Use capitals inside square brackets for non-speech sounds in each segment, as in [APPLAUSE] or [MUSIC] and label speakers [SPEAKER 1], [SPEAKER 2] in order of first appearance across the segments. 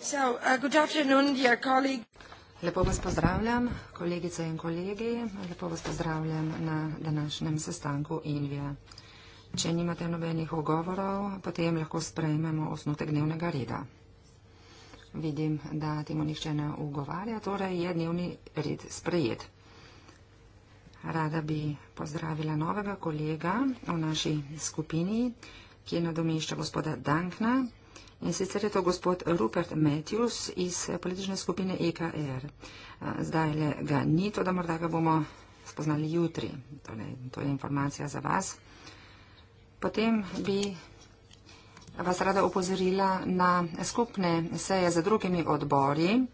[SPEAKER 1] Uh, Lepo vas pozdravljam, kolegice in kolegi. Lepo vas pozdravljam na današnjem sestanku Ilvija. Če nimate nobenih ogovorov, potem lahko sprejmemo osnutek dnevnega reda. Vidim, da temu nišče ne ugovarja, torej je dnevni red sprejet. Rada bi pozdravila novega kolega v naši skupini, ki je nadomešča gospoda Dankna. In sicer je to gospod Rupert Matthews iz politične skupine EKR. Zdaj le ga ni, to da morda ga bomo spoznali jutri. Tole, to je informacija za vas. Potem bi vas rada opozorila na skupne seje za drugimi odbori.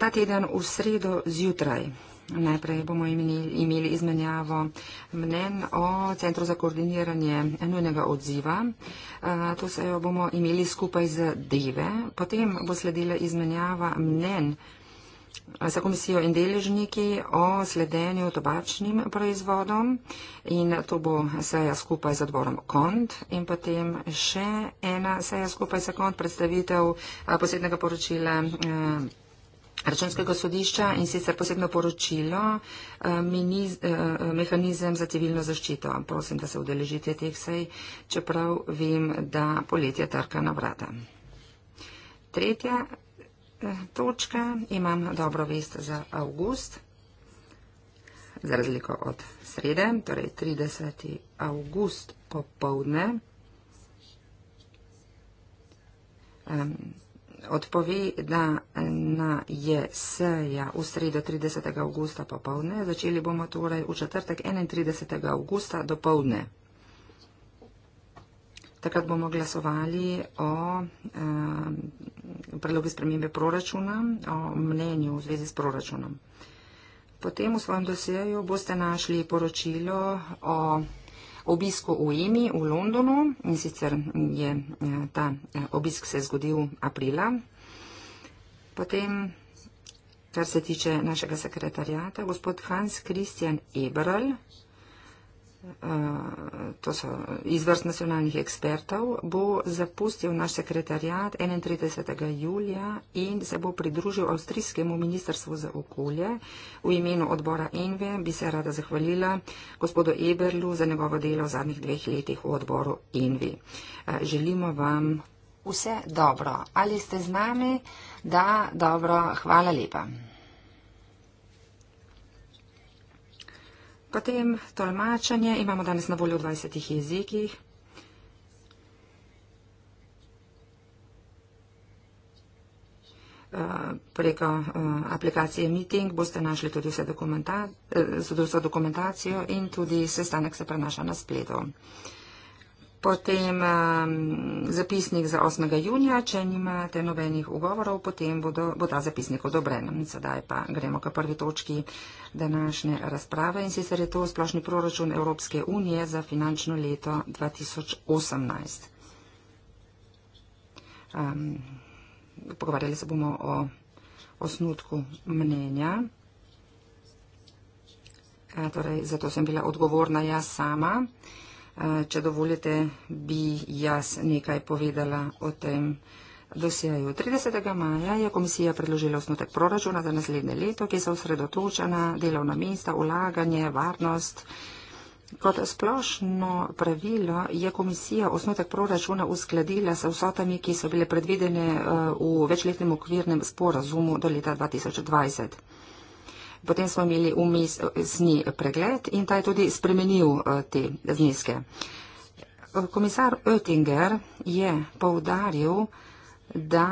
[SPEAKER 1] Ta teden v sredo zjutraj. Najprej bomo imeli izmenjavo mnen o Centru za koordiniranje nujnega odziva. To se jo bomo imeli skupaj z Dive. Potem bo sledila izmenjava mnen za komisijo in deležniki o sledenju tobačnim proizvodom in to bo seja skupaj z odborom KONT in potem še ena seja skupaj z KONT predstavitev posebnega poročila. Eh, računskega sodišča in sicer posebno poročilo eh, miniz, eh, eh, mehanizem za civilno zaščito. Prosim, da se udeležite teh sej, čeprav vem, da poletje trka na vrata. Tretja točka, imam dobro vest za avgust, za razliko od srede, torej 30. avgust popovdne odpovedna na je seja v sredo 30. augusta popovdne, začeli bomo torej v četrtek 31. augusta dopovdne. Takrat bomo glasovali o um, predlogu spremembe proračuna, o mnenju v zvezi s proračunom. Potem v svojem dosjeju boste našli poročilo o obisku v EMI v Londonu in sicer je eh, ta eh, obisk se zgodil aprila. Potem, kar se tiče našega sekretarjata, gospod Hans Christian Eberl, Eh, to so izvrst nacionalnih ekspertov, bo zapustil naš sekretarjat 31. julija in se bo pridružil avstrijskemu ministrstvu za okolje. V imenu odbora Enve bi se rada zahvalila gospodu Eberlu za njegovo delo v zadnjih dveh letih v odboru Enve. Eh, želimo vam vse dobro. Ali ste z nami? Da, dobro, hvala lepa. Potem tolmačenje. Imamo danes na voljo v 20 jezikih. Eh, preko eh, aplikacije Meeting boste našli tudi vse dokumenta, eh, dokumentacijo in tudi sestanek se prenaša na spletu potem um, zapisnik za 8. junija, če nimate nobenih ugovorov, potem bodo, bo ta zapisnik odobren. Sedaj pa gremo k prvi točki današnje razprave in sicer je to splošni proračun Evropske unije za finančno leto 2018. Um, pogovarjali se bomo o osnutku mnenja. E, torej, zato sem bila odgovorna jaz sama. Eh, če dovolite, bi jaz nekaj povedala o tem dosjeju. 30. maja je komisija predložila osnutek proračuna za naslednje leto, ki se osredotoča na delovna mesta, ulaganje, varnost. Kot splošno pravilo je komisija osnutek proračuna uskladila s vsotami, ki so bile predvidene eh, v večletnem okvirnem sporazumu do leta 2020. Potem smo imeli umisni eh, pregled in ta je tudi spremenil eh, te zneske. Eh, komisar Oettinger je povdaril, da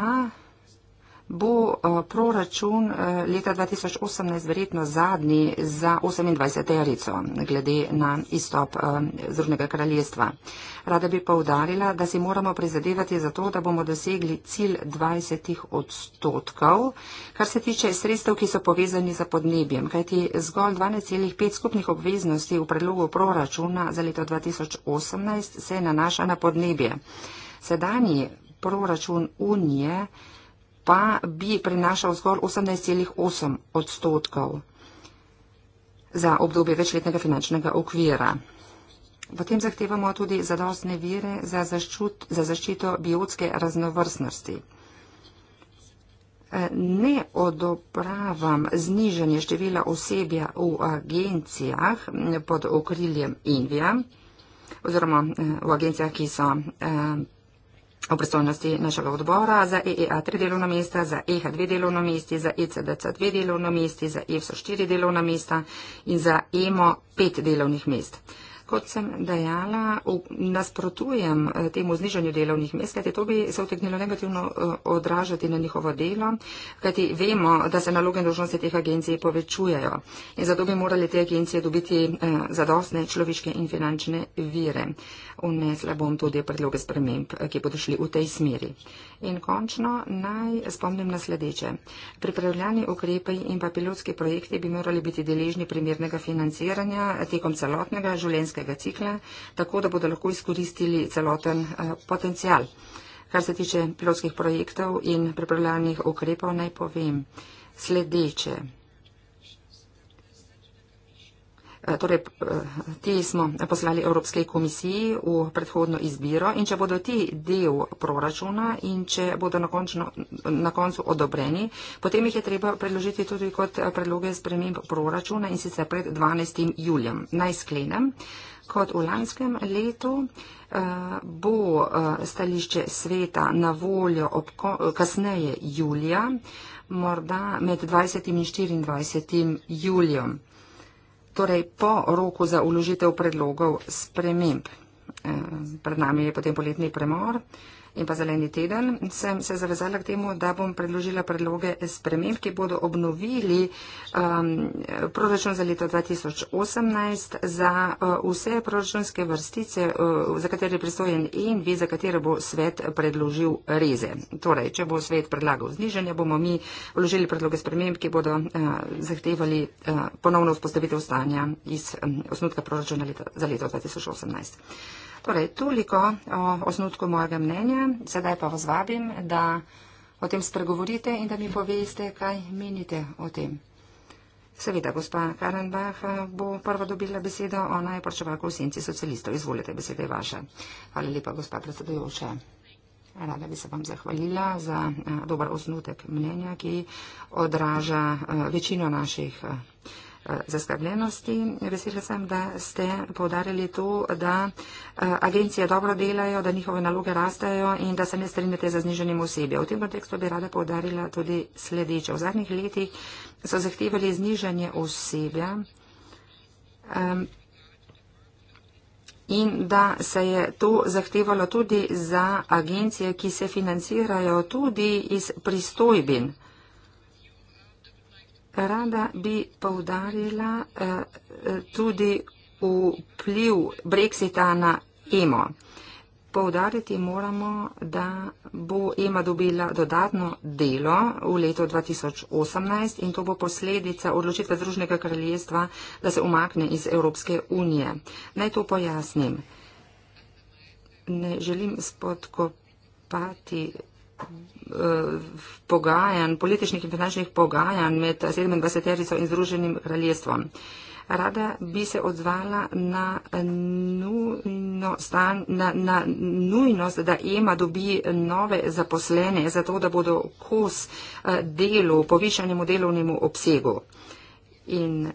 [SPEAKER 1] bo eh, proračun eh, leta 2018 verjetno zadnji za 28. terico, glede na izstop eh, Združnega kraljestva. Rada bi povdarila, da si moramo prizadevati za to, da bomo dosegli cilj 20 odstotkov, kar se tiče sredstev, ki so povezani za podnebjem, kajti zgolj 12,5 skupnih obveznosti v predlogu proračuna za leto 2018 se nanaša na podnebje. Sedanji proračun Unije pa bi prenašal zgolj 18,8 odstotkov za obdobje večletnega finančnega okvira. Potem zahtevamo tudi zadostne vire za, zaščut, za zaščito biotske raznovrstnosti. Ne odopravam znižanje števila osebja v agencijah pod okriljem Invija oziroma eh, v agencijah, ki so eh, V predstavnosti našega odbora za EEA tri delovna mesta, za EHA dve delovna mesti, za ECDC dve delovna mesti, za EFSO štiri delovna mesta in za EMO pet delovnih mest. Kot sem dejala, nasprotujem eh, temu znižanju delovnih mest, kajti to bi se vtegnilo negativno eh, odražati na njihovo delo, kajti vemo, da se naloge in dožnosti teh agencij povečujejo in zato bi morali te agencije dobiti eh, zadostne človeške in finančne vire unesla bom tudi predloge sprememb, ki bodo šli v tej smeri. In končno naj spomnim na sledeče. Pripravljani ukrepe in pa pilotski projekti bi morali biti deležni primernega financiranja tekom celotnega življenjskega cikla, tako da bodo lahko izkoristili celoten eh, potencial. Kar se tiče pilotskih projektov in pripravljanih ukrepov, naj povem sledeče. Eh, torej eh, ti smo poslali Evropske komisiji v predhodno izbiro in če bodo ti del proračuna in če bodo na, končno, na koncu odobreni, potem jih je treba predložiti tudi kot eh, predloge sprememb proračuna in sicer pred 12. julijem. Naj sklenem. Kot v lanskem letu bo stališče sveta na voljo obko, kasneje julija, morda med 20. in 24. julijem torej po roku za uložitev predlogov sprememb. Eh, pred nami je potem poletni premor in pa zeleni teden, sem se zavezala k temu, da bom predložila predloge sprememb, ki bodo obnovili um, proračun za leto 2018 za uh, vse proračunske vrstice, uh, za katere je pristojen in vi, za katere bo svet predložil reze. Torej, če bo svet predlagal zniženje, bomo mi vložili predloge sprememb, ki bodo uh, zahtevali uh, ponovno vzpostavitev stanja iz um, osnutka proračuna leta, za leto 2018. Torej, toliko o osnutku mojega mnenja. Sedaj pa vas vabim, da o tem spregovorite in da mi poveste, kaj menite o tem. Seveda, gospa Karenbach eh, bo prva dobila besedo, ona je pričevalka v senci socialistov. Izvolite, beseda je vaša. Hvala lepa, gospa predsedujoča. Rada bi se vam zahvalila za eh, dober osnutek mnenja, ki odraža eh, večino naših zaskrbljenosti. Vesela sem, da ste povdarjali to, da eh, agencije dobro delajo, da njihove naloge rastajo in da se ne strinjate za zniženim osebjem. V tem kontekstu bi rada povdarila tudi sledeče. V zadnjih letih so zahtevali zniženje osebja. Um, In da se je to zahtevalo tudi za agencije, ki se financirajo tudi iz pristojbin. Rada bi povdarila eh, eh, tudi vpliv Brexita na EMO. Povdariti moramo, da bo EMA dobila dodatno delo v letu 2018 in to bo posledica odločitve Združnega kraljestva, da se umakne iz Evropske unije. Naj to pojasnim. Ne želim spodkopati Eh, pogajanj, političnih in finančnih pogajanj med 27-terico in Združenim kraljestvom. Rada bi se odzvala na nujnost, na, na nujnost, da EMA dobi nove zaposlene, zato da bodo kos eh, delu, povišanjemu delovnemu obsegu. In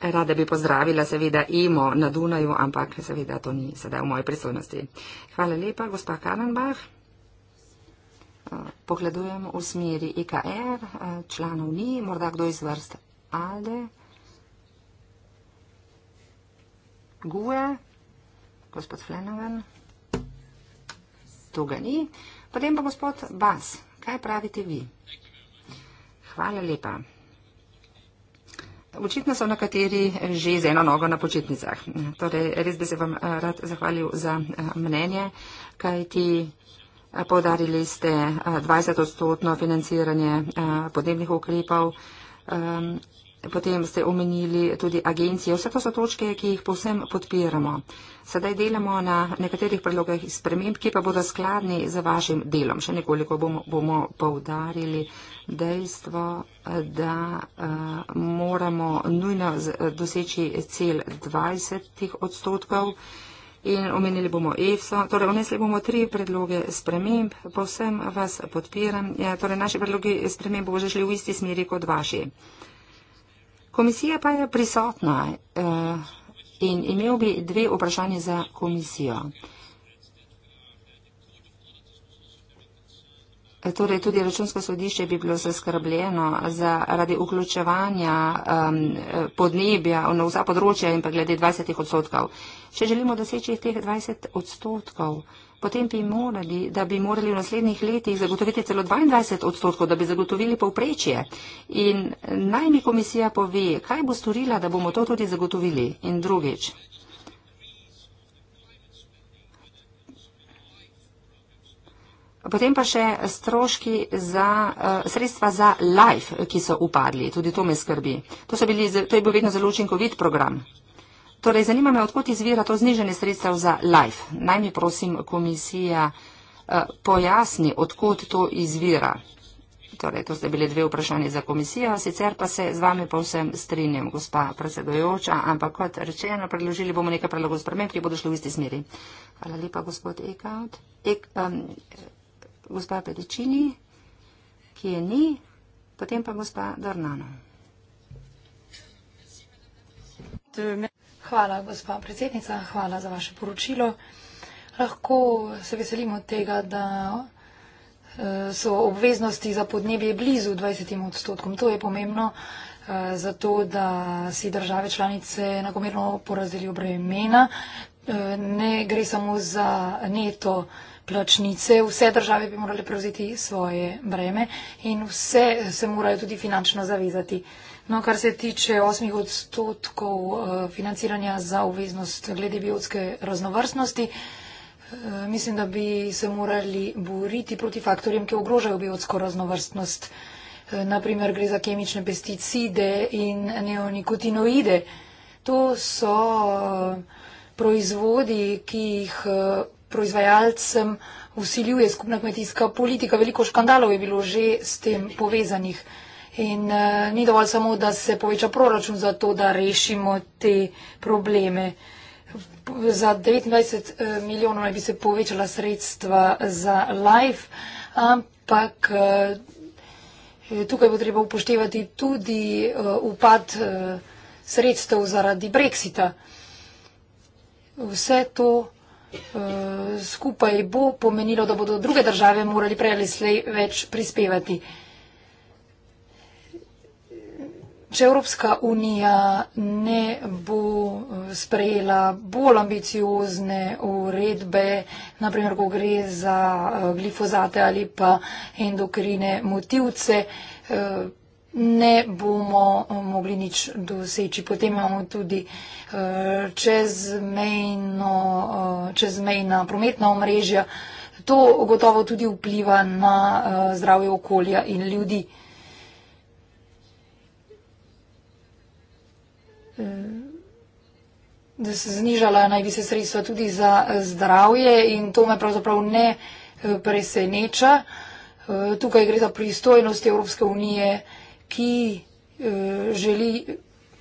[SPEAKER 1] rada bi pozdravila seveda EMO na Dunaju, ampak seveda to ni sedaj v moji pristojnosti. Hvala lepa, gospa Karanbach. Eh, pogledujem v smeri IKR, eh, članov ni, morda kdo iz vrst ALDE, GUE, gospod Flanagan, tu ga ni, potem pa gospod Bas, kaj pravite vi? Hvala lepa. Očitno so nekateri že z eno nogo na počitnicah. Torej, res bi se vam eh, rad zahvalil za mnenje, kaj ti. Podarili ste 20 eh, odstotno financiranje eh, podnebnih ukrepov. Ehm, potem ste omenili tudi agencije. Vse to so točke, ki jih povsem podpiramo. Sedaj delamo na nekaterih predlogah sprememb, ki pa bodo skladni za vašim delom. Še nekoliko bomo, bomo povdarili dejstvo, da uh, moramo nujno doseči cel 20 odstotkov uh, in omenili bomo EFSA. Torej, vnesli bomo tri predloge sprememb, povsem vas podpiram. Ja, torej, naši predlogi sprememb bo že šli v isti smeri kot vaši. Komisija pa je prisotna eh, in imel bi dve vprašanje za komisijo. Torej, tudi računsko sodišče bi bilo zaskrbljeno zaradi vključevanja um, podnebja na vsa področja in pa glede 20 odstotkov. Če želimo doseči teh 20 odstotkov, potem bi morali, da bi morali v naslednjih letih zagotoviti celo 22 odstotkov, da bi zagotovili povprečje. In naj mi komisija pove, kaj bo storila, da bomo to tudi zagotovili. In drugič. Potem pa še stroški za uh, sredstva za life, ki so upadli. Tudi to me skrbi. To, bili, to je bil vedno zelo učinkovit program. Torej, zanima me, odkot izvira to znižanje sredstev za life. Naj mi prosim komisija uh, pojasni, odkot to izvira. Torej, to ste bile dve vprašanje za komisijo, sicer pa se z vami povsem strinjam, gospa predsedojoča, ampak kot rečeno, predložili bomo nekaj predlogov sprememb, ki bodo šli v isti smeri. Hvala lepa, gospod Ekaut. Ek, um, gospa Pedečini, ki je ni, potem pa gospa Dornano.
[SPEAKER 2] Hvala, gospa predsednica, hvala za vaše poročilo. Lahko se veselimo tega, da eh, so obveznosti za podnebje blizu 20 odstotkom. To je pomembno eh, zato, da si države članice enakomerno porazdelijo bremena. Eh, ne gre samo za neto plačnice, vse države bi morale prevzeti svoje breme in vse se morajo tudi finančno zavezati. No, kar se tiče osmih odstotkov eh, financiranja za obveznost glede biotske raznovrstnosti, eh, mislim, da bi se morali boriti proti faktorjem, ki ogrožajo biotsko raznovrstnost. Eh, Naprimer, gre za kemične pesticide in neonikotinoide. To so proizvodi, ki jih proizvajalcem usiljuje skupna kmetijska politika. Veliko škandalov je bilo že s tem povezanih. In uh, ni dovolj samo, da se poveča proračun za to, da rešimo te probleme. Za 29 eh, milijonov naj bi se povečala sredstva za life, ampak eh, tukaj bo treba upoštevati tudi upad sredstev zaradi brexita. Vse to Eh, skupaj bo pomenilo, da bodo druge države morali prej ali slej več prispevati. Če Evropska unija ne bo eh, sprejela bolj ambiciozne uredbe, naprimer, ko gre za eh, glifozate ali pa endokrine motivce, ne bomo eh, mogli nič doseči. Potem imamo tudi eh, čezmejno, eh, čezmejna prometna omrežja. To gotovo tudi vpliva na zdravje okolja in ljudi. Da se znižala naj bi se sredstva tudi za zdravje in to me pravzaprav ne preseneča. Tukaj gre za pristojnosti Evropske unije ki eh, želi,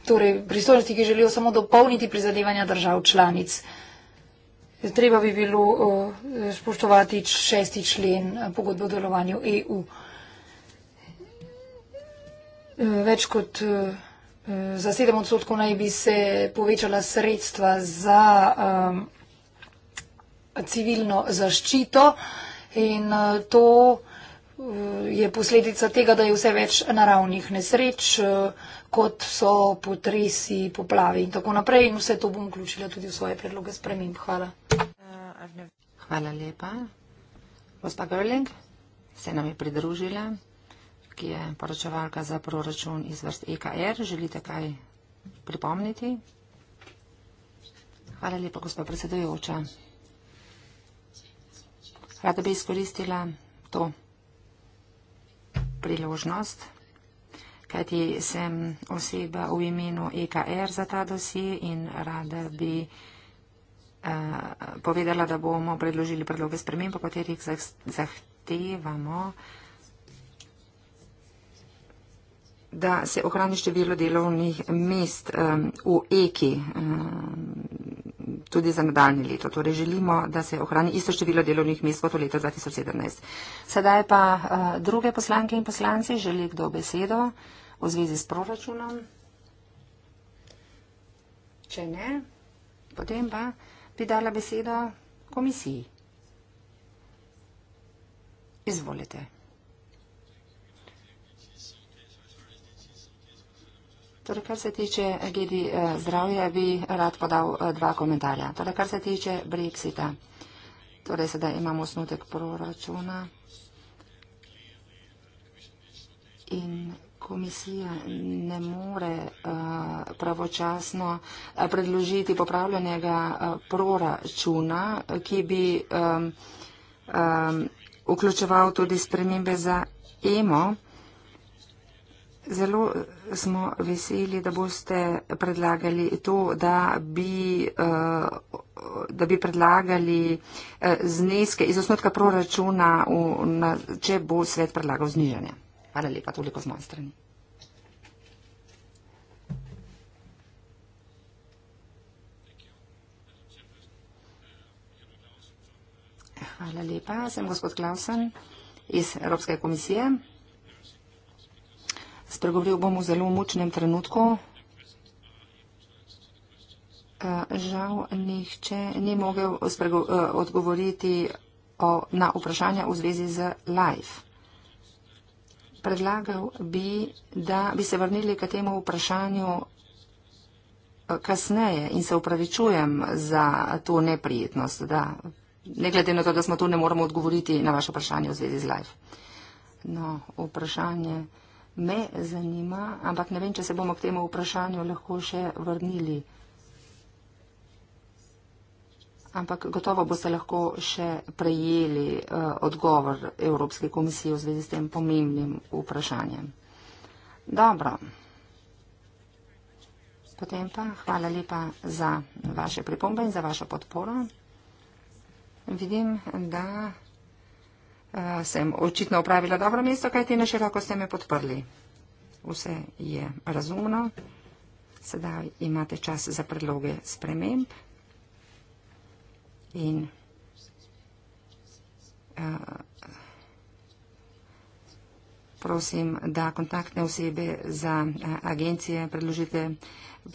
[SPEAKER 2] torej pristojnosti, ki želijo samo dopolniti prizadevanja držav članic. Treba bi bilo eh, spoštovati šesti člen eh, pogodbe o delovanju EU. Več kot za sedem odstotkov naj bi se povečala sredstva za civilno zaščito in to Eh, je posledica tega, da je vse več naravnih nesreč, eh, kot so potresi, poplavi in tako naprej. In vse to bom vključila tudi v svoje predloge sprememb. Hvala.
[SPEAKER 1] Hvala lepa. Gospa Görling se nam je pridružila, ki je poročevalka za proračun iz vrst EKR. Želite kaj pripomniti? Hvala lepa, gospod predsedujoča. Rada bi izkoristila to priložnost, kajti sem oseba v imenu EKR za ta dosje in rada bi uh, povedala, da bomo predložili predloge sprememb, po katerih zahtevamo, da se ohrani število delovnih mest um, v EKI. Um, eh, tudi za nadaljne leto. Torej želimo, da se ohrani isto število delovnih mest kot v letu 2017. Sedaj pa uh, druge poslanke in poslanci želi kdo besedo v zvezi s proračunom. Če ne, potem pa bi dala besedo komisiji. Izvolite. Torej, kar se tiče eh, GDI eh, zdravja, bi rad podal eh, dva komentarja. Torej, kar se tiče Brexita, torej sedaj imamo osnutek proračuna in komisija ne more pravočasno predložiti popravljenega proračuna, ki bi vključeval tudi spremembe za EMO. Zelo eh, smo veseli, da boste predlagali to, da bi, eh, da bi predlagali eh, zneske iz osnotka proračuna, v, na, če bo svet predlagal znižanje. Hvala lepa, toliko z moje strani. Hvala lepa, sem gospod Klausen iz Evropske komisije. Spregovoril bom v zelo močnem trenutku. Eh, žal nihče ni mogel eh, odgovoriti o, na vprašanja v zvezi z live. Predlagal bi, da bi se vrnili k temu vprašanju eh, kasneje in se upravičujem za to neprijetnost, da ne glede na to, da smo tu, ne moremo odgovoriti na vaše vprašanje v zvezi z live. No, vprašanje me zanima, ampak ne vem, če se bomo k temu vprašanju lahko še vrnili. Ampak gotovo boste lahko še prejeli uh, odgovor Evropske komisije v zvezi s tem pomembnim vprašanjem. Dobro. Potem pa hvala lepa za vaše pripombe in za vašo podporo. Vidim, da Eh, sem očitno upravila dobro mesto, kaj ti naširoko ste me podprli. Vse je razumno. Sedaj imate čas za predloge sprememb in uh, prosim, da kontaktne osebe za uh, agencije predložite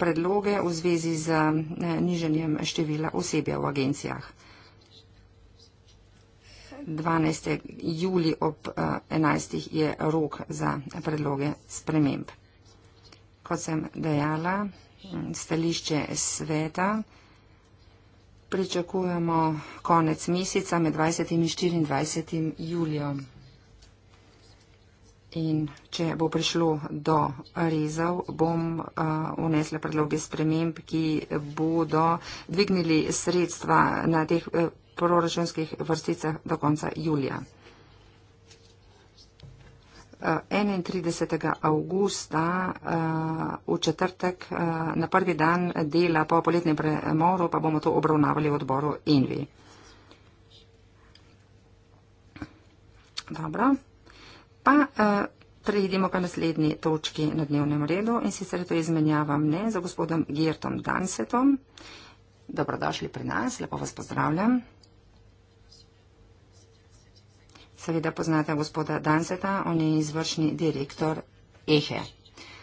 [SPEAKER 1] predloge v zvezi z uh, niženjem števila osebja v agencijah. 12. juli ob 11. Eh, je rok za predloge sprememb. Kot sem dejala, mm, stališče sveta pričakujemo konec meseca med 20. in 24. julijom. In če bo prišlo do rezov, bom eh, unesla uh, predloge sprememb, ki bodo dvignili sredstva na teh uh, proračunskih vrsticah do konca julija. 31. Eh, avgusta eh, v četrtek eh, na prvi dan dela po poletnem premoru pa bomo to obravnavali v odboru Envi. Dobro. Pa prejdimo pa naslednji točki na dnevnem redu in sicer to izmenjava mne za gospodom Gertom Dansetom. Dobrodošli pri nas, lepo vas pozdravljam. Seveda poznate gospoda Danceta, on je izvršni direktor Ehe.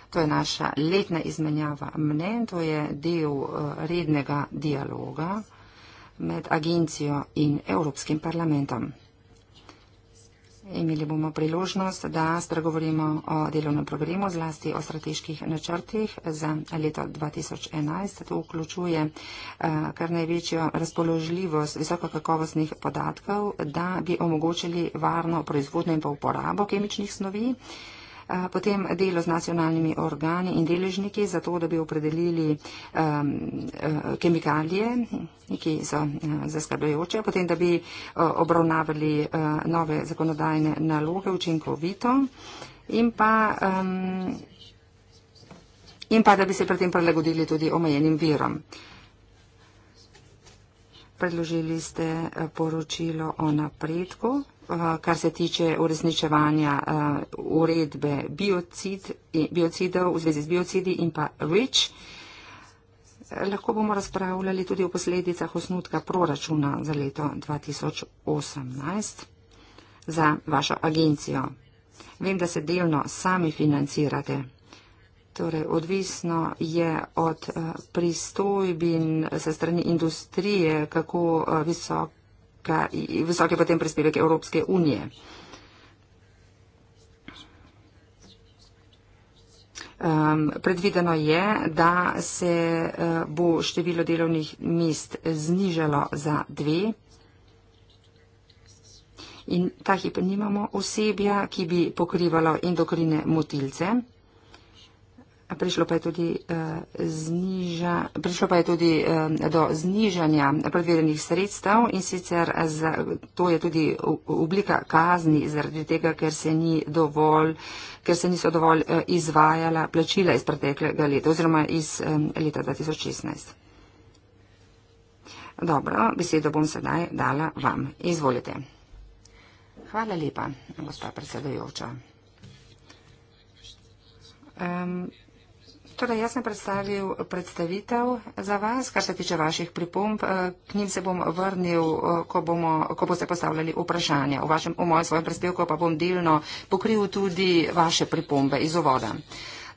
[SPEAKER 1] To je naša letna izmenjava mnen, to je del eh, rednega dialoga med agencijo in Evropskim parlamentom. Imeli bomo priložnost, da spregovorimo o delovnem programu, zlasti o strateških načrtih za leto 2011. To vključuje eh, kar največjo razpoložljivost visokokakovostnih podatkov, da bi omogočili varno proizvodnjo in pa uporabo kemičnih snovi potem delo z nacionalnimi organi in deležniki za to, da bi opredelili um, uh, kemikalije, ki so uh, zaskrbljajoče, potem da bi uh, obravnavali uh, nove zakonodajne naloge učinkovito in pa. Um, in pa da bi se pri tem prilagodili tudi omejenim virom. Predložili ste poročilo o napredku Eh, kar se tiče uresničevanja eh, uredbe biocid, eh, biocidov v zvezi z biocidi in pa REACH. Lahko bomo razpravljali tudi o posledicah osnutka proračuna za leto 2018 za vašo agencijo. Vem, da se delno sami financirate. Torej, odvisno je od pristojbin se strani industrije, kako visok prispevka, visoke potem prispevek Evropske unije. Um, predvideno je, da se uh, bo število delovnih mest znižalo za dve. In ta hip nimamo osebja, ki bi pokrivalo endokrine motilce prišlo pa je tudi, eh, zniža, pa je tudi eh, do znižanja predvedenih sredstev in sicer za, to je tudi oblika kazni zaradi tega, ker se, ni dovolj, ker se niso dovolj eh, izvajala plačila iz preteklega leta oziroma iz leta 2016. Dobro, besedo bom sedaj dala vam. Izvolite. Hvala lepa, gospa predsedujoča. Um, Torej, jaz sem predstavil predstavitev za vas, kar se tiče vaših pripomb. Eh, k njim se bom vrnil, eh, ko, bomo, ko boste postavljali vprašanja. V, vašem, v mojem svojem prispevku pa bom delno pokril tudi vaše pripombe iz uvoda.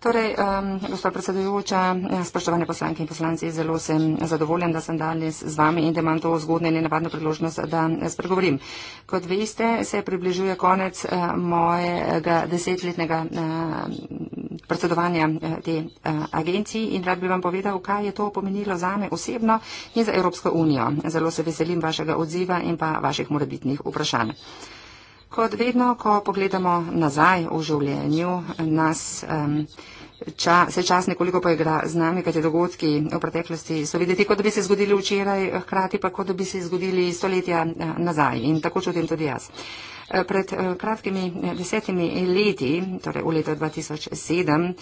[SPEAKER 1] Torej, um, gospod predsedujoča, eh, spoštovane poslanke in poslanci, zelo sem zadovoljen, da sem danes z vami in da imam to zgodne in nenavadno priložnost, da eh, spregovorim. Kot veste, se približuje konec uh, mojega desetletnega uh, predsedovanja te uh, agenciji in rad bi vam povedal, kaj je to pomenilo za me osebno in za Evropsko unijo. Zelo se veselim vašega odziva in pa vaših morebitnih vprašanj. Kot vedno, ko pogledamo nazaj v življenju, nas. Um ča, se čas nekoliko poigra z nami, kajti dogodki v preteklosti so videti, kot da bi se zgodili včeraj, hkrati pa kot da bi se zgodili stoletja eh, nazaj. In tako čutim tudi jaz. Eh, pred eh, kratkimi desetimi leti, torej v letu 2007,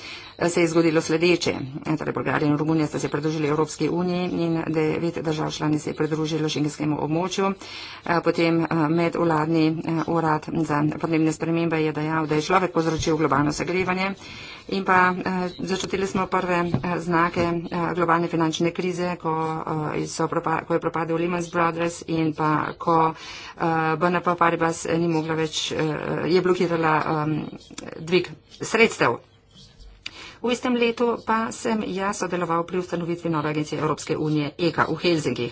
[SPEAKER 1] se je zgodilo sledeče. Torej Bolgarija in Romunija sta se pridružili Evropski uniji in devet držav člani se je pridružilo šengenskemu območju. Potem medvladni urad za podnebne spremembe je dejal, da je človek povzročil globalno segrevanje. In pa eh, začutili smo prve eh, znake eh, globalne finančne krize, ko, eh, propa, ko je propadel Lehman Brothers in pa ko eh, BNP Paribas ni mogla več, eh, je blokirala eh, dvig sredstev. V istem letu pa sem jaz sodeloval pri ustanovitvi nove agencije Evropske unije EKA v Helsinki.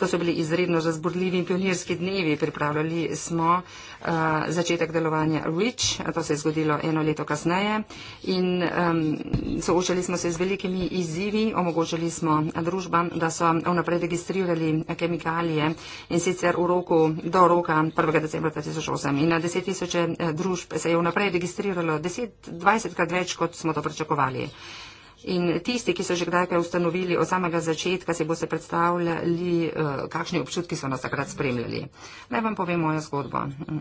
[SPEAKER 1] To so bili izredno razburljivi in pionirski dnevi. Pripravljali smo uh, začetek delovanja REACH, to se je zgodilo eno leto kasneje in um, soočali smo se z velikimi izzivi, omogočali smo družbam, da so vnaprej registrirali kemikalije in sicer v roku do roka 1. decembra 2008 in na 10 tisoče eh, družb se je vnaprej registriralo 10, 20 krat več, kot smo to pričakovali ustvarjali. In tisti, ki so že kdajkaj ustanovili od samega začetka, si boste predstavljali, eh, kakšni občutki so nas takrat spremljali. Naj vam povem mojo zgodbo.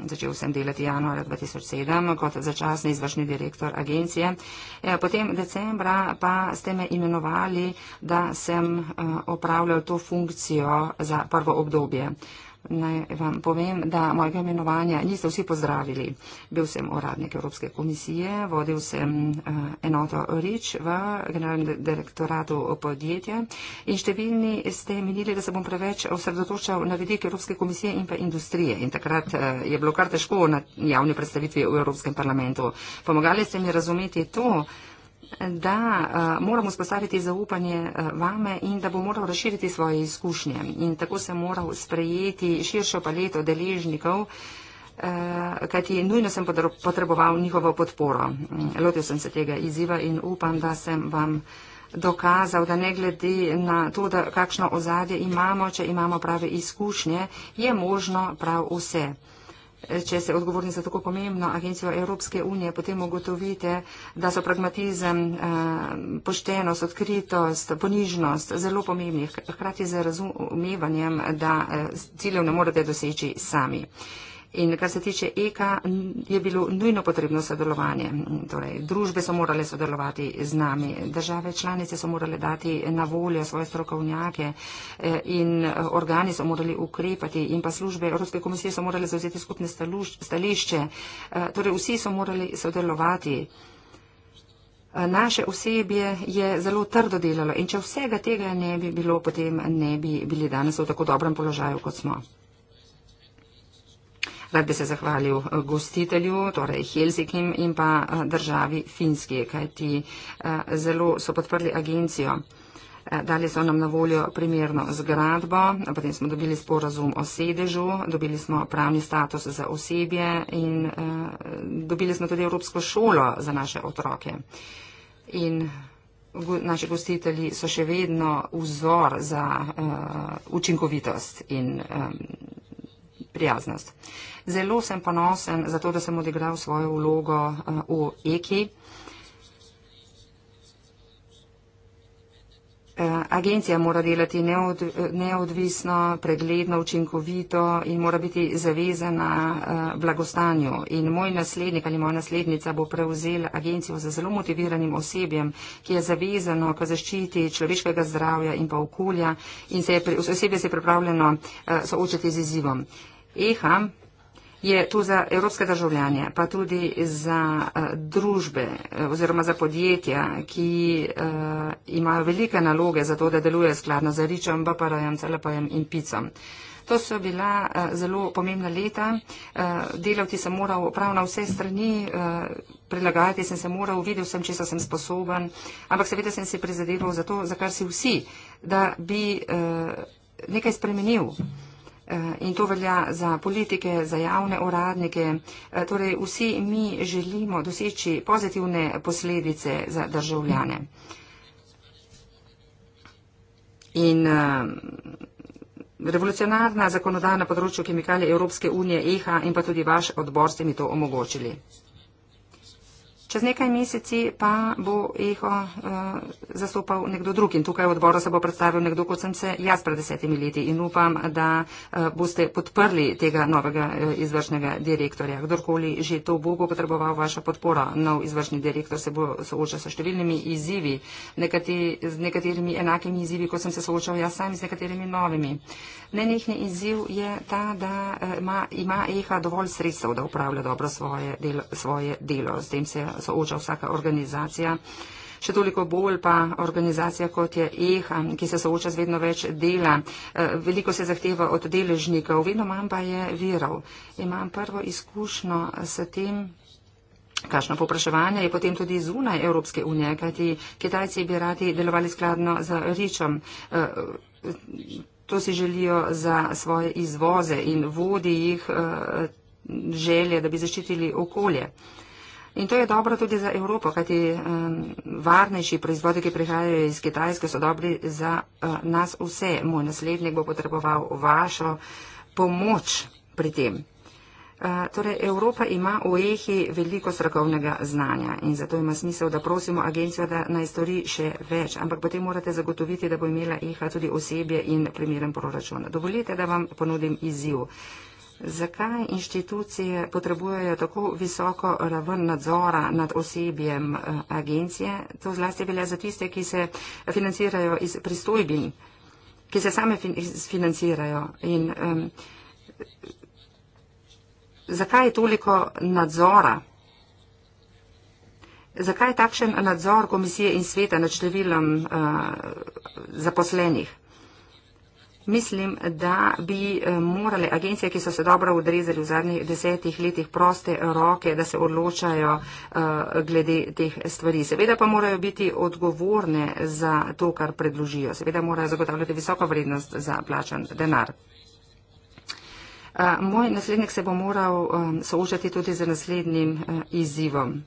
[SPEAKER 1] Začel sem delati januarja 2007 kot začasni izvršni direktor agencije. Eh, potem decembra pa ste me imenovali, da sem eh, opravljal to funkcijo za prvo obdobje naj vam povem, da mojega imenovanja niste vsi pozdravili. Bil sem uradnik Evropske komisije, vodil sem eh, enoto REACH v generalnem direktoratu podjetja in številni ste menili, da se bom preveč osredotočal na vidik Evropske komisije in pa industrije. In takrat eh, je bilo kar težko na javni predstavitvi v Evropskem parlamentu. Pomagali ste mi razumeti to, da uh, eh, moram vzpostaviti zaupanje uh, vame in da bom moral razširiti svoje izkušnje. In tako sem moral sprejeti širšo paleto deležnikov, uh, kajti nujno sem potreboval njihovo podporo. Mm, lotil sem se tega izziva in upam, da sem vam dokazal, da ne glede na to, da kakšno ozadje imamo, če imamo prave izkušnje, je možno prav vse če ste odgovorni za tako pomembno agencijo Evropske unije, potem ugotovite, da so pragmatizem, eh, poštenost, odkritost, ponižnost zelo pomembni, hkrati z razumevanjem, da eh, ciljev ne morete doseči sami. In kar se tiče EKA, je bilo nujno potrebno sodelovanje. Torej, družbe so morale sodelovati z nami, države članice so morale dati na voljo svoje strokovnjake eh, in eh, organi so morali ukrepati in pa službe Evropske komisije so morale zauzeti skupne stališče. Eh, torej, vsi so morali sodelovati. Naše osebje je zelo trdo delalo in če vsega tega ne bi bilo, potem ne bi bili danes v tako dobrem položaju, kot smo. Rad bi se zahvalil eh, gostitelju, torej Helsikim in pa eh, državi Finski, kajti eh, zelo so podprli agencijo. Dali so nam na voljo primerno zgradbo, potem smo dobili sporazum o sedežu, dobili smo pravni status za osebje in eh, dobili smo tudi Evropsko šolo za naše otroke. In naši gostitelji so še vedno vzor za eh, učinkovitost in eh, prijaznost. Zelo sem ponosen za to, da sem odigral svojo vlogo eh, v EKI. Eh, agencija mora delati neod, neodvisno, pregledno, učinkovito in mora biti zavezana eh, blagostanju. In moj naslednik ali moja naslednica bo prevzel agencijo za zelo motiviranim osebjem, ki je zavezano k zaščiti človeškega zdravja in pa okolja in se je, osebje se je pripravljeno soočiti z izzivom. Eha, je to za evropske državljanje, pa tudi za eh, družbe eh, oziroma za podjetja, ki uh, imajo velike naloge za to, da delujejo skladno z Ričem, Baparajem, Celepajem in Picom. To so bila uh, zelo pomembna leta. Uh, delavci sem moral prav na vse strani uh, prilagajati, sem se moral, videl sem, če sem sposoben, ampak seveda sem se prizadeval za to, za kar si vsi, da bi uh, nekaj spremenil. Eh, in to velja za politike, za javne uradnike. Eh, torej vsi mi želimo doseči pozitivne posledice za državljane. In eh, revolucionarna zakonodaja na področju kemikalije Evropske unije, EHA in pa tudi vaš odbor ste mi to omogočili. Čez nekaj meseci pa bo eho uh, zastopal nekdo drug in tukaj v odboru se bo predstavil nekdo, kot sem se jaz pred desetimi leti in upam, da uh, boste podprli tega novega uh, izvršnega direktorja. Kdorkoli že to bo, bo potreboval vaša podpora. Nov izvršni direktor se bo soočal s so številnimi izzivi, nekateri, z nekaterimi enakimi izzivi, kot sem se soočal jaz sam in z nekaterimi novimi. Nenehni izziv je ta, da uh, ima, ima eha dovolj sredstev, da upravlja dobro svoje, del, svoje delo sooča vsaka organizacija. Še toliko bolj pa organizacija kot je EHA, ki se sooča z vedno več dela. E, veliko se zahteva od deležnikov, vedno manj pa je virov. Imam prvo izkušnjo s tem. Kakšno popraševanje je potem tudi zunaj Evropske unije, kajti Kitajci bi radi delovali skladno z ričom. E, to si želijo za svoje izvoze in vodi jih e, želje, da bi zaščitili okolje. In to je dobro tudi za Evropo, kajti um, varnejši proizvodi, ki prihajajo iz Kitajske, so dobri za uh, nas vse. Moj naslednik bo potreboval vašo pomoč pri tem. Uh, torej, Evropa ima v EHI veliko strokovnega znanja in zato ima smisel, da prosimo agencijo, da naj stori še več, ampak potem morate zagotoviti, da bo imela EHA tudi osebje in primeren proračun. Dovolite, da vam ponudim izziv. Zakaj inštitucije potrebujejo tako visoko raven nadzora nad osebjem eh, agencije? To zlasti velja za tiste, ki se financirajo iz pristojbin, ki se same financirajo. In, um, zakaj je toliko nadzora? Zakaj je takšen nadzor komisije in sveta nad številom uh, zaposlenih? Mislim, da bi eh, morale agencije, ki so se dobro odrezali v zadnjih desetih letih proste roke, da se odločajo eh, glede teh stvari. Seveda pa morajo biti odgovorne za to, kar predložijo. Seveda morajo zagotavljati visoko vrednost za plačan denar. Eh, moj naslednik se bo moral soočati tudi z naslednjim izzivom,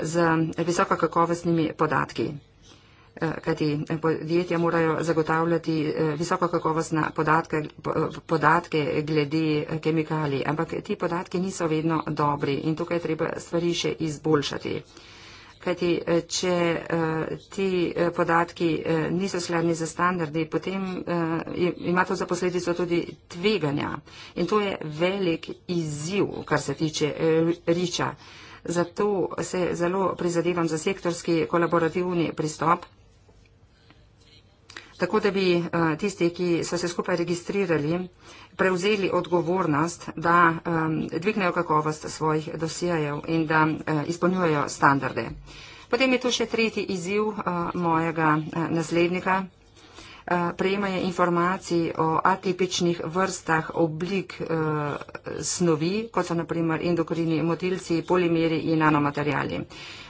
[SPEAKER 1] z visokokakovostnimi podatki. Eh, kajti eh, podjetja morajo zagotavljati eh, visoko kakovostne podatke, podatke glede kemikalij, ampak ti podatki niso vedno dobri in tukaj treba stvari še izboljšati. Kajti, če ti podatki niso skladni za standardi, potem ima to za posledico tudi tveganja. In to je velik izziv, kar se tiče riča. Zato se zelo prizadevam za sektorski kolaborativni pristop tako da bi eh, tisti, ki so se skupaj registrirali, prevzeli odgovornost, da eh, dvignejo kakovost svojih dosijajev in da eh, izpolnjujejo standarde. Potem je tu še tretji izziv mojega naslednika, prejemanje informacij o atipičnih vrstah oblik e, snovi, kot so naprimer endokrini motilci, polimeri in nanomaterjali.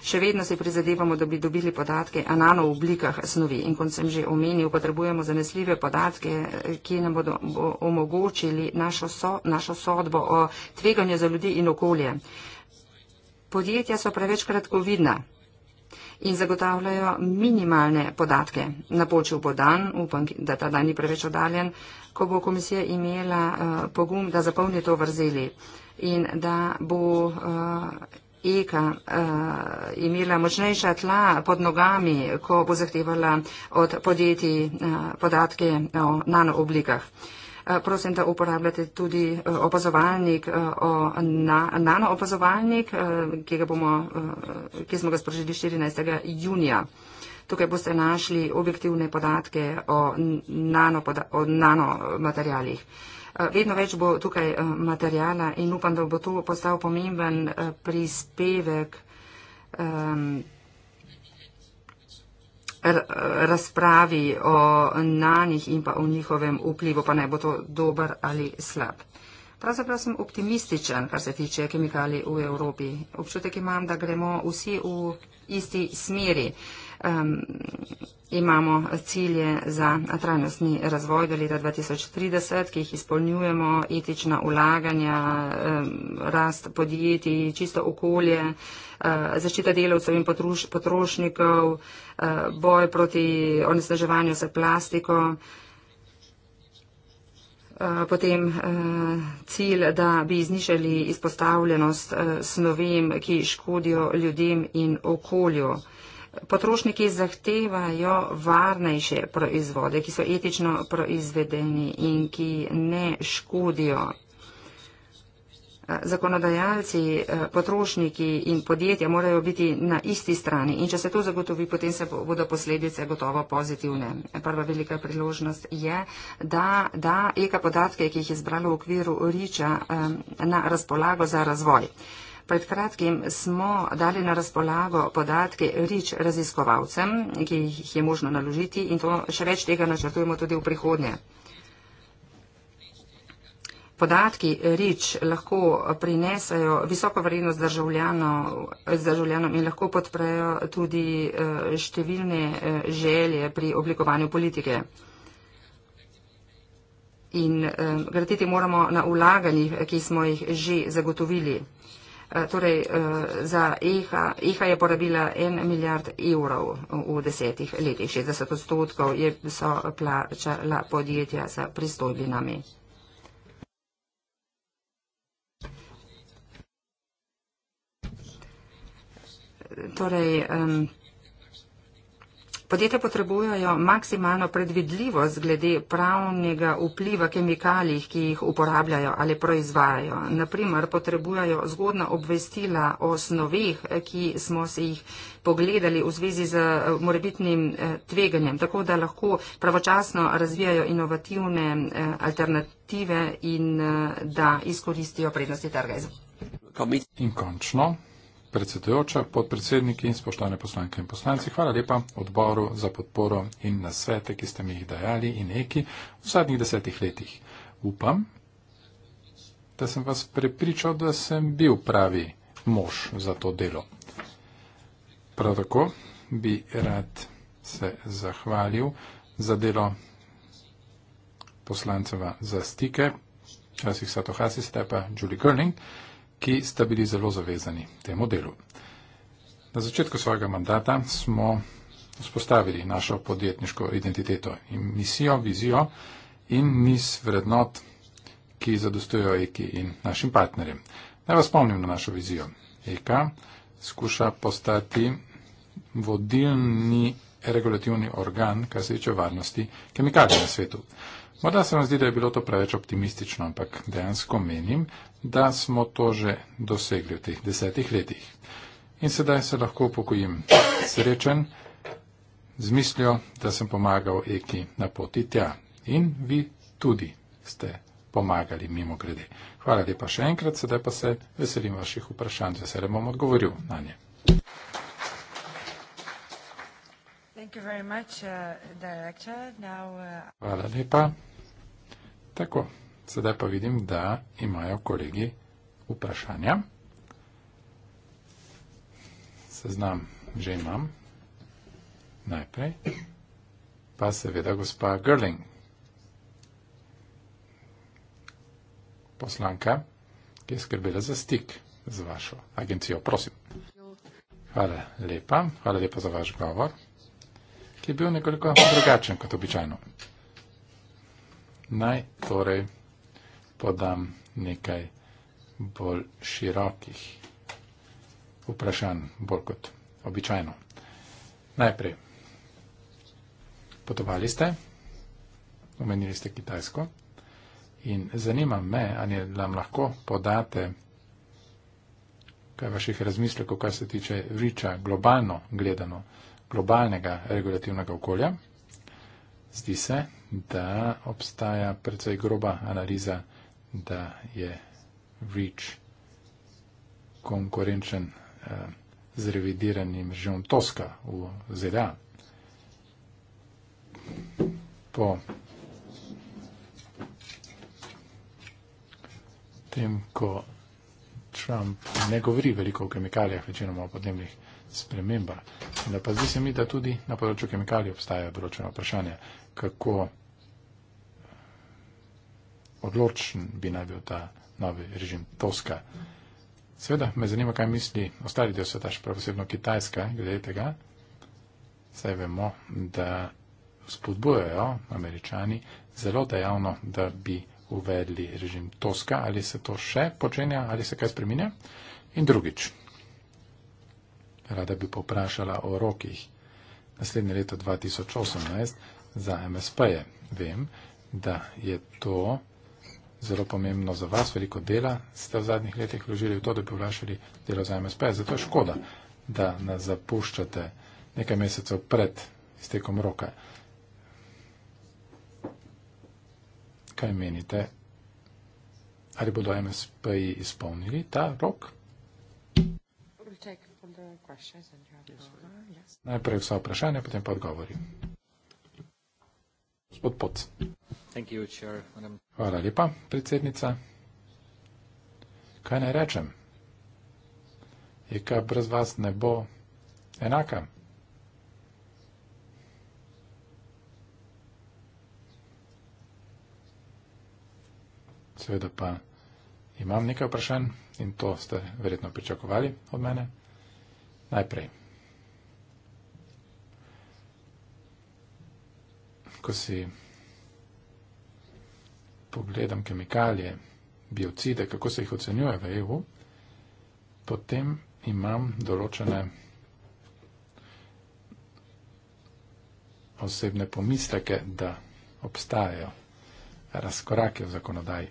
[SPEAKER 1] Še vedno se prizadevamo, da bi dobili podatke o nano oblikah snovi in kot sem že omenil, potrebujemo zanesljive podatke, ki nam bodo omogočili našo, so, našo sodbo o tveganju za ljudi in okolje. Podjetja so preveč kratkovidna in zagotavljajo minimalne podatke. Napočil bo dan, upam, da ta dan ni preveč oddaljen, ko bo komisija imela uh, pogum, da zapolni to vrzeli in da bo uh, EKA uh, imela močnejša tla pod nogami, ko bo zahtevala od podjetij uh, podatke o nanooblikah. oblikah. Eh, prosim, da uporabljate tudi eh, opazovalnik, eh, o, na, nano opazovalnik, ki, bomo, ki smo ga sprožili 14. junija. Tukaj boste našli objektivne podatke o, nano, o nanomaterjalih. Vedno več bo tukaj materijala in upam, da bo to postal pomemben prispevek. Um, razpravi o nanih in pa o njihovem vplivu, pa naj bo to dober ali slab. Pravzaprav sem optimističen, kar se tiče kemikalij v Evropi. Občutek imam, da gremo vsi v isti smeri. Uh, um, imamo cilje za trajnostni razvoj do leta 2030, ki jih izpolnjujemo, etična ulaganja, um, rast podjetij, čisto okolje, uh, zaščita delavcev in potruš, potrošnikov, uh, boj proti onesnaževanju se plastiko. Eh, potem cilj, da bi znišali izpostavljenost snovem, ki škodijo ljudem in okolju. Potrošniki zahtevajo varnejše proizvode, ki so etično proizvedeni in ki ne škodijo. Zakonodajalci, eh, potrošniki in podjetja morajo biti na isti strani in če se to zagotovi, potem se bodo posledice gotovo pozitivne. Prva velika priložnost je, da, da EKA podatke, ki jih je zbralo v okviru Riča, eh, na razpolago za razvoj. Pred kratkim smo dali na razpolago podatke rič raziskovalcem, ki jih je možno naložiti in to še več tega načrtujemo tudi v prihodnje. Podatki rič lahko prinesajo visoko vrednost državljanom in lahko podprejo tudi eh, številne eh, želje pri oblikovanju politike. In eh, graditi moramo na ulaganjih, ki smo jih že zagotovili. Eh, torej eh, za IHA, IHA je porabila 1 milijard evrov v desetih letih, 60 odstotkov je so plačala podjetja za pristojbinami. Torej, um, Podjetja potrebujejo maksimalno predvidljivost glede pravnega vpliva kemikalij, ki jih uporabljajo ali proizvajajo. Naprimer, potrebujejo zgodna obvestila o snovih, ki smo se jih pogledali v zvezi z eh, morebitnim eh, tveganjem, tako da lahko pravočasno razvijajo inovativne eh, alternative in da izkoristijo prednosti
[SPEAKER 3] trga. In končno predsedujoča, podpredsedniki in spoštovane poslanke in poslanci, hvala lepa odboru za podporo in na svete, ki ste mi jih dajali in neki v zadnjih desetih letih. Upam, da sem vas prepričal, da sem bil pravi mož za to delo. Prav tako bi rad se zahvalil za delo poslanceva za stike, časih Satohasi Stepa, Julie Curling ki sta bili zelo zavezani temu delu. Na začetku svojega mandata smo vzpostavili našo podjetniško identiteto in misijo, vizijo in niz vrednot, ki zadostujejo EKI in našim partnerjem. Naj vas spomnim na našo vizijo. EK skuša postati vodilni regulativni organ, kar se tiče varnosti kemikalij na svetu. Morda se vam zdi, da je bilo to preveč optimistično, ampak dejansko menim, da smo to že dosegli v teh desetih letih. In sedaj se lahko upokojim srečen z mislijo, da sem pomagal Eki na poti tja. In vi tudi ste pomagali mimo grede. Hvala lepa še enkrat, sedaj pa se veselim vaših vprašanj, da se bom odgovoril na nje.
[SPEAKER 1] Uh, uh, Hvala
[SPEAKER 3] lepa. Tako, sedaj pa vidim, da imajo kolegi vprašanja. Seznam že imam. Najprej. Pa seveda gospa Gerling. Poslanka, ki je skrbela za stik z vašo agencijo. Prosim. Hvala lepa. Hvala lepa za vaš govor ki je bil nekoliko drugačen kot običajno. Naj torej podam nekaj bolj širokih vprašanj, bolj kot običajno. Najprej, potovali ste, omenili ste Kitajsko in zanima me, ali nam lahko podate kaj vaših razmislekov, kar se tiče Riča, globalno gledano, globalnega regulativnega okolja. Zdi se, da obstaja predvsej groba analiza, da je REACH konkurenčen eh, z revidiranim režimom Toska v ZDA. Po tem, ko Trump ne govori veliko o kemikalijah, večinoma o podnebnih spremembah. Vendar pa zdi se mi, da tudi na področju kemikalij obstajajo določene vprašanja, kako odločen bi naj bil ta novi režim Toska. Sveda me zanima, kaj misli ostali del sveta, še posebno Kitajska, glede tega. Saj vemo, da spodbujajo američani zelo dejavno, da bi uvedli režim Toska. Ali se to še počenja ali se kaj spreminja? In drugič rada bi poprašala o rokih. Naslednje leto 2018 za MSP je. Vem, da je to zelo pomembno za vas, veliko dela ste v zadnjih letih vložili v to, da bi vlašali delo za MSP. Zato je škoda, da nas zapuščate nekaj mesecev pred iztekom roka. Kaj menite? Ali bodo MSP-ji izpolnili ta rok? Ček. Najprej vsa vprašanja, potem pa odgovori. Gospod Poc. Hvala lepa, predsednica. Kaj naj rečem? Je kaj brez vas ne bo enaka? Seveda pa imam nekaj vprašanj in to ste verjetno pričakovali od mene najprej. Ko si pogledam kemikalije, biocide, kako se jih ocenjuje v EU, potem imam določene osebne pomisleke, da obstajajo razkorake v zakonodaji.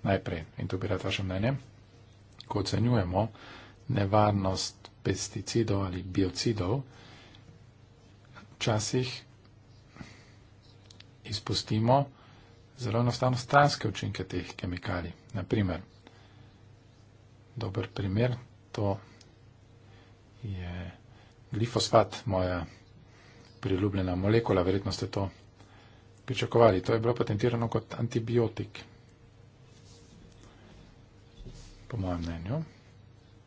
[SPEAKER 3] Najprej, in to bi rad vaše mnenje, ko ocenjujemo nevarnost pesticidov ali biocidov, včasih izpustimo zelo enostavno stranske učinke teh kemikalij. Naprimer, dober primer, to je glifosfat, moja priljubljena molekula, verjetno ste to pričakovali. To je bilo patentirano kot antibiotik, po mojem mnenju,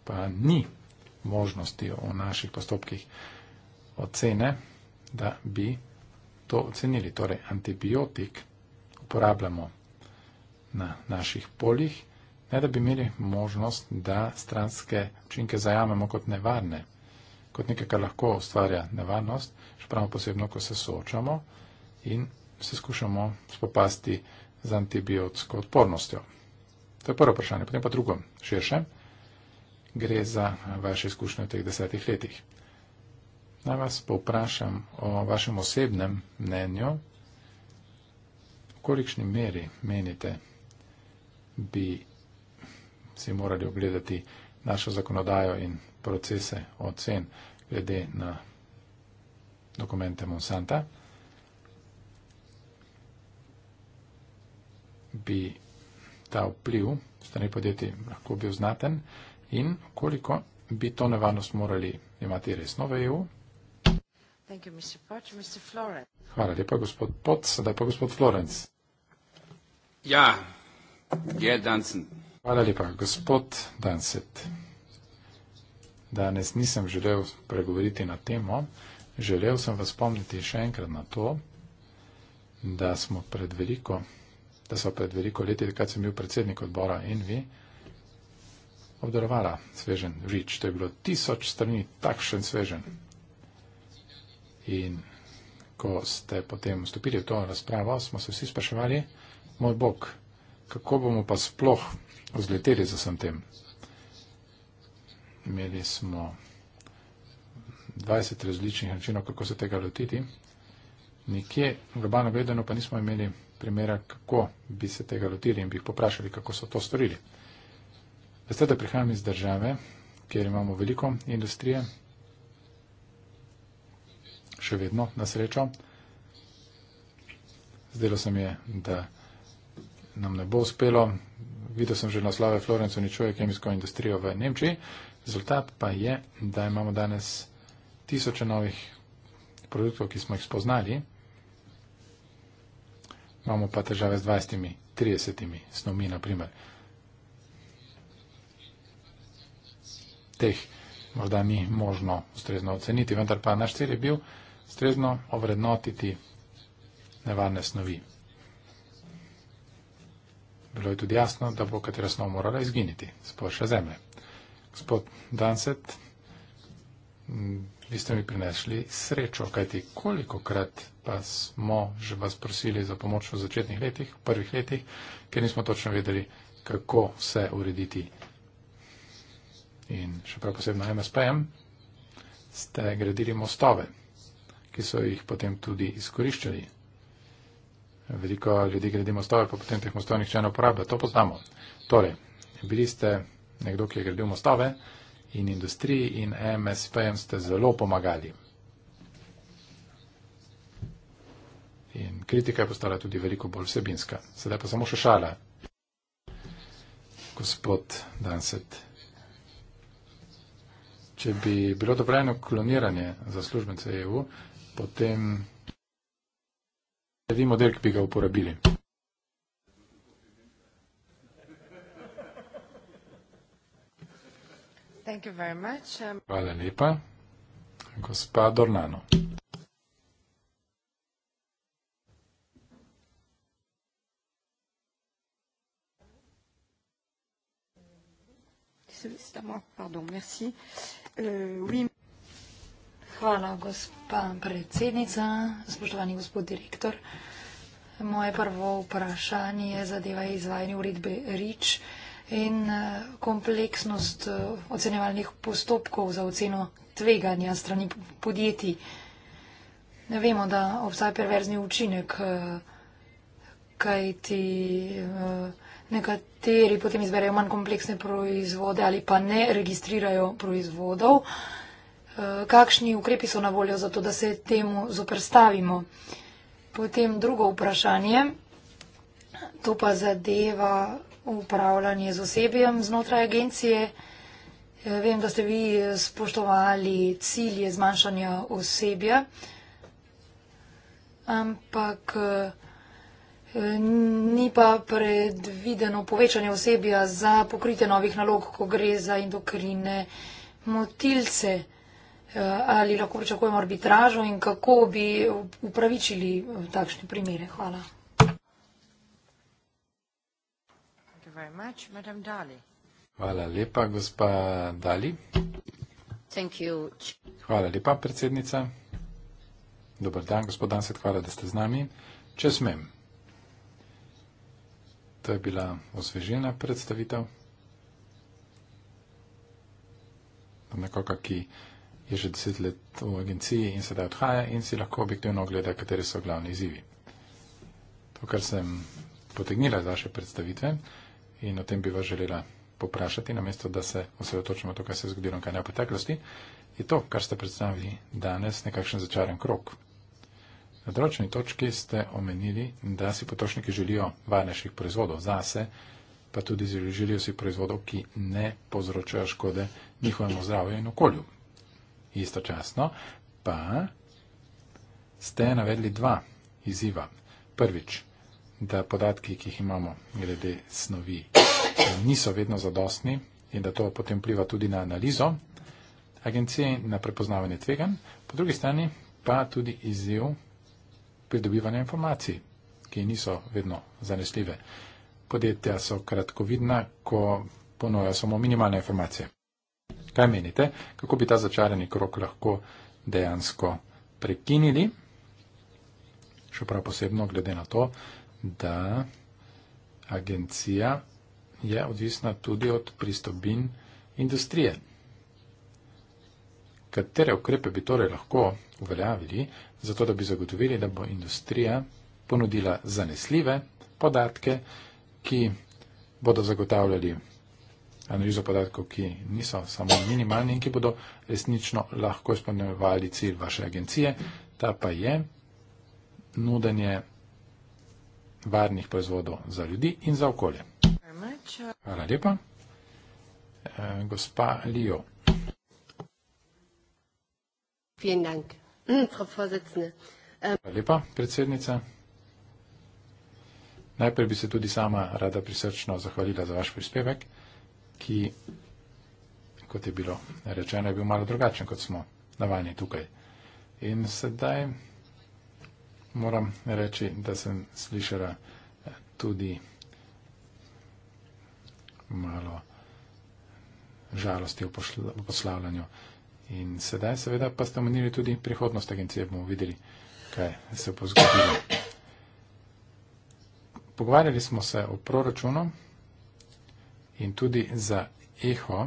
[SPEAKER 3] pa ni možnosti o naših postopkih ocene, da bi to ocenili. Torej, antibiotik uporabljamo na naših poljih, ne da bi imeli možnost, da stranske učinke zajamemo kot nevarne, kot nekaj, kar lahko ustvarja nevarnost, še prav posebno, ko se soočamo in se skušamo spopasti z antibiotsko odpornostjo. To je prvo vprašanje. Potem pa drugo, širše gre za vaše izkušnje v teh desetih letih. Naj vas povprašam o vašem osebnem mnenju, v kolikšni meri menite, bi si morali ogledati našo zakonodajo in procese ocen glede na dokumente Monsanta. Bi ta vpliv strani podjetij lahko bil znaten? in koliko bi to nevarnost morali imati resno v EU. Hvala lepa, gospod Pot. Sedaj pa gospod Florenc. Ja, je Dansen. Hvala lepa, gospod Danset. Danes nisem želel pregovoriti na temo. Želel sem vas spomniti še enkrat na to, da smo pred veliko, da so pred veliko leti, kad sem bil predsednik odbora in vi, obdarovala svežen rič. To je bilo tisoč strani takšen svežen. In ko ste potem vstopili v to razpravo, smo se vsi spraševali, moj bog, kako bomo pa sploh vzleteli za sem tem. Imeli smo 20 različnih načinov, kako se tega lotiti. Nikje globalno gledano pa nismo imeli primera, kako bi se tega lotili in bi jih poprašali, kako so to storili. Veste, da prihajam iz države, kjer imamo veliko industrije, še vedno na srečo. Zdelo se mi je, da nam ne bo uspelo. Videl sem že naslove Florence uničuje kemijsko industrijo v Nemčiji. Rezultat pa je, da imamo danes tisoče novih produktov, ki smo jih spoznali. Imamo pa težave z 20, 30 snovmi, na primer. teh morda ni možno ustrezno oceniti, vendar pa naš cilj je bil ustrezno ovrednotiti nevarne snovi. Bilo je tudi jasno, da bo katera snov morala izginiti z površja zemlje. Gospod Danset, vi ste mi prinesli srečo, kajti koliko krat pa smo že vas prosili za pomoč v začetnih letih, v prvih letih, ker nismo točno vedeli, kako vse urediti in še prav posebno MSPM, ste gradili mostove, ki so jih potem tudi izkoriščali. Veliko ljudi gradi mostove, pa potem teh mostov nihče ne uporablja. To poznamo. Torej, bili ste nekdo, ki je gradil mostove in industriji in MSPM ste zelo pomagali. In kritika je postala tudi veliko bolj vsebinska. Sedaj pa samo še šala. Gospod Danset če bi bilo dobrojeno kloniranje za službence EU, potem sledi model, ki bi ga uporabili.
[SPEAKER 2] Um, Hvala
[SPEAKER 3] lepa. Gospa Dornano.
[SPEAKER 2] Pardon, merci. Euh, Eh, oui. Hvala, gospa predsednica, spoštovani gospod direktor. Moje prvo vprašanje zadeva izvajanje uredbe REACH in eh, kompleksnost eh, ocenevalnih postopkov za oceno tveganja strani podjetij. Ne vemo, da obstaja perverzni učinek, kaj ti. Eh, eh nekateri potem izberejo manj kompleksne proizvode ali pa ne registrirajo proizvodov. Eh, kakšni ukrepi so na voljo za to, da se temu zoprstavimo? Potem drugo vprašanje, to pa zadeva upravljanje z osebjem znotraj agencije. Eh, vem, da ste vi spoštovali cilje zmanjšanja osebja, ampak eh, ni pa predvideno povečanje osebja za pokritje novih nalog, ko gre za endokrine motilce. Eh, ali lahko pričakujemo arbitražo in kako bi upravičili eh, takšne primere? Hvala.
[SPEAKER 3] Hvala lepa, gospa Dali. Hvala lepa, predsednica. Dobar dan, gospod Danset, hvala, da ste z nami. Če smem, To je bila osvežena predstavitev. Nekoga, ki je že deset let v agenciji in sedaj odhaja in si lahko objektivno ogleda, kateri so glavni izzivi. To, kar sem potegnila iz vaše predstavitve in o tem bi vas želela poprašati, namesto da se osredotočimo to, kar se je zgodilo in kaj ne v preteklosti, je to, kar ste predstavili danes, nekakšen začaren krok, Na določeni točki ste omenili, da si potrošniki želijo varnejših proizvodov zase, pa tudi želijo si proizvodov, ki ne povzročajo škode njihovemu zdravju in okolju. Istočasno pa ste navedli dva izziva. Prvič, da podatki, ki jih imamo glede snovi, niso vedno zadostni in da to potem pliva tudi na analizo agencije in na prepoznavanje tvegan. Po drugi strani pa tudi izziv pridobivanja informacij, ki niso vedno zanesljive. Podjetja so kratkovidna, ko ponujajo samo minimalne informacije. Kaj menite, kako bi ta začarani krok lahko dejansko prekinili? Še prav posebno glede na to, da agencija je odvisna tudi od pristobin industrije. Katere ukrepe bi torej lahko uveljavili, zato da bi zagotovili, da bo industrija ponudila zanesljive podatke, ki bodo zagotavljali analizo podatkov, ki niso samo minimalni in ki bodo resnično lahko izpolnjevali cilj vaše agencije, ta pa je nudenje varnih proizvodov za ljudi in za okolje. Hvala lepa. E, gospa Lijo.
[SPEAKER 1] Vielen Dank, [CLEARS THROAT] Frau Vorsitzende. Ähm,
[SPEAKER 3] lepa, predsednica. Najprej bi se tudi sama rada prisrčno zahvalila za vaš prispevek, ki, kot je bilo rečeno, je bil malo drugačen, kot smo navajeni tukaj. In sedaj moram reči, da sem slišala eh, tudi malo žalosti v poslavljanju. Uh, In sedaj seveda pa ste omenili tudi prihodnost agencije, bomo videli, kaj se bo zgodilo. Pogovarjali smo se o proračunu in tudi za EHO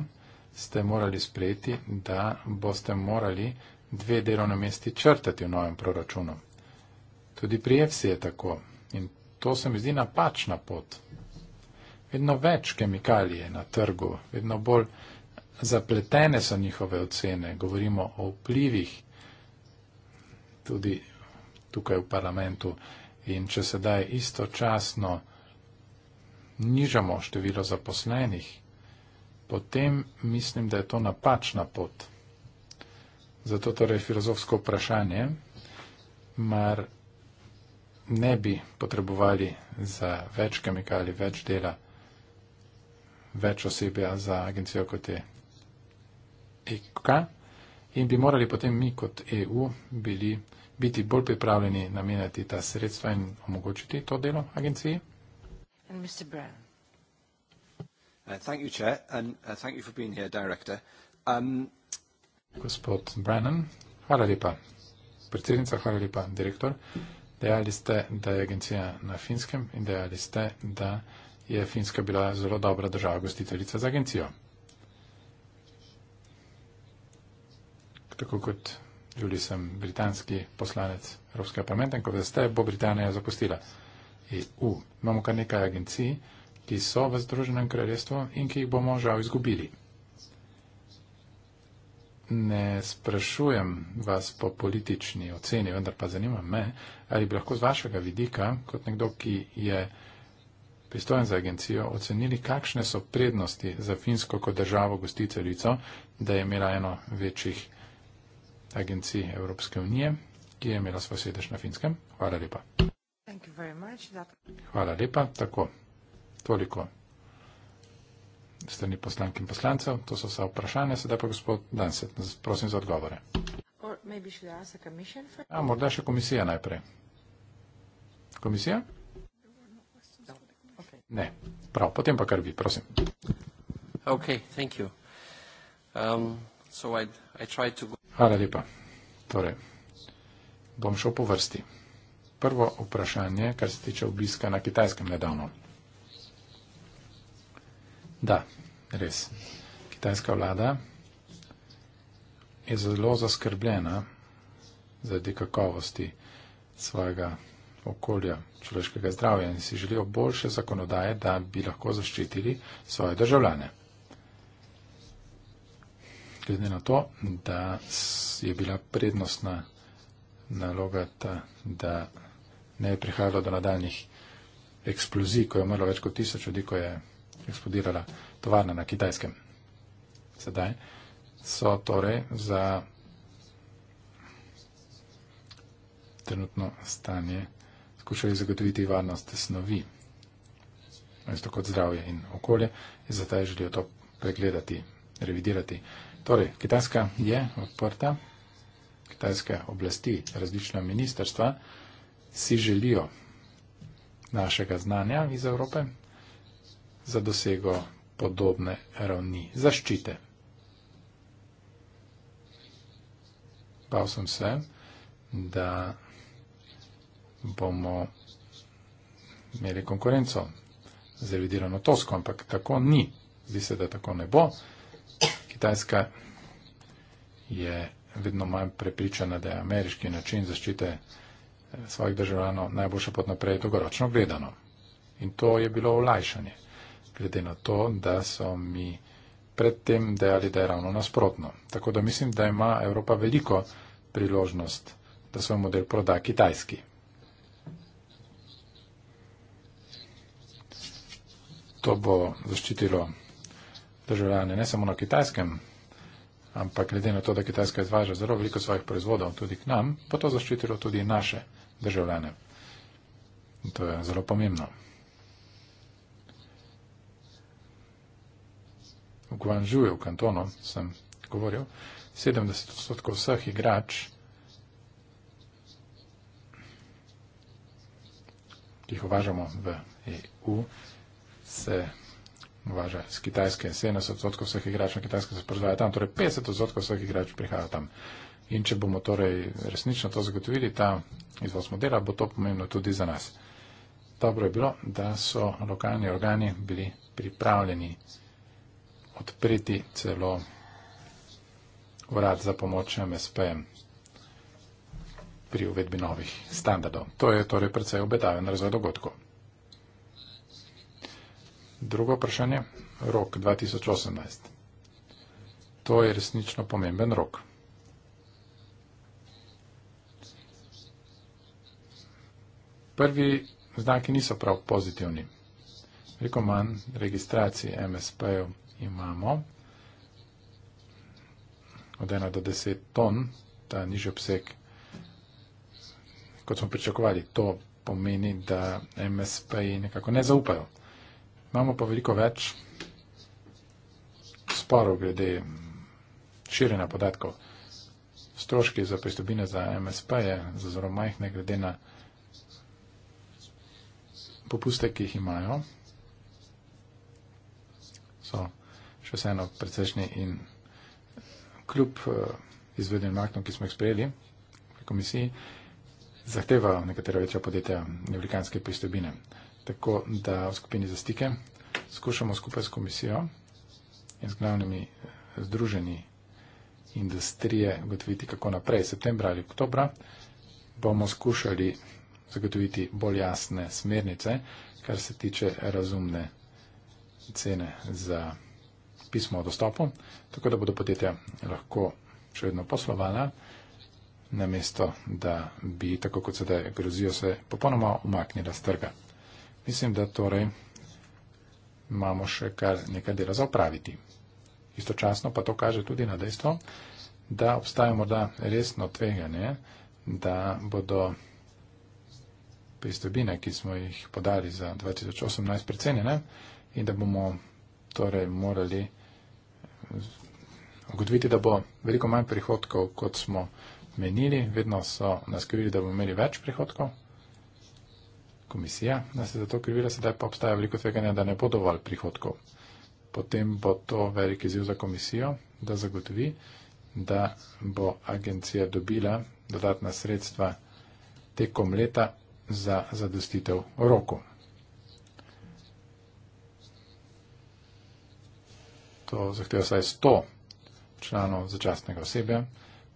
[SPEAKER 3] ste morali sprejeti, da boste morali dve delovne mesti črtati v novem proračunu. Tudi pri EFSI je tako in to se mi zdi napačna pot. Vedno več kemikalije na trgu, vedno bolj zapletene so njihove ocene, govorimo o vplivih tudi tukaj v parlamentu in če sedaj istočasno nižamo število zaposlenih, potem mislim, da je to napačna pot. Zato torej filozofsko vprašanje, mar ne bi potrebovali za več kemikali, več dela, več osebja za agencijo, kot je EK in bi morali potem mi kot EU bili, biti bolj pripravljeni namenjati ta sredstva in omogočiti to delo agenciji. Uh, uh, um, Gospod Brennan, hvala lepa. Predsednica, hvala lepa, direktor. Dejali ste, da je agencija na Finskem in dejali ste, da je Finska bila zelo dobra država gostiteljica za agencijo. tako kot Julij sem britanski poslanec Evropskega parlamenta in ko veste, bo Britanija zapustila EU. Imamo kar nekaj agencij, ki so v Združenem kraljestvu in ki jih bomo žal izgubili. Ne sprašujem vas po politični oceni, vendar pa zanima me, ali bi lahko z vašega vidika, kot nekdo, ki je pristojen za agencijo, ocenili, kakšne so prednosti za Finsko kot državo gostiteljico, da je imela eno večjih agencij Evropske unije, ki je imela svoj sedež na Finskem. Hvala lepa. Hvala lepa. Tako, toliko strani poslank in poslancev. To so vsa vprašanja. Sedaj pa gospod Danset, prosim za odgovore. A morda še komisija najprej. Komisija? Ne, prav, potem pa kar vi, prosim. Ok, thank you. Um, so I, I try to go Hvala lepa. Torej, bom šel po vrsti. Prvo vprašanje, kar se tiče obiska na kitajskem nedavno. Da, res. Kitajska vlada je zelo zaskrbljena zaradi kakovosti svojega okolja, človeškega zdravja in si želijo boljše zakonodaje, da bi lahko zaščitili svoje državljane glede na to, da je bila prednostna naloga ta, da ne je prihajalo do nadaljnih eksplozij, ko je umrlo več kot tisoč ljudi, ko je eksplodirala tovarna na kitajskem. Sedaj so torej za trenutno stanje skušali zagotoviti varnost snovi, isto kot zdravje in okolje, in zato je želijo to pregledati, revidirati. Torej, Kitajska je odprta, kitajske oblasti, različna ministerstva si želijo našega znanja iz Evrope za dosego podobne ravni zaščite. Bal sem se, da bomo imeli konkurenco z revidirano Tosko, ampak tako ni. Zdi se, da tako ne bo. Kitajska je vedno manj prepričana, da je ameriški način zaščite eh, svojih državljanov najboljša pot naprej dolgoročno gledano. In to je bilo olajšanje, glede na to, da so mi predtem dejali, da je ravno nasprotno. Tako da mislim, da ima Evropa veliko priložnost, da svoj model proda Kitajski. To bo zaščitilo državljane, ne samo na kitajskem, ampak glede na to, da Kitajska izvaža zelo veliko svojih proizvodov tudi k nam, pa to zaščitilo tudi naše državljane. In to je zelo pomembno. V Guangzhouju, v kantonu, sem govoril, 70 odstotkov vseh igrač, ki jih uvažamo v EU, se uvaža z Kitajske. 70 odstotkov vseh igračev na Kitajske se proizvaja tam, torej 50 odstotkov vseh igračev prihaja tam. In če bomo torej resnično to zagotovili, ta izvoz modela, bo to pomembno tudi za nas. Dobro je bilo, da so lokalni organi bili pripravljeni odpreti celo urad za pomoč MSP-em pri uvedbi novih standardov. To je torej predvsej obetaven razvoj dogodkov. Drugo vprašanje, rok 2018. To je resnično pomemben rok. Prvi znaki niso prav pozitivni. Veliko manj registracij MSP-ju imamo, od 1 do 10 ton, ta nižji obseg, kot smo pričakovali, to pomeni, da MSP-ji nekako ne zaupajo. Imamo pa veliko več sporov glede širjenja podatkov. Stroški za pristobine za MSP je za zelo majhne glede na popuste, ki jih imajo. So še vseeno predsečni in kljub eh, izvedenim aktom, ki smo jih sprejeli v komisiji, zahteva nekatera večja podjetja nevrikanske pristobine tako da v skupini za stike skušamo skupaj s komisijo in z glavnimi eh, združeni industrije ugotoviti, kako naprej, septembra ali oktobra, bomo skušali zagotoviti bolj jasne smernice, kar se tiče razumne cene za pismo o dostopu, tako da bodo podjetja lahko še vedno poslovala, namesto da bi, tako kot sedaj grozijo, se popolnoma umaknila z trga. Mislim, da torej imamo še kar nekaj dela za opraviti. Istočasno pa to kaže tudi na dejstvo, da obstaja morda resno tveganje, da bodo pristobine, ki smo jih podali za 2018, precenjene in da bomo torej morali ugotoviti, da bo veliko manj prihodkov, kot smo menili. Vedno so nas krivili, da bomo imeli več prihodkov, komisija, da se je za to krivila, sedaj pa obstaja veliko tveganja, da ne bo dovolj prihodkov. Potem bo to velik izziv za komisijo, da zagotovi, da bo agencija dobila dodatna sredstva tekom leta za zadostitev roku. To zahteva vsaj 100 članov začasnega osebja,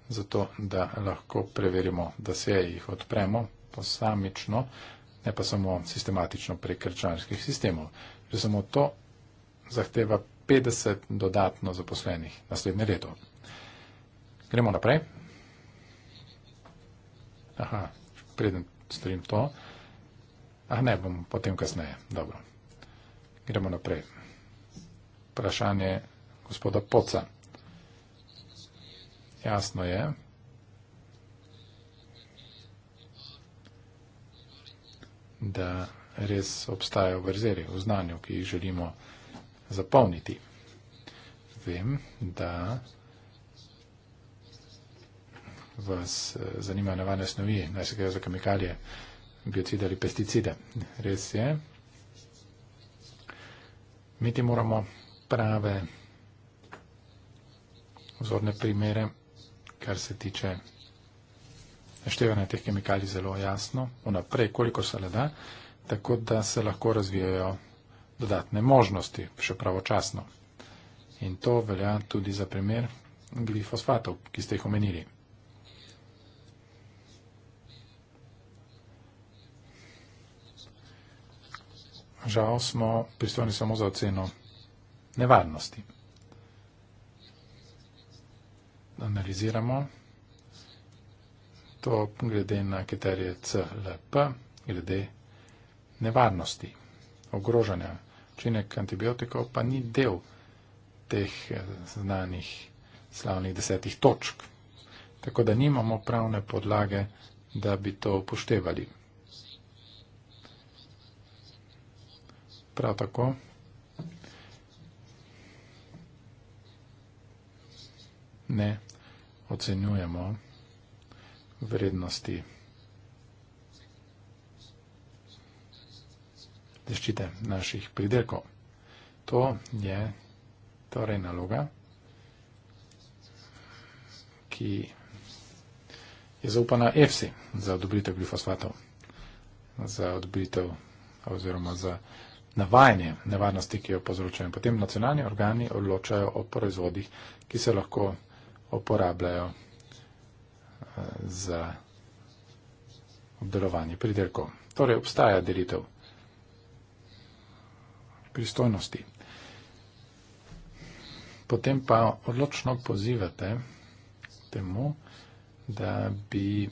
[SPEAKER 3] zato da lahko preverimo, da se jih odpremo posamično, ne pa samo sistematično prek računalniških sistemov. Že samo to zahteva 50 dodatno zaposlenih naslednje leto. Gremo naprej. Aha, preden storim to. Ah, ne, bom potem kasneje. Dobro. Gremo naprej. Vprašanje gospoda Poca. Jasno je, da res obstajajo vrzeli v znanju, ki jih želimo zapolniti. Vem, da vas eh, zanimajo nevarne snovi, naj se gre za kemikalije, biocide ali pesticide. Res je. Mi ti moramo prave vzorne primere, kar se tiče naštevanje teh kemikalij zelo jasno, vnaprej, koliko se le da, tako da se lahko razvijajo dodatne možnosti, še pravočasno. In to velja tudi za primer glifosfatov, ki ste jih omenili. Žal smo pristojni samo za oceno nevarnosti. Analiziramo to glede na kriterije CLP, glede nevarnosti, ogrožanja. Učinek antibiotikov pa ni del teh eh, znanih slavnih desetih točk. Tako da nimamo pravne podlage, da bi to upoštevali. Prav tako. Ne ocenjujemo vrednosti deščite naših pridelkov. To je torej naloga, ki je zaupana EFSI za odobritev glifosfatov, za odobritev oziroma za navajanje nevarnosti, ki jo povzročajo. Potem nacionalni organi odločajo o proizvodih, ki se lahko uporabljajo za obdelovanje pridelkov. Torej obstaja delitev pristojnosti. Potem pa odločno pozivate temu, da bi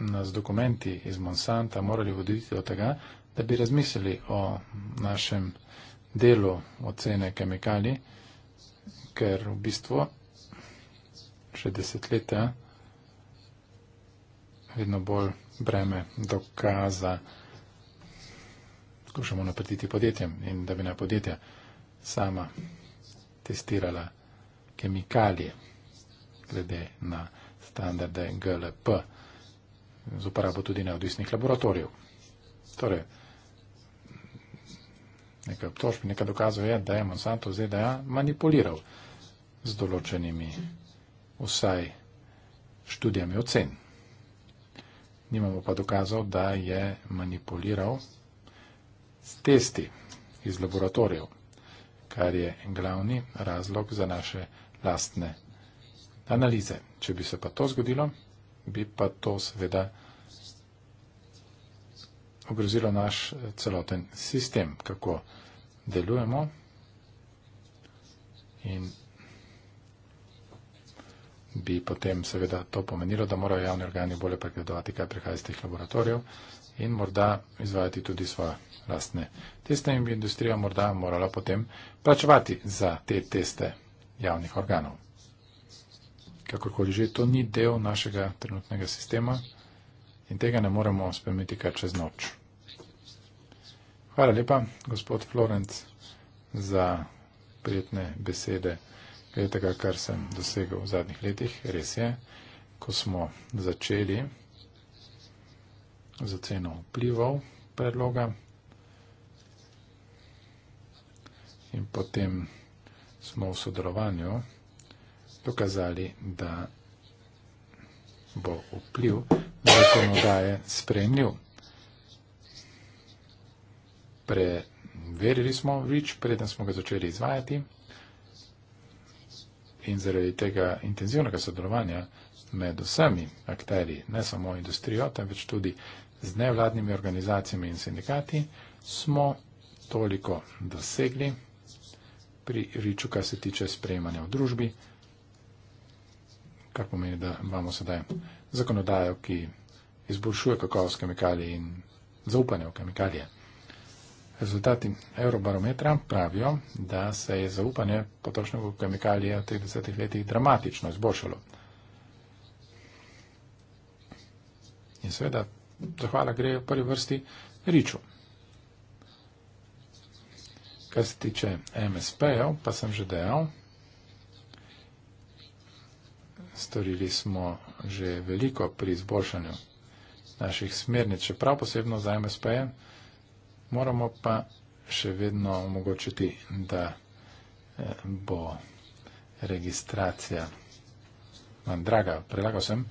[SPEAKER 3] nas dokumenti iz Monsanta morali voditi do tega, da bi razmislili o našem delu ocene kemikalij, ker v bistvu še desetletja vedno bolj breme dokaza, skušamo naprediti podjetjem in da bi na podjetja sama testirala kemikalije glede na standarde GLP z uporabo tudi neodvisnih laboratorijev. Torej, nekaj obtožb, nekaj dokazov je, da je Monsanto ZDA manipuliral z določenimi vsaj študijami ocen nimamo pa dokazov, da je manipuliral s testi iz laboratorijev, kar je glavni razlog za naše lastne analize. Če bi se pa to zgodilo, bi pa to seveda ogrozilo naš celoten sistem, kako delujemo in bi potem seveda to pomenilo, da morajo javni organi bolje pregledovati, kaj prihaja iz teh laboratorijev in morda izvajati tudi svoje lastne teste in bi industrija morda morala potem plačevati za te teste javnih organov. Kakorkoli že, to ni del našega trenutnega sistema in tega ne moremo spremeniti kar čez noč. Hvala lepa, gospod Florenc, za prijetne besede glede tega, kar sem dosegel v zadnjih letih. Res je, ko smo začeli z oceno vplivov predloga in potem smo v sodelovanju dokazali, da bo vpliv zakonodaje spremljiv. Preverili smo REACH, preden smo ga začeli izvajati in zaradi tega intenzivnega sodelovanja med vsemi akteri, ne samo industrijo, temveč tudi z nevladnimi organizacijami in sindikati, smo toliko dosegli pri riču, kar se tiče sprejemanja v družbi, kar pomeni, da imamo sedaj zakonodajo, ki izboljšuje kakovost kemikalije in zaupanje v kemikalije. Rezultati Eurobarometra pravijo, da se je zaupanje potrošnikov v kemikalije v teh desetih letih dramatično izboljšalo. In seveda, zahvala gre v prvi vrsti Riču. Kar se tiče MSP-jev, pa sem že dejal, storili smo že veliko pri izboljšanju naših smernic, čeprav posebno za MSP-je. Moramo pa še vedno omogočiti, da eh, bo registracija manj draga. Predlagal sem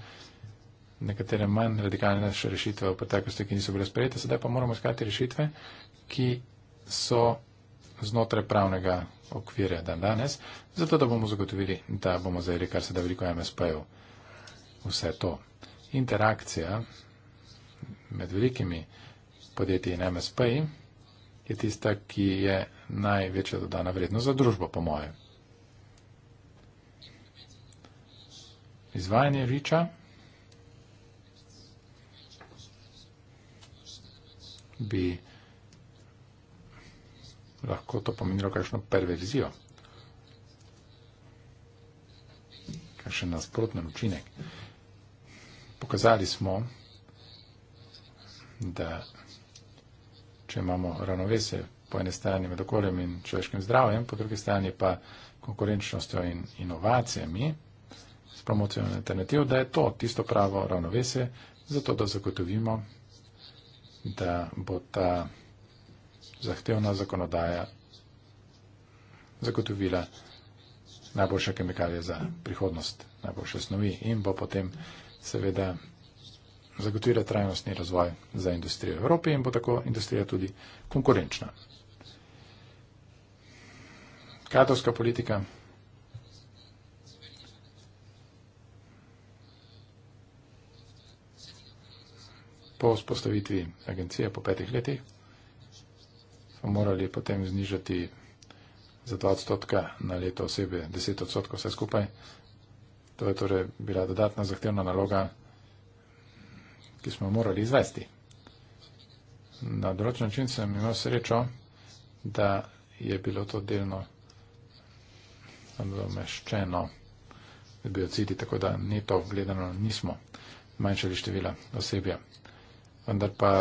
[SPEAKER 3] nekatere manj radikalne naše rešitve v preteklosti, ki niso bile sprejete, sedaj pa moramo iskati rešitve, ki so znotraj pravnega okvirja dan danes, zato da bomo zagotovili, da bomo zajeli kar se da veliko MSP-ov. Vse to. Interakcija med velikimi podjetij in MSP-ji, je tista, ki je največja dodana vrednost za družbo, po moje. Izvajanje riča. bi lahko to pomenilo kakšno perverzijo, kakšen nasprotnen učinek. Pokazali smo, da če imamo ravnovesje po eni strani med okoljem in človeškim zdravjem, po drugi strani pa konkurenčnostjo in inovacijami s promocijo alternativ, da je to tisto pravo ravnovesje, zato da zagotovimo, da bo ta zahtevna zakonodaja zagotovila najboljše kemikalije za prihodnost, najboljše snovi in bo potem seveda zagotovila trajnostni razvoj za industrijo Evrope in bo tako industrija tudi konkurenčna. Kadrovska politika. Po spostavitvi agencije po petih letih smo morali potem znižati za 2 odstotka na leto osebe 10 odstotkov vse skupaj. To je torej bila dodatna zahtevna naloga ki smo morali izvesti. Na določen način sem imel srečo, da je bilo to delno nameščeno v biocidi, tako da ni to gledano, nismo manjšali števila osebja. Vendar pa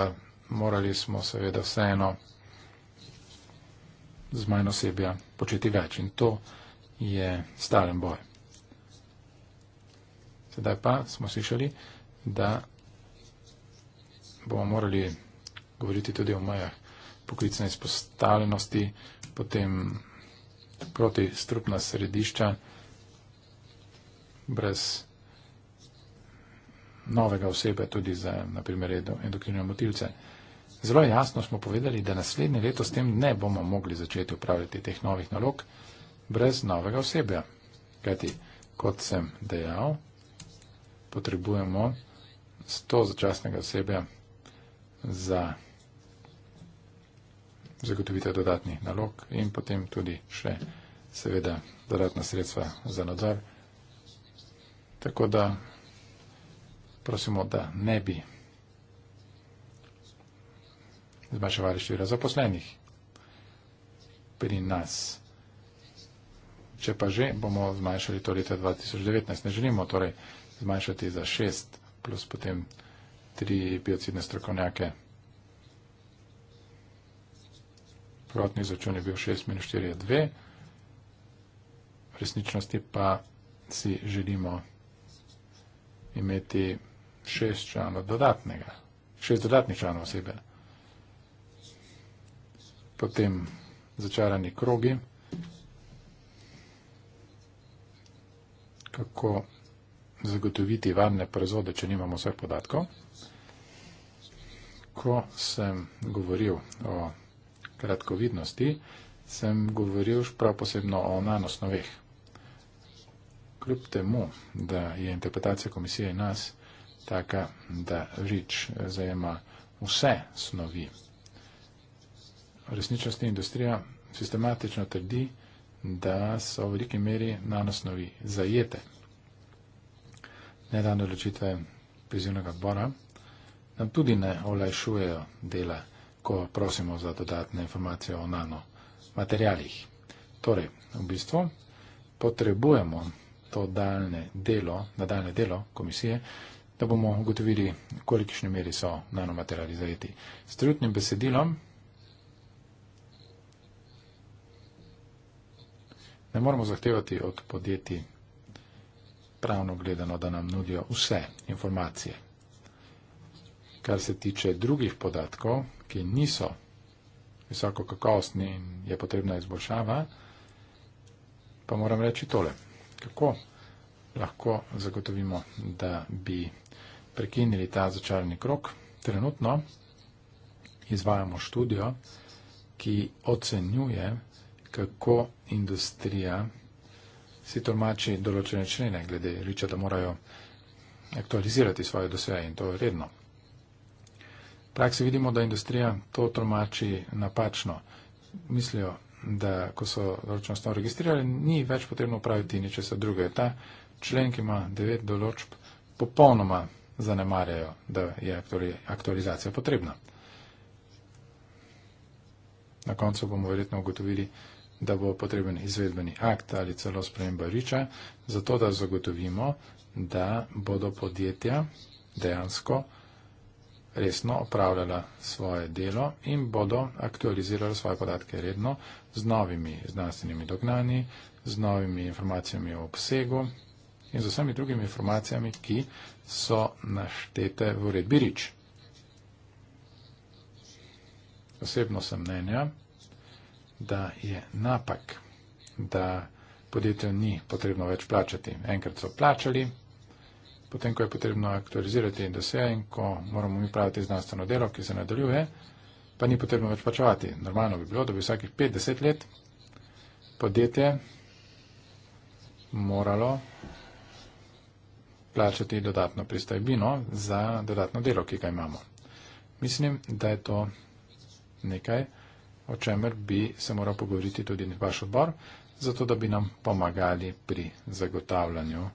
[SPEAKER 3] morali smo seveda vseeno z manj osebja početi več in to je stalen boj. Sedaj pa smo slišali, da bomo morali govoriti tudi o mejah poklicne izpostavljenosti, potem proti strupna središča brez novega osebe tudi za, naprimer, endokrinne motilce. Zelo jasno smo povedali, da naslednje leto s tem ne bomo mogli začeti upravljati teh novih nalog brez novega osebja. Kajti, kot sem dejal, potrebujemo 100 začasnega osebja za zagotovitev dodatnih nalog in potem tudi še seveda dodatna sredstva za nadzor. Tako da prosimo, da ne bi zmanjševali števila zaposlenih pri nas. Če pa že, bomo zmanjšali to leta 2019. Ne želimo torej zmanjšati za 6 plus potem 2019 tri biocidne strokovnjake. Prvotni izračun je bil 6 minus 4 je 2, v resničnosti pa si želimo imeti 6 članov dodatnega, 6 dodatnih članov osebe. Potem začarani krogi, kako zagotoviti varne proizvode, če nimamo vseh podatkov ko sem govoril o kratkovidnosti, sem govoril prav posebno o nanosnoveh. Kljub temu, da je interpretacija komisije nas taka, da rič zajema vse snovi, resničnostna industrija sistematično trdi, da so v veliki meri nanosnovi zajete. Nedavne odločitve prizivnega odbora nam tudi ne olajšujejo dela, ko prosimo za dodatne informacije o nano materijalih. Torej, v bistvu potrebujemo to daljne delo, nadaljne delo komisije, da bomo ugotovili, v kolikšni meri so nanomaterjali zajeti. S trenutnim besedilom ne moramo zahtevati od podjetij pravno gledano, da nam nudijo vse informacije Kar se tiče drugih podatkov, ki niso visoko kakovostni in je potrebna izboljšava, pa moram reči tole. Kako lahko zagotovimo, da bi prekinili ta začarni krok? Trenutno izvajamo študijo, ki ocenjuje, kako industrija si tolmači določene člene, glede riča, da morajo aktualizirati svoje doseje in to redno. V praksi vidimo, da industrija to tolmači napačno. Mislijo, da ko so določeno stanov registrirali, ni več potrebno upraviti ničesar drugega. Ta člen, ki ima devet določb, popolnoma zanemarjajo, da je aktualizacija potrebna. Na koncu bomo verjetno ugotovili, da bo potreben izvedbeni akt ali celo sprememba riča, zato da zagotovimo, da bodo podjetja dejansko resno opravljala svoje delo in bodo aktualizirala svoje podatke redno z novimi znanstvenimi dognanji, z novimi informacijami o obsegu in z vsemi drugimi informacijami, ki so naštete v uredbi RIČ. Osebno sem mnenja, da je napak, da podjetju ni potrebno več plačati. Enkrat so plačali, potem, ko je potrebno aktualizirati in doseje in ko moramo mi praviti znanstveno delo, ki se nadaljuje, pa ni potrebno več plačevati. Normalno bi bilo, da bi vsakih 50 let podjetje moralo plačati dodatno pristajbino za dodatno delo, ki ga imamo. Mislim, da je to nekaj, o čemer bi se moral pogovoriti tudi vaš odbor, zato da bi nam pomagali pri zagotavljanju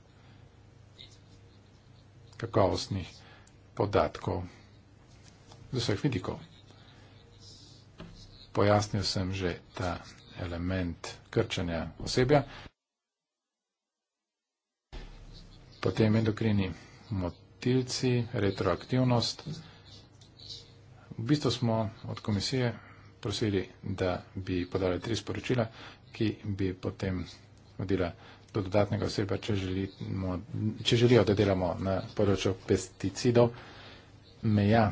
[SPEAKER 3] kakovostnih podatkov z vseh vidikov. Pojasnil sem že ta element krčanja osebja. Potem endokrini motilci, retroaktivnost. V bistvu smo od komisije prosili, da bi podali tri sporočila, ki bi potem vodila do dodatnega osebja, če, želimo, če želijo, da delamo na področju pesticidov, meja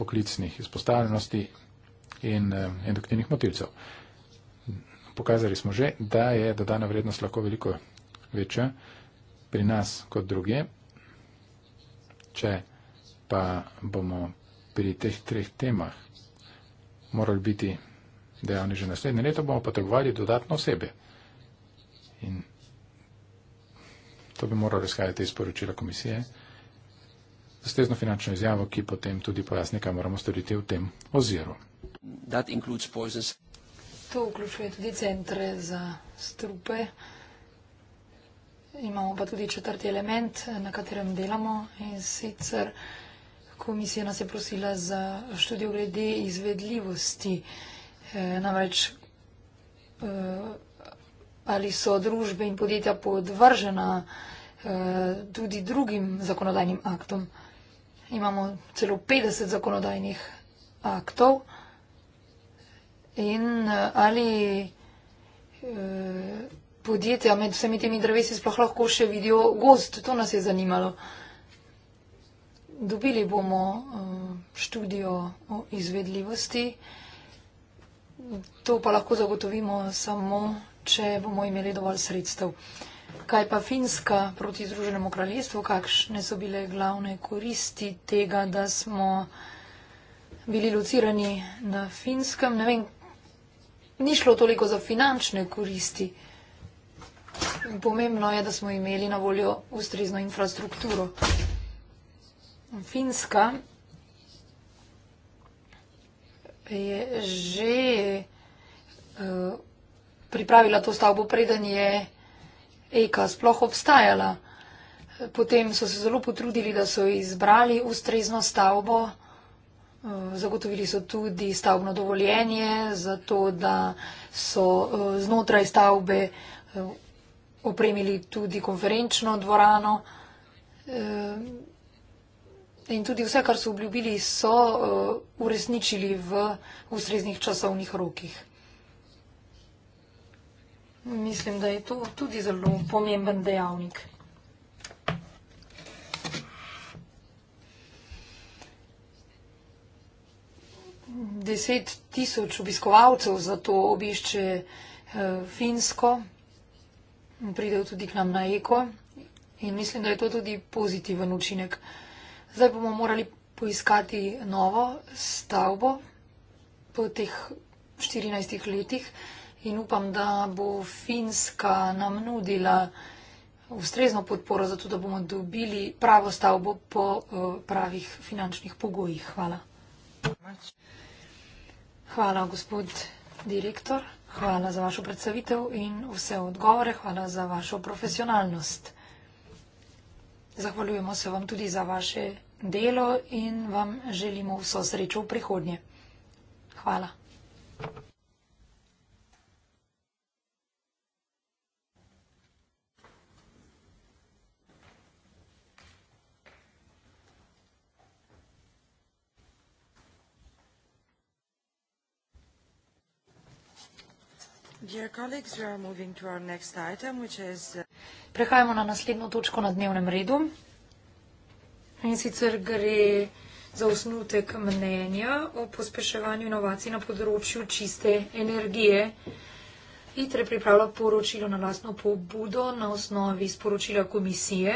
[SPEAKER 3] poklicnih izpostavljenosti in endoktivnih eh, motilcev. Pokazali smo že, da je dodana vrednost lahko veliko večja pri nas kot druge. Če pa bomo pri teh treh temah morali biti dejavni že naslednje leto, bomo potrebovali dodatno osebje. In to bi moralo razhajati iz poročila komisije. Zastezno finančno izjavo, ki potem tudi pojasni, kaj moramo storiti v tem oziru.
[SPEAKER 2] To vključuje tudi centre za strupe. Imamo pa tudi četrti element, na katerem delamo in sicer komisija nas je prosila za študijo glede izvedljivosti. E, namreč e, ali so družbe in podjetja podvržena eh, tudi drugim zakonodajnim aktom. Imamo celo 50 zakonodajnih aktov in eh, ali eh, podjetja med vsemi temi drevesi sploh lahko še vidijo gost, to nas je zanimalo. Dobili bomo študijo o izvedljivosti, to pa lahko zagotovimo samo če bomo imeli dovolj sredstev. Kaj pa Finska proti Združenemu kraljestvu, kakšne so bile glavne koristi tega, da smo bili locirani na Finskem? Ne vem, ni šlo toliko za finančne koristi. Pomembno je, da smo imeli na voljo ustrezno infrastrukturo. Finska je že. Uh, pripravila to stavbo, preden je Eka sploh obstajala. Potem so se zelo potrudili, da so izbrali ustrezno stavbo. Eh, zagotovili so tudi stavbno dovoljenje, zato da so eh, znotraj stavbe eh, opremili tudi konferenčno dvorano. In tudi vse, kar so obljubili, so uresničili v ustreznih časovnih rokih. Mislim, da je to tudi zelo pomemben dejavnik. Deset tisoč obiskovalcev za to obišče eh, Finsko, pridejo tudi k nam na Eko in mislim, da je to tudi pozitiven učinek. Zdaj bomo morali poiskati novo stavbo po teh 14 letih in upam, da bo Finska nam nudila ustrezno podporo, zato da bomo dobili pravo stavbo po eh, pravih finančnih pogojih. Hvala. Hvala, gospod direktor. Hvala za vašo predstavitev in vse odgovore. Hvala za vašo profesionalnost. Zahvaljujemo se vam tudi za vaše delo in vam želimo vso srečo v prihodnje. Hvala. Dear colleagues, we are moving to our next item, which is... Uh, Prehajamo na naslednjo točko na dnevnem redu. In sicer gre za osnutek mnenja o pospeševanju inovacij na področju čiste energije. ITR je pripravila poročilo na lastno pobudo na osnovi sporočila komisije.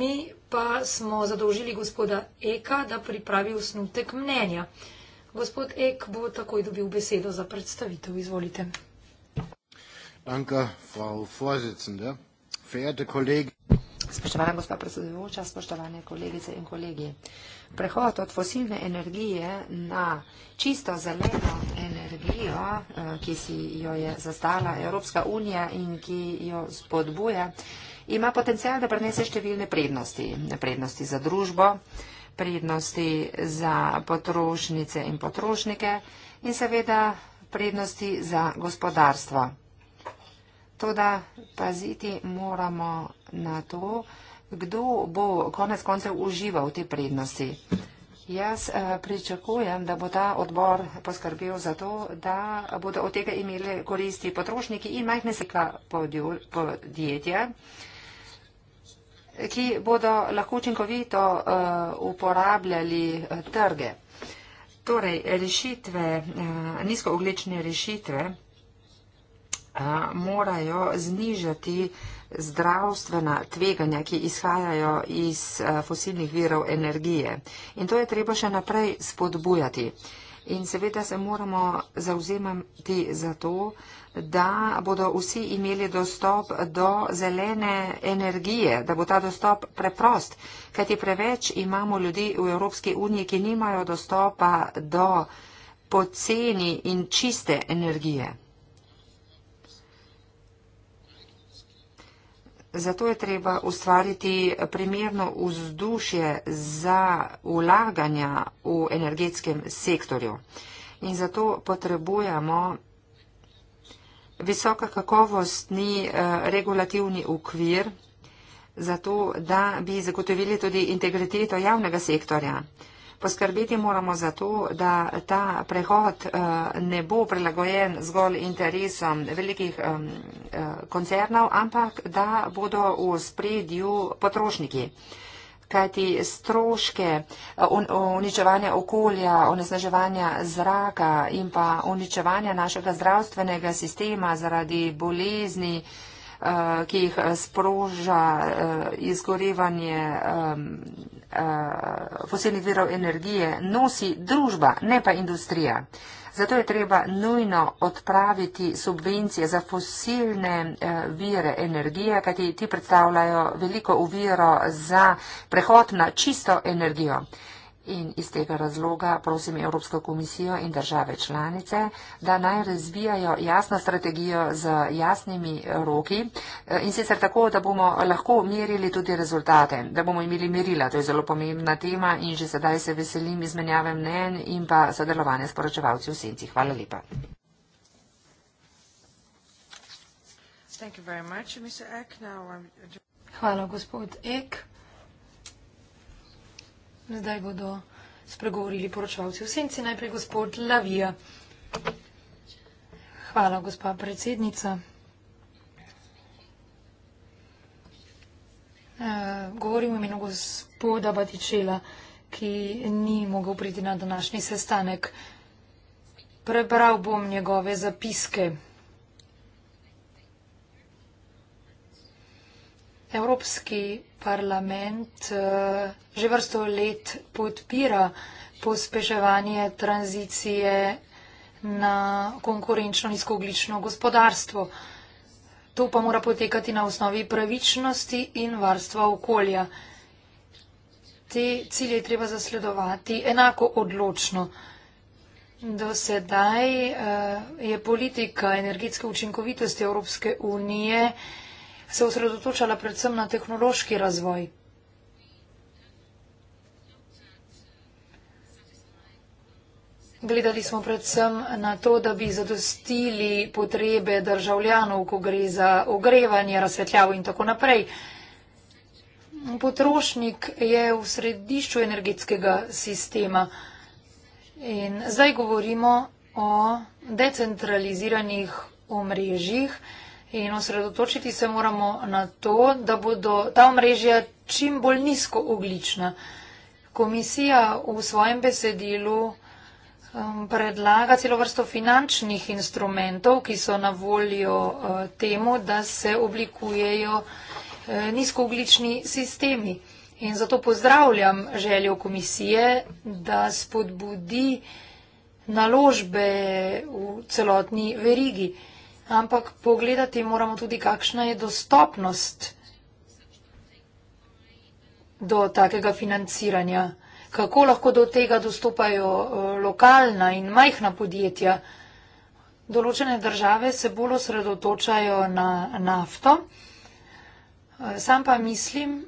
[SPEAKER 2] Mi pa smo zadolžili gospoda Eka, da pripravi osnutek mnenja. Gospod Ek bo takoj dobil besedo za predstavitev. Izvolite.
[SPEAKER 3] Danke, Frau Vorsitzende. Verehrte Kollegen.
[SPEAKER 1] Spoštovana gospa predsedujoča, spoštovane kolegice in kolegi. Prehod od fosilne energije na čisto zeleno energijo, eh, ki si jo je zastala Evropska unija in ki jo spodbuja, ima potencial, da prenese številne prednosti. Prednosti za družbo, prednosti za potrošnice in potrošnike in seveda prednosti za gospodarstvo. Toda paziti moramo na to, kdo bo konec koncev užival te prednosti. Jaz eh, pričakujem, da bo ta odbor poskrbel za to, da bodo od tega imeli koristi potrošniki in majhne sika podjetja, ki bodo lahko učinkovito eh, uporabljali eh, trge. Torej, rešitve, nizkooglične rešitve morajo znižati zdravstvena tveganja, ki izhajajo iz fosilnih virov energije. In to je treba še naprej spodbujati. In seveda se moramo zauzemati za to, da bodo vsi imeli dostop do zelene energije, da bo ta dostop preprost, kajti preveč imamo ljudi v Evropski uniji, ki nimajo dostopa do poceni in čiste energije. Zato je treba ustvariti primerno vzdušje za ulaganja v energetskem sektorju. In zato potrebujemo visoka kakovostni eh, regulativni ukvir, zato da bi zagotovili tudi integriteto javnega sektorja. Poskrbeti moramo za to, da ta prehod eh, ne bo prilagojen zgolj interesom velikih eh, koncernov, ampak da bodo v spredju potrošniki. Kajti stroške eh, uničevanja okolja, onesnaževanja zraka in pa uničevanja našega zdravstvenega sistema zaradi bolezni, Eh, ki jih eh, sproža eh, izgorevanje fosilnih virov energije, nosi družba, ne pa industrija. Zato je treba nujno odpraviti subvencije za fosilne vire energije, kajti ti predstavljajo veliko uviro za prehod na čisto energijo. In iz tega razloga prosim Evropsko komisijo in države članice, da naj razvijajo jasno strategijo z jasnimi roki eh, in sicer tako, da bomo lahko merili tudi rezultate, da bomo imeli merila. To je zelo pomembna tema in že sedaj se veselim izmenjave mnen in pa sodelovanja s poročevalci v senci. Hvala lepa.
[SPEAKER 2] Hvala, gospod Ek. Zdaj bodo spregovorili poročevalci v senci. Najprej gospod Lavija. Hvala, gospa predsednica. Eh, govorim v imenu gospoda Batičela, ki ni mogel priti na današnji sestanek. Prebral bom njegove zapiske. Evropski parlament eh, že vrsto let podpira pospeševanje tranzicije na konkurenčno nizkoglično gospodarstvo. To pa mora potekati na osnovi pravičnosti in varstva okolja. Te cilje treba zasledovati enako odločno. Do sedaj eh, je politika energetske učinkovitosti Evropske unije se osredotočala predvsem na tehnološki razvoj. Gledali smo predvsem na to, da bi zadostili potrebe državljanov, ko gre za ogrevanje, razsvetljavo in tako naprej. Potrošnik je v središču energetskega sistema in zdaj govorimo o decentraliziranih omrežjih. In osredotočiti se moramo na to, da bodo ta omrežja čim bolj nizko oglična. Komisija v svojem besedilu um, predlaga celo vrsto finančnih instrumentov, ki so na voljo uh, temu, da se oblikujejo uh, nizkooglični sistemi. In zato pozdravljam željo komisije, da spodbudi naložbe v celotni verigi ampak pogledati moramo tudi, kakšna je dostopnost do takega financiranja, kako lahko do tega dostopajo eh, lokalna in majhna podjetja. Določene države se bolj osredotočajo na nafto. Eh, sam pa mislim,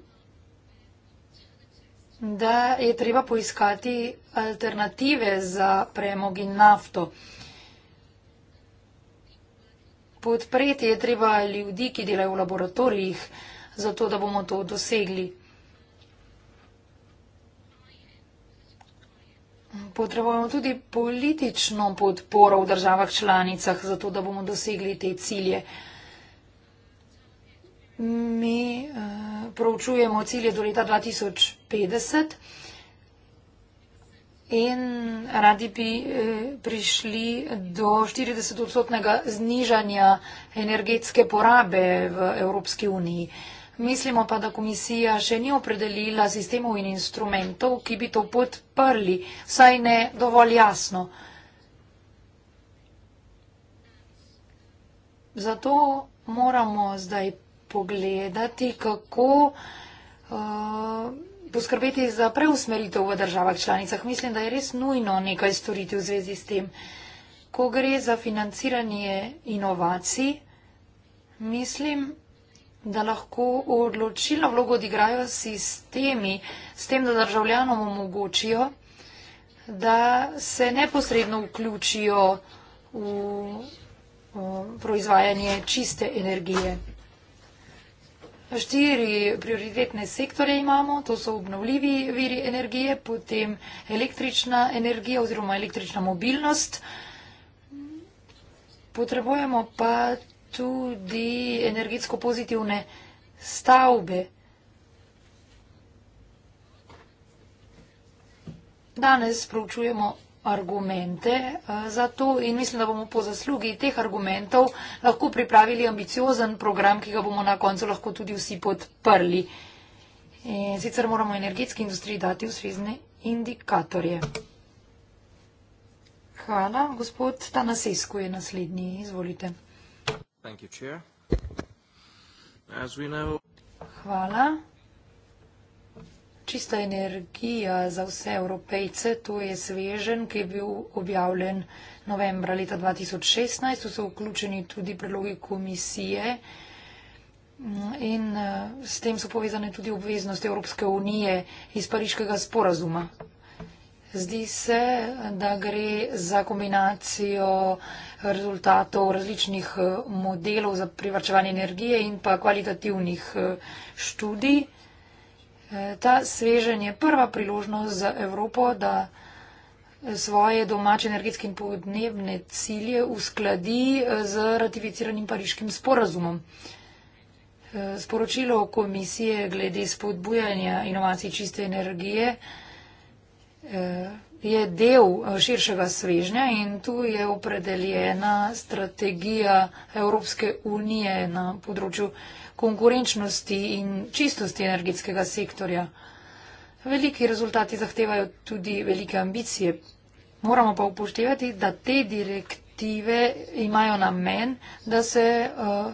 [SPEAKER 2] da je treba poiskati alternative za premog in nafto. Podpreti je treba ljudi, ki delajo v laboratorijih, zato da bomo to dosegli. Potrebujemo tudi politično podporo v državah članicah, zato da bomo dosegli te cilje. Mi uh, proučujemo cilje do leta 2050 in radi bi eh, prišli do 40-odstotnega znižanja energetske porabe v Evropski uniji. Mislimo pa, da komisija še ni opredelila sistemov in instrumentov, ki bi to podprli, saj ne dovolj jasno. Zato moramo zdaj pogledati, kako uh, poskrbeti za preusmeritev v državah članicah. Mislim, da je res nujno nekaj storiti v zvezi s tem. Ko gre za financiranje inovacij, mislim, da lahko odločilno vlogo odigrajo sistemi s tem, da državljanom omogočijo, da se neposredno vključijo v proizvajanje čiste energije. Štiri prioritetne sektore imamo, to so obnovljivi viri energije, potem električna energija oziroma električna mobilnost. Potrebujemo pa tudi energetsko pozitivne stavbe. Danes proučujemo argumente eh, za to in mislim, da bomo po zaslugi teh argumentov lahko pripravili ambiciozen program, ki ga bomo na koncu lahko tudi vsi podprli. In sicer moramo energetski industriji dati ustrezne indikatorje. Hvala. Gospod Tanasesku je naslednji. Izvolite. Hvala. Čista energija za vse evropejce, to je svežen, ki je bil objavljen novembra leta 2016. Tu so vključeni tudi predlogi komisije in eh, s tem so povezane tudi obveznosti Evropske unije iz Pariškega sporazuma. Zdi se, da gre za kombinacijo rezultatov različnih eh, modelov za privrčevanje energije in pa kvalitativnih eh, študij. Eh, ta sveženje je prva priložnost za Evropo, da svoje domače energetske in podnebne cilje uskladi eh, z ratificiranim pariškim sporazumom. Eh, sporočilo komisije glede spodbujanja inovacij čiste energije je del širšega svežnja in tu je opredeljena strategija Evropske unije na področju energije konkurenčnosti in čistosti energetskega sektorja. Veliki rezultati zahtevajo tudi velike ambicije. Moramo pa upoštevati, da te direktive imajo namen, da se uh,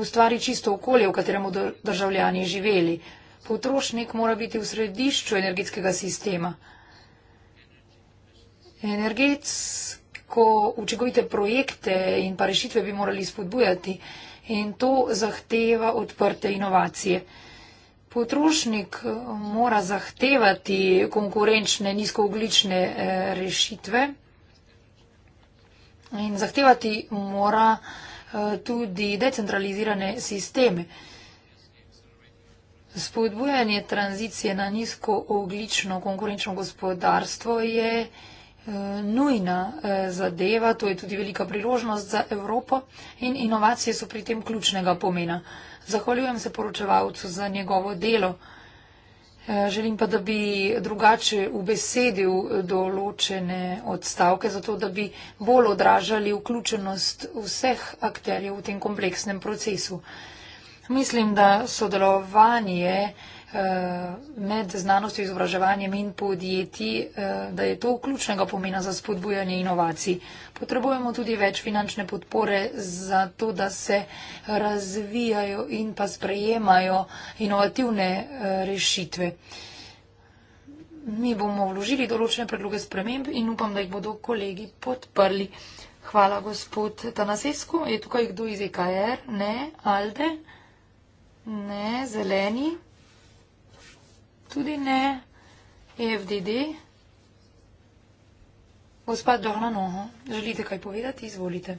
[SPEAKER 2] ustvari čisto okolje, v katerem bodo državljani živeli. Potrošnik mora biti v središču energetskega sistema. Energetsko učinkovite projekte in pa rešitve bi morali spodbujati. Uh, in to zahteva odprte inovacije. Potrošnik eh, mora zahtevati konkurenčne nizkooglične eh, rešitve in zahtevati mora eh, tudi decentralizirane sisteme. Spodbujanje tranzicije na nizkooglično konkurenčno gospodarstvo je Eh, nujna eh, zadeva, to je tudi velika priložnost za Evropo in inovacije so pri tem ključnega pomena. Zahvaljujem se poročevalcu za njegovo delo. Eh, želim pa, da bi drugače ubesedil določene odstavke, zato da bi bolj odražali vključenost vseh akterjev v tem kompleksnem procesu. Mislim, da sodelovanje eh, med znanostjo, izobraževanjem in podjetji, eh, da je to ključnega pomena za spodbujanje inovacij. Potrebujemo tudi več finančne podpore za to, da se razvijajo in pa sprejemajo inovativne eh, rešitve. Mi bomo vložili določene predloge sprememb in upam, da jih bodo kolegi podprli. Hvala, gospod Tanasesko. Je tukaj kdo iz EKR? Ne? Alde? Ne, zeleni. Tudi ne, FDD. Gospa Dona Noho, želite kaj povedati? Izvolite.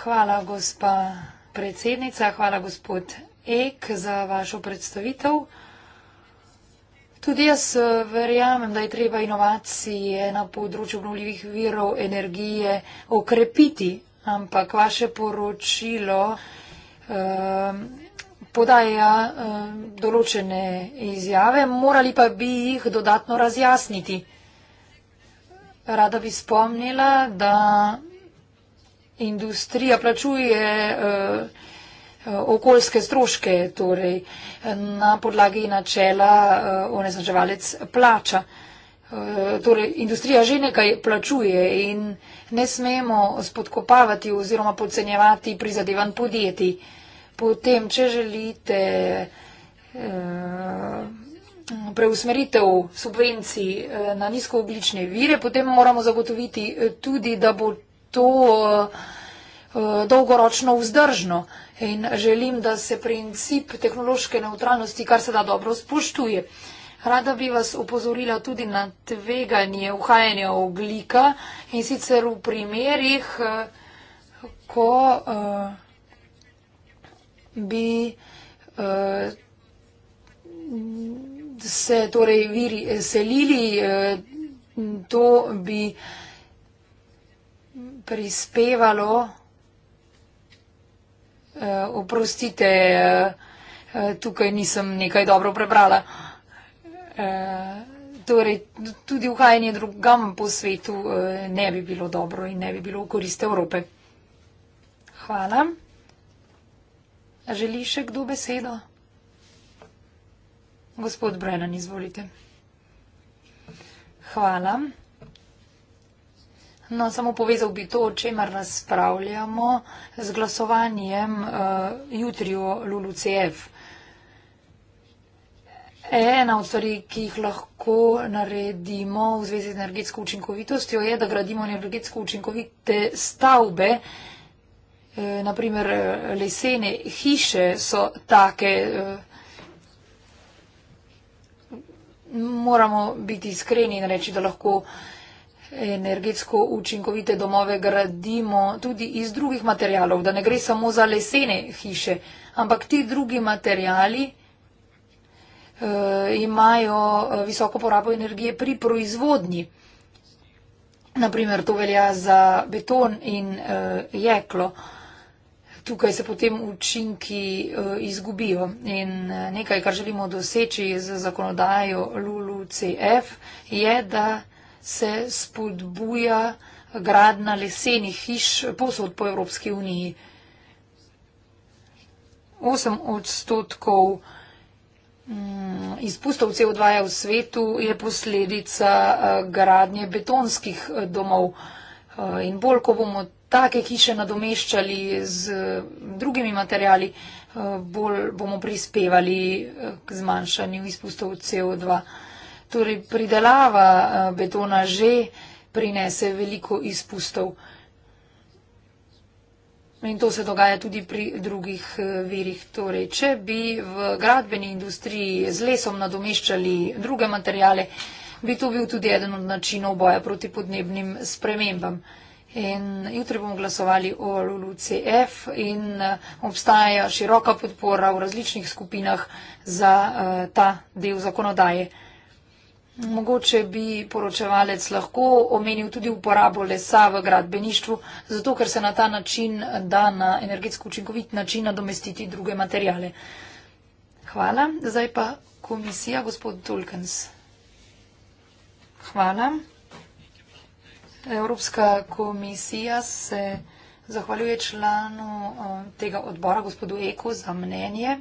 [SPEAKER 2] Hvala, gospa predsednica, hvala, gospod Ek, za vašo predstavitev. Tudi jaz eh, verjamem, da je treba inovacije na področju obnovljivih virov energije okrepiti, ampak vaše poročilo um, podaja uh, določene izjave, morali pa bi jih dodatno razjasniti. Rada bi spomnila, da industrija plačuje uh, okoljske stroške, torej na podlagi načela uh, onesnaževalec plača. Torej, industrija že nekaj plačuje in ne smemo spodkopavati oziroma podcenjevati prizadevan podjetij potem, če želite eh, preusmeritev subvencij eh, na nizkooglične vire, potem moramo zagotoviti eh, tudi, da bo to dolgoročno vzdržno. In želim, da se princip tehnološke neutralnosti kar se da dobro spoštuje. Rada bi vas upozorila tudi na tveganje uhajanja oglika in sicer v primerih, ko. Uh, bi eh, se torej viri eh, selili, eh, to bi prispevalo, oprostite, tukaj nisem nekaj dobro prebrala, torej tudi uhajanje drugam po svetu ne bi bilo dobro in ne bi bilo v korist Evrope. Hvala. Želi še kdo besedo? Gospod Brennan, izvolite. Hvala. No, samo povezal bi to, o čemer razpravljamo z glasovanjem uh, jutri o LULUCF. Ena od stvari, ki jih lahko naredimo v zvezi z energetsko učinkovitostjo, je, da gradimo energetsko učinkovite stavbe, uh, eh, naprimer eh, lesene hiše so take, eh, moramo biti iskreni in reči, da lahko energetsko učinkovite domove gradimo tudi iz drugih materijalov, da ne gre samo za lesene hiše, ampak ti drugi materijali eh, imajo eh, visoko porabo energije pri proizvodnji. Naprimer, to velja za beton in eh, jeklo. Eh, tukaj se potem učinki eh, izgubijo. In eh, nekaj, kar želimo doseči z zakonodajo LULUCF, je, da se spodbuja gradna lesenih hiš posod po Evropski uniji. 8 odstotkov mm, izpustov CO2 -ja v svetu je posledica eh, gradnje betonskih domov. In bolj, ko bomo take hiše nadomeščali z drugimi materijali, eh, bolj bomo prispevali eh, k zmanjšanju izpustov CO2. Torej, pridelava eh, betona že prinese veliko izpustov. In to se dogaja tudi pri drugih verih. Torej, če bi v gradbeni industriji z lesom nadomeščali druge materijale, bi to bil tudi eden od načinov boja proti podnebnim spremembam. In jutri bomo glasovali o LULUCF in eh, obstaja široka podpora v različnih skupinah za eh, ta del zakonodaje. Mogoče bi poročevalec lahko omenil tudi uporabo lesa v gradbeništvu, zato ker se na ta način da na energetsko učinkovit način nadomestiti druge materijale. Hvala. Zdaj pa komisija, gospod Tolkens. Hvala. Evropska komisija se zahvaljuje članu eh, tega odbora, gospodu Eku, za mnenje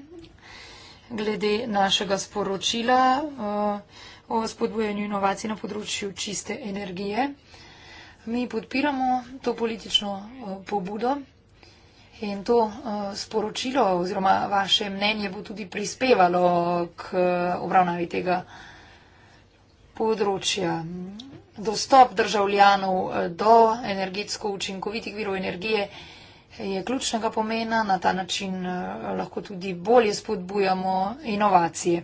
[SPEAKER 2] glede našega sporočila eh, o spodbojanju inovacij na področju čiste energije. Mi podpiramo to politično eh, pobudo in to sporočilo oziroma vaše mnenje bo tudi prispevalo k obravnavi tega področja dostop državljanov eh, do energetsko učinkovitih virov energije je ključnega pomena. Na ta način eh, lahko tudi bolje spodbujamo inovacije.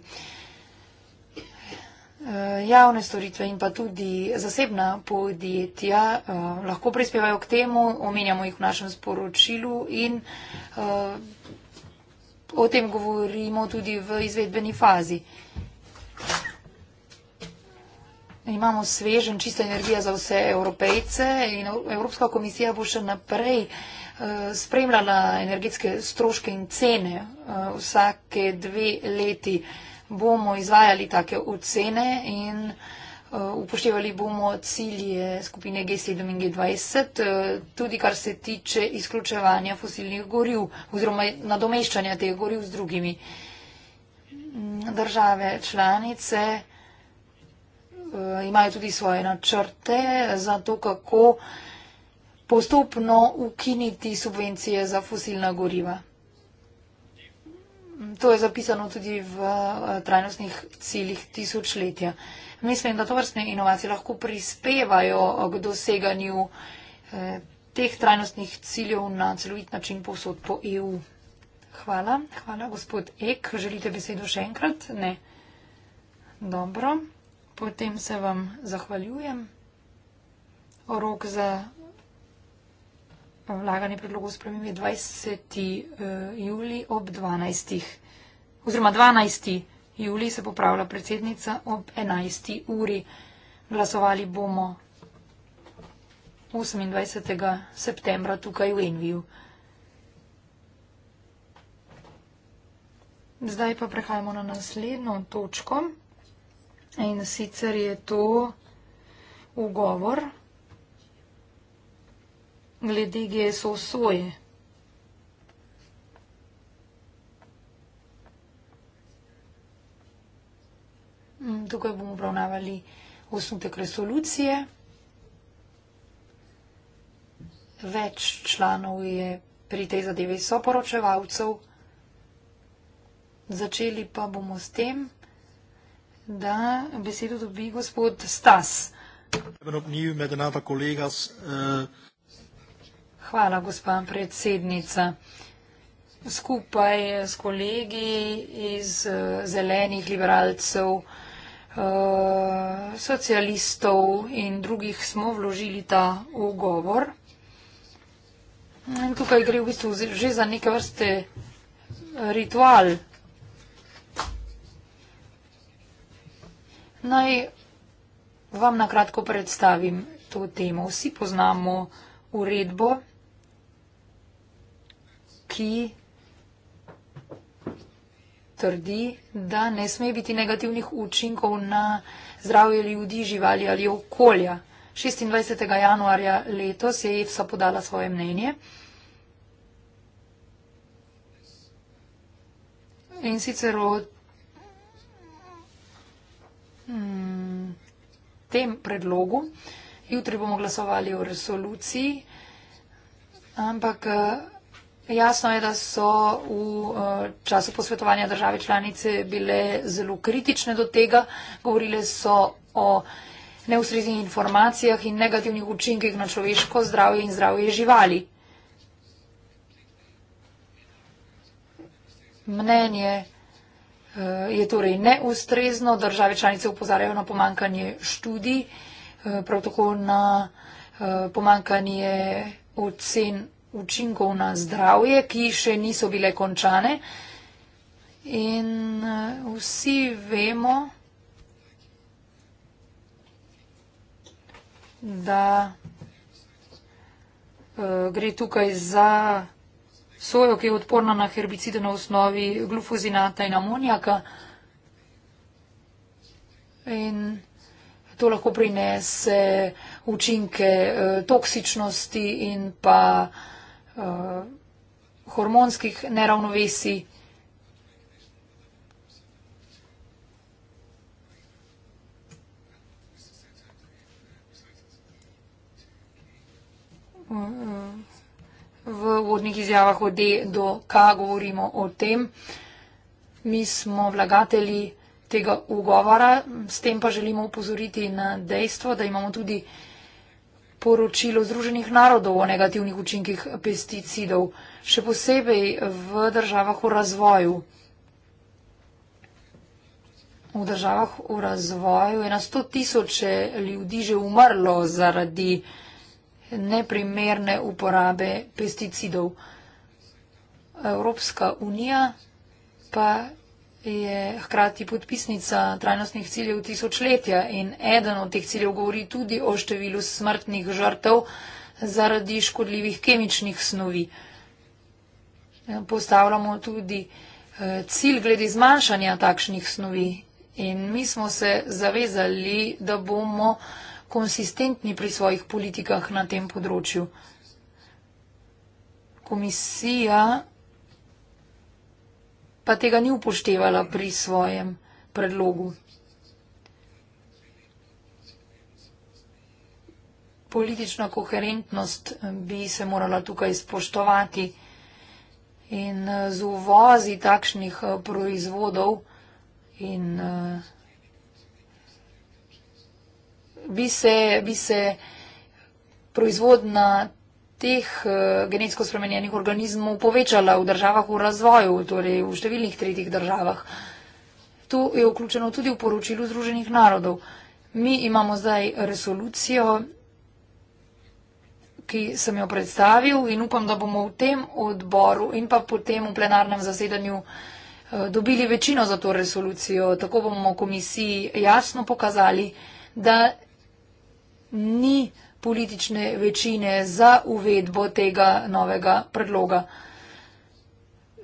[SPEAKER 2] Eh, javne storitve in pa tudi zasebna podjetja lahko prispevajo k temu, omenjamo jih v našem sporočilu in o tem govorimo tudi v izvedbeni fazi. Thank you imamo svežen, čista energija za vse evropejce in Evropska komisija bo še naprej eh, spremljala energetske stroške in cene. Eh, vsake dve leti bomo izvajali take ocene in eh, upoštevali bomo cilje skupine G7 in G20, tudi kar se tiče izključevanja fosilnih goriv oziroma nadomeščanja teh goriv z drugimi. Države članice Eh, imajo tudi svoje načrte za to, kako postopno ukiniti subvencije za fosilna goriva. Mm, to je zapisano tudi v eh, trajnostnih ciljih tisočletja. Mislim, da to vrstne inovacije lahko prispevajo eh, k doseganju teh trajnostnih ciljev na celovit način posod po EU. Hvala. Hvala, gospod Ek. Želite besedo še enkrat? Ne. Dobro potem se vam zahvaljujem. Rok za vlaganje predlogov spremembe je 20. Eh, juli ob 12. oziroma 12. juli se popravlja predsednica ob 11. uri. Glasovali bomo 28. septembra tukaj v Enviju. Zdaj pa prehajamo na naslednjo točko. In sicer je to ugovor glede GSO soje. Mm, tukaj bomo obravnavali osnutek resolucije. Več članov je pri tej zadevi soporočevalcev. Začeli pa bomo s tem da besedo dobi gospod Stas. Eh, Hvala, gospa predsednica. Skupaj eh, s kolegi iz eh, zelenih liberalcev, socialistov in drugih smo vložili ta ugovor. Tukaj gre v bistvu že za neke vrste ritual Naj vam na kratko predstavim to temo. Vsi poznamo uredbo, ki trdi, da ne sme biti negativnih učinkov na zdravje ljudi, živali ali okolja. 26. januarja letos je EFSA podala svoje mnenje. In sicer o Hmm, tem predlogu. Jutri bomo glasovali o resoluciji, ampak eh, jasno je, da so v eh, času posvetovanja države članice bile zelo kritične do tega. Govorile so o neustreznih informacijah in negativnih učinkih na človeško zdravje in zdravje živali. Mnenje Eh, je torej neustrezno. Države članice upozarjajo na pomankanje študij, eh, prav tako na eh, pomankanje ocen učinkov na zdravje, ki še niso bile končane. In vsi vemo, da gre tukaj za sojo, ki je odporna na herbicide na osnovi glufozinata in amonijaka. In to lahko prinese učinke eh, toksičnosti in pa uh, hormonskih neravnovesij. Uh, uh v vodnih izjavah od D do K govorimo o tem. Mi smo vlagateli tega ugovora, s tem pa želimo upozoriti na dejstvo, da imamo tudi poročilo Združenih narodov o negativnih učinkih pesticidov, še posebej v državah v razvoju. V državah v razvoju je na 100 tisoče ljudi že umrlo zaradi pesticidov neprimerne uporabe pesticidov. Evropska unija pa je hkrati podpisnica trajnostnih ciljev tisočletja in eden od teh ciljev govori tudi o številu smrtnih žrtev zaradi škodljivih kemičnih snovi. Postavljamo tudi eh, cilj glede zmanjšanja takšnih snovi in mi smo se zavezali, da bomo konsistentni pri svojih politikah na tem področju. Komisija pa tega ni upoštevala pri svojem predlogu. Politična koherentnost eh, bi se morala tukaj spoštovati in eh, z uvozi takšnih eh, proizvodov in uh, bi se, bi se proizvodna teh eh, genetsko spremenjenih organizmov povečala v državah v razvoju, torej v številnih tretjih državah. To je vključeno tudi v poročilu Združenih narodov. Mi imamo zdaj resolucijo, ki sem jo predstavil in upam, da bomo v tem odboru in pa potem v plenarnem zasedanju eh, dobili večino za to resolucijo. Tako bomo komisiji jasno pokazali, da ni politične večine za uvedbo tega novega predloga.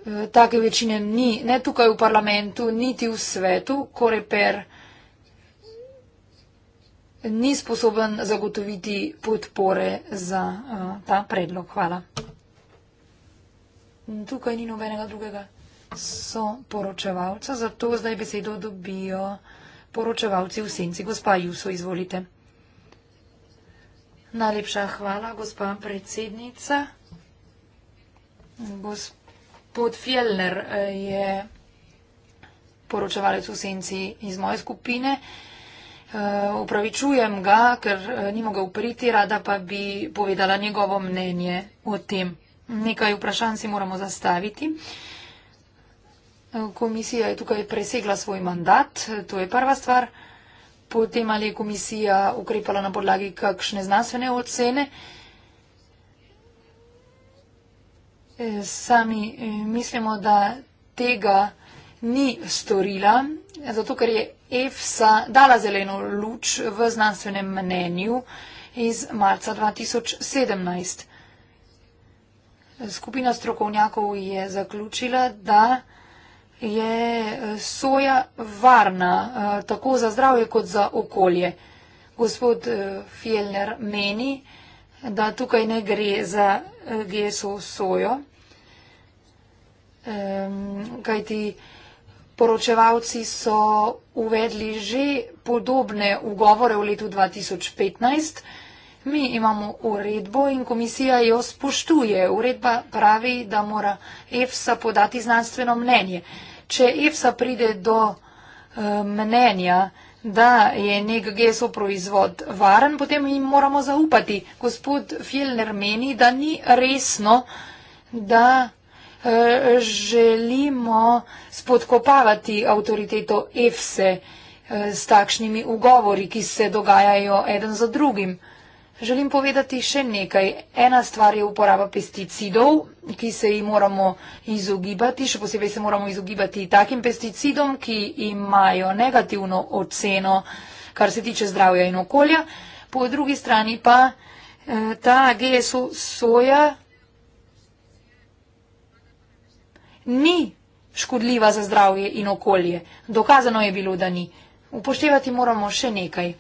[SPEAKER 2] E, take večine ni ne tukaj v parlamentu, niti v svetu, koreper ni sposoben zagotoviti podpore za e, ta predlog. Hvala. Tukaj ni nobenega drugega soporočevalca, zato zdaj besedo dobijo poročevalci v senci. Gospa Juso, izvolite. Najlepša hvala, gospa predsednica. Gospod Fjellner eh, je poročevalec v senci iz moje skupine. Upravičujem eh, ga, ker eh, ni mogel priti, rada pa bi povedala njegovo mnenje o tem. Nekaj vprašanj si moramo zastaviti. Komisija je tukaj presegla svoj mandat, to je prva stvar potem ali je komisija ukrepala na podlagi kakšne znanstvene ocene. E, sami e, mislimo, da tega ni storila, zato ker je EFSA dala zeleno luč v znanstvenem mnenju iz marca 2017. Skupina strokovnjakov je zaključila, da je eh, soja varna eh, tako za zdravje kot za okolje. Gospod eh, Fjellner meni, da tukaj ne gre za GSO sojo, kajti poročevalci so uvedli že podobne ugovore v letu 2015. Mi imamo uredbo in komisija jo spoštuje. Uredba pravi, da mora EFSA podati znanstveno mnenje. Če EFSA pride do eh, mnenja, da je nek GSO proizvod varen, potem jim moramo zaupati. Gospod Fjellner meni, da ni resno, da eh, želimo spodkopavati avtoriteto EFSE eh, s takšnimi ugovori, ki se dogajajo eden za drugim. Želim povedati še nekaj. Ena stvar je uporaba pesticidov, ki se jih moramo izogibati, še posebej se moramo izogibati takim pesticidom, ki imajo negativno oceno, kar se tiče zdravja in okolja. Po drugi strani pa eh, ta GSO soja ni škodljiva za zdravje in okolje. Dokazano je bilo, da ni. Upoštevati moramo še nekaj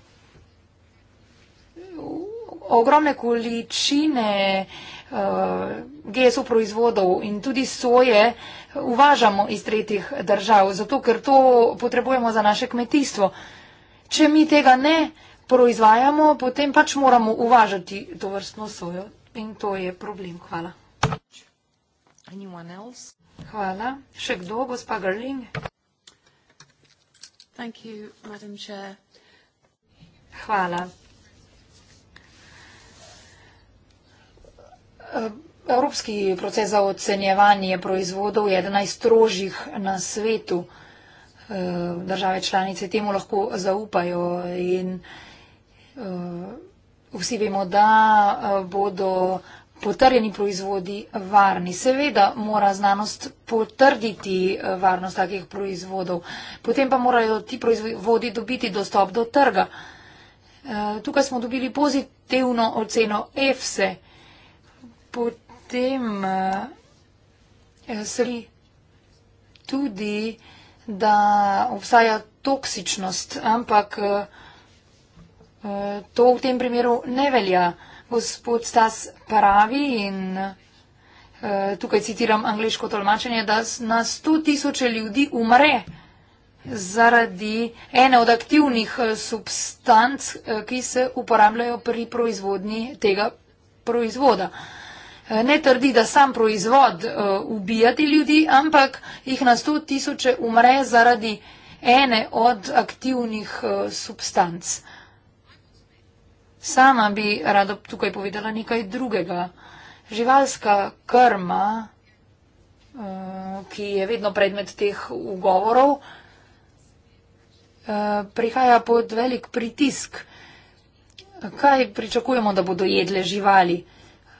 [SPEAKER 2] ogromne količine uh, eh, GSO proizvodov in tudi soje uvažamo iz tretjih držav, zato ker to potrebujemo za naše kmetijstvo. Če mi tega ne proizvajamo, potem pač moramo uvažati to vrstno sojo in to je problem. Hvala. Hvala. Še kdo, gospa Grling? Hvala. Evropski proces za ocenjevanje proizvodov je eden najstrožjih na svetu. Eh, države članice temu lahko zaupajo in eh, vsi vemo, da eh, bodo potrjeni proizvodi varni. Seveda mora znanost potrditi varnost takih proizvodov, potem pa morajo ti proizvodi dobiti dostop do trga. Tukaj smo dobili pozitivno oceno EFSE potem uh, eh, sri tudi, da obstaja toksičnost, ampak uh, to v tem primeru ne velja. Gospod Stas pravi in uh, tukaj citiram angliško tolmačenje, da na 100 tisoče ljudi umre zaradi ene od aktivnih substanc, ki se uporabljajo pri proizvodni tega proizvoda. Uh, Eh, ne trdi, da sam proizvod uh, ubija te ljudi, ampak jih na 100 tisoče umre zaradi ene od aktivnih uh, substanc. Sama bi rada tukaj povedala nekaj drugega. Živalska krma, uh, ki je vedno predmet teh ugovorov, prihaja pod velik pritisk. Kaj pričakujemo, da bodo jedle živali?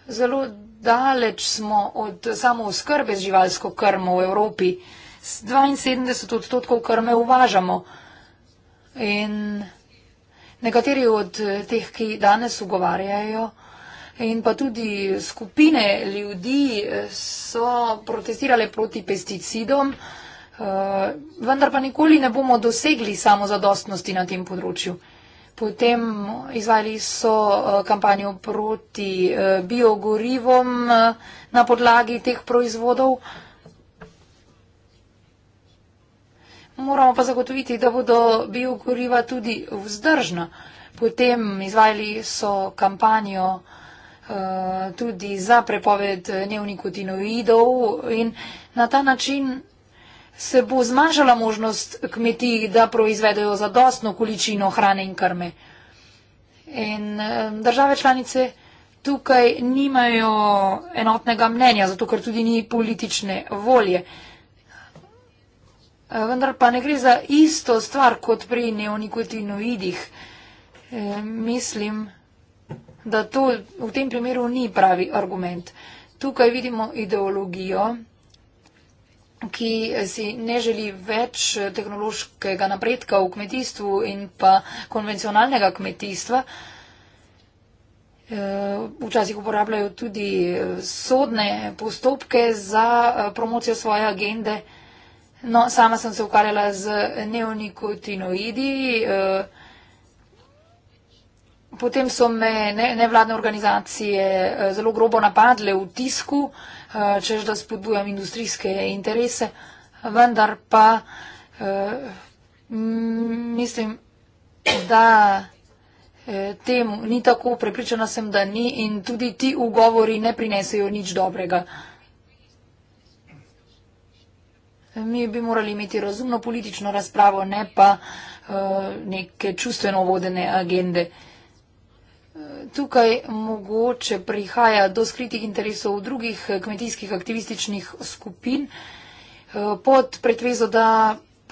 [SPEAKER 2] Zelo daleč smo od samo oskrbe z živalsko krmo v Evropi. 72 odstotkov krme uvažamo. In nekateri od teh, ki danes ugovarjajo, in pa tudi skupine ljudi so protestirale proti pesticidom, eh, vendar pa nikoli ne bomo dosegli samozadostnosti na tem področju. Potem izvali so eh, kampanjo proti eh, biogorivom eh, na podlagi teh proizvodov. Moramo pa zagotoviti, da bodo biogoriva tudi vzdržna. Potem izvali so kampanjo tudi za prepoved neonikotinoidov in na ta način se bo zmanjšala možnost kmetij, da proizvedejo zadostno količino hrane in krme. In države članice tukaj nimajo enotnega mnenja, zato ker tudi ni politične volje. E, vendar pa ne gre za isto stvar kot pri neonikotinoidih. E, mislim, da to v tem primeru ni pravi argument. Tukaj vidimo ideologijo, ki eh, si ne želi več eh, tehnološkega napredka v kmetijstvu in pa konvencionalnega kmetijstva. Eh, včasih uporabljajo tudi sodne postopke za promocijo svoje agende. No, sama sem se ukvarjala z neonikotinoidi. Uh, Potem so me nevladne ne organizacije eh, zelo grobo napadle v tisku, eh, čež da spodbujam industrijske interese, vendar pa eh, mislim, da temu ni tako, prepričana sem, da ni in tudi ti ugovori ne prinesejo nič dobrega. Mi bi morali imeti razumno politično razpravo, ne pa uh, neke čustveno vodene agende. Uh, Tukaj mogoče prihaja do skritih interesov drugih kmetijskih aktivističnih skupin eh, pod pretvezo, da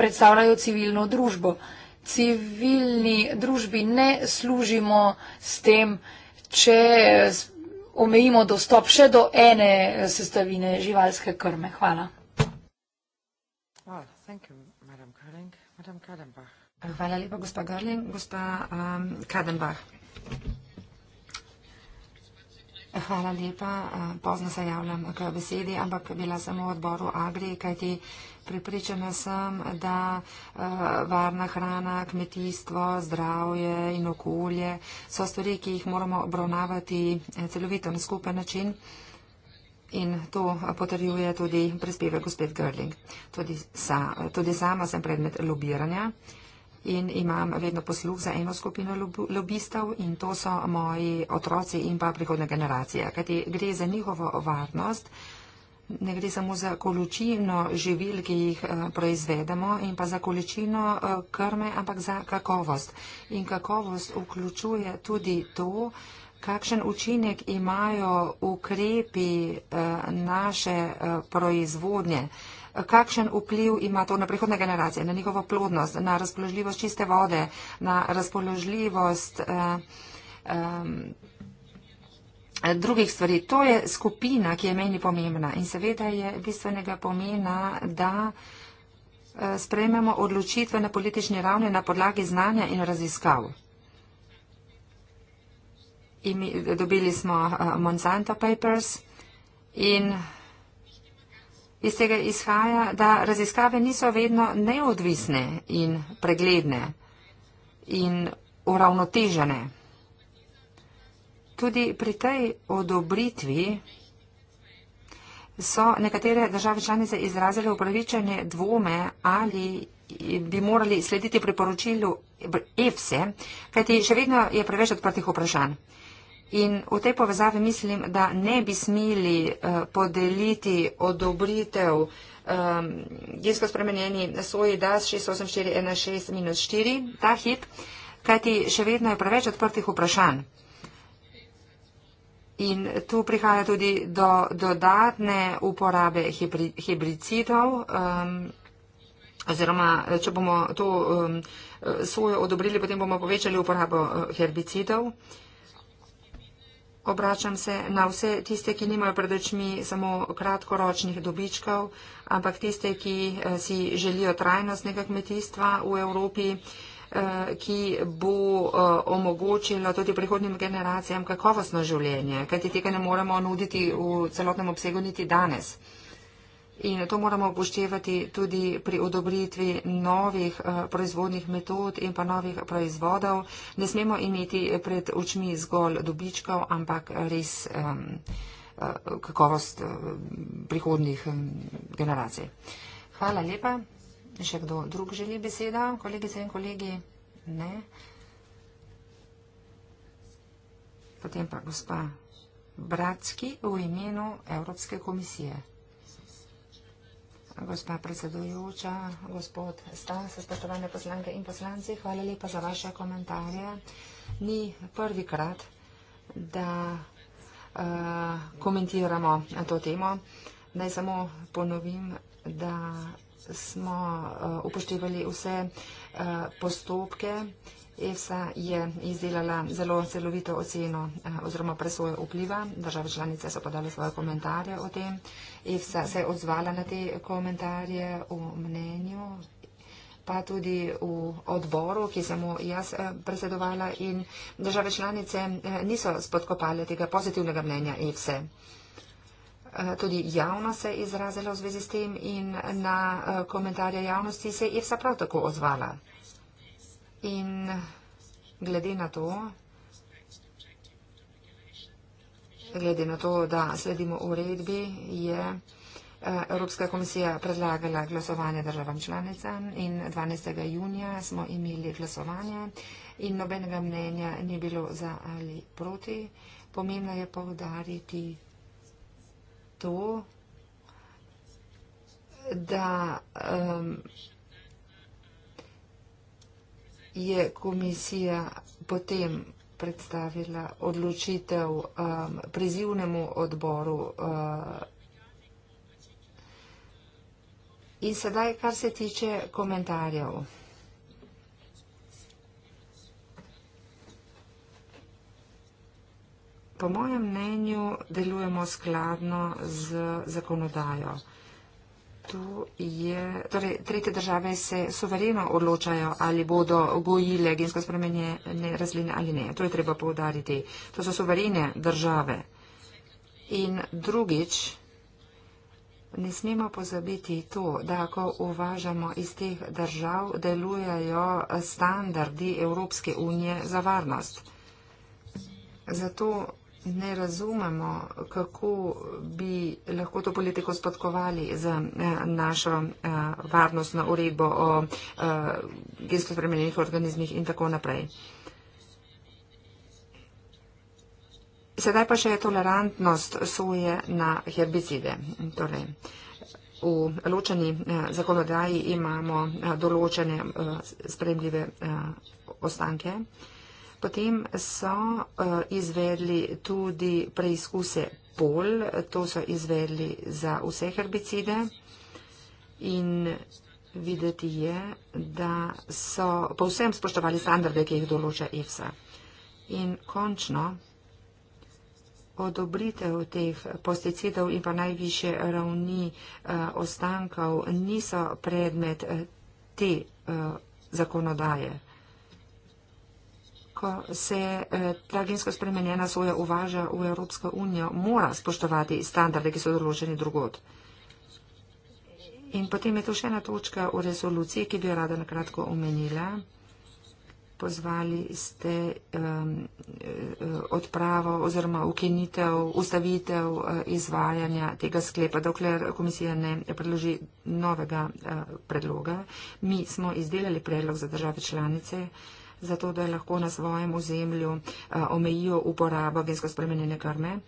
[SPEAKER 2] predstavljajo civilno družbo. Civilni družbi ne služimo s tem, če omejimo dostop še do ene sestavine živalske krme. Hvala.
[SPEAKER 1] Ah, Hvala lepa, gospa Garling. Gospa um, Kadenbach. Hvala lepa. Pozno se javljam k besedi, ampak bila sem v odboru Agri, kajti pripričana sem, da varna hrana, kmetijstvo, zdravje in okolje so stvari, ki jih moramo obravnavati celovito na skupen način. In to potrjuje tudi prispevek gospod Görling. Tudi, sa, tudi sama sem predmet lobiranja in imam vedno posluh za eno skupino lobistov in to so moji otroci in pa prihodne generacije, kajti gre za njihovo varnost. Ne gre samo za količino živil, ki jih eh, proizvedemo in pa za količino eh, krme, ampak za kakovost. In kakovost vključuje tudi to, kakšen učinek imajo ukrepi eh, naše proizvodnje kakšen vpliv ima to na prihodne generacije, na njihovo plodnost, na razpoložljivost čiste vode, na razpoložljivost eh, eh, eh, drugih stvari. To je skupina, ki je meni pomembna in seveda je bistvenega pomena, da sprejmemo odločitve na politični ravni na podlagi znanja in raziskav. In dobili smo Monsanto Papers in Iz tega izhaja, da raziskave niso vedno neodvisne in pregledne in uravnotežene. Tudi pri tej odobritvi so nekatere države članice izrazile upravičene dvome, ali bi morali slediti priporočilu EFSE, kajti še vedno je preveč odprtih vprašanj. In v tej povezavi mislim, da ne bi smeli eh, podeliti odobritev um, gensko spremenjeni soji DAS 68416-4 ta hip, kajti še vedno je preveč odprtih vprašanj. In tu prihaja tudi do dodatne uporabe hibricidov. Um, ehm, oziroma, eh, če bomo to um, sojo odobrili, potem bomo povečali uporabo herbicidov. Uh, Obračam se na vse tiste, ki nimajo pred očmi samo kratkoročnih dobičkov, ampak tiste, ki eh, si želijo trajnostnega kmetijstva v Evropi, eh, ki bo eh, omogočilo tudi prihodnim generacijam kakovostno življenje, kajti tega ne moremo nuditi v celotnem obsegu niti danes. In to moramo upoštevati tudi pri odobritvi novih eh, proizvodnih metod in pa novih proizvodov. Ne smemo imeti pred očmi zgolj dobičkov, ampak res um, kakovost eh, prihodnih generacij. Hvala lepa. Še kdo drug želi besedo? Kolegice in kolegi? Ne. Potem pa gospa Bratski v imenu Evropske komisije. Gospa predsedujoča, gospod Stas, spoštovane poslanke in poslanci, hvala lepa za vaše komentarje. Ni prvi krat, da uh, komentiramo to temo. Naj samo ponovim, da smo uh, upoštevali vse uh, postopke ESA je izdelala zelo celovito oceno eh, oziroma presojo vpliva. Države članice so podali svoje komentarje o tem. ESA se je odzvala na te komentarje v mnenju, pa tudi v odboru, ki sem mu jaz eh, predsedovala in države članice eh, niso spodkopale tega pozitivnega mnenja ESA. Tudi javno se je izrazila v zvezi s tem in na komentarje javnosti se je ESA prav tako odzvala. In glede na to, glede na to, da sledimo uredbi, je eh, Evropska komisija predlagala glasovanje državam članicam in 12. junija smo imeli glasovanje in nobenega mnenja ni bilo za ali proti. Pomembno je povdariti to, da um, je komisija potem predstavila odločitev um, prizivnemu odboru. Uh, in sedaj, kar se tiče komentarjev. Po mojem mnenju delujemo skladno z zakonodajo tu je, torej, tretje države se sovereno odločajo, ali bodo gojile gensko spremenjene razline ali ne. To je treba povdariti. To so sovereno države. In drugič, ne smemo pozabiti to, da ko uvažamo iz teh držav, delujejo standardi Evropske unije za varnost. Zato ne razumemo, kako bi lahko to politiko spodkovali z eh, našo eh, varnostno uredbo o eh, gensko spremenjenih organizmih in tako naprej. Sedaj pa še je tolerantnost soje na herbicide. Torej, v ločeni zakonodaji imamo določene spremljive ostanke. Potem so eh, izvedli tudi preizkuse pol, to so izvedli za vse herbicide in videti je, da so povsem spoštovali standarde, ki jih določa IFSA. In končno odobritev teh posticidov in pa najviše ravni eh, ostankov niso predmet eh, te zakonodaje ko se eh, ta gensko spremenjena soja uvaža v Evropsko unijo, mora spoštovati standarde, ki so določeni drugod. In potem je to še ena točka v rezoluciji, ki bi jo rada nakratko omenila. Pozvali ste um, odpravo oziroma ukinitev, ustavitev eh, izvajanja tega sklepa, dokler komisija ne predloži novega uh, predloga. Mi smo izdelali predlog za države članice uh, zato da lahko na svojem ozemlju eh, omejijo uporabo gensko spremenjene krme.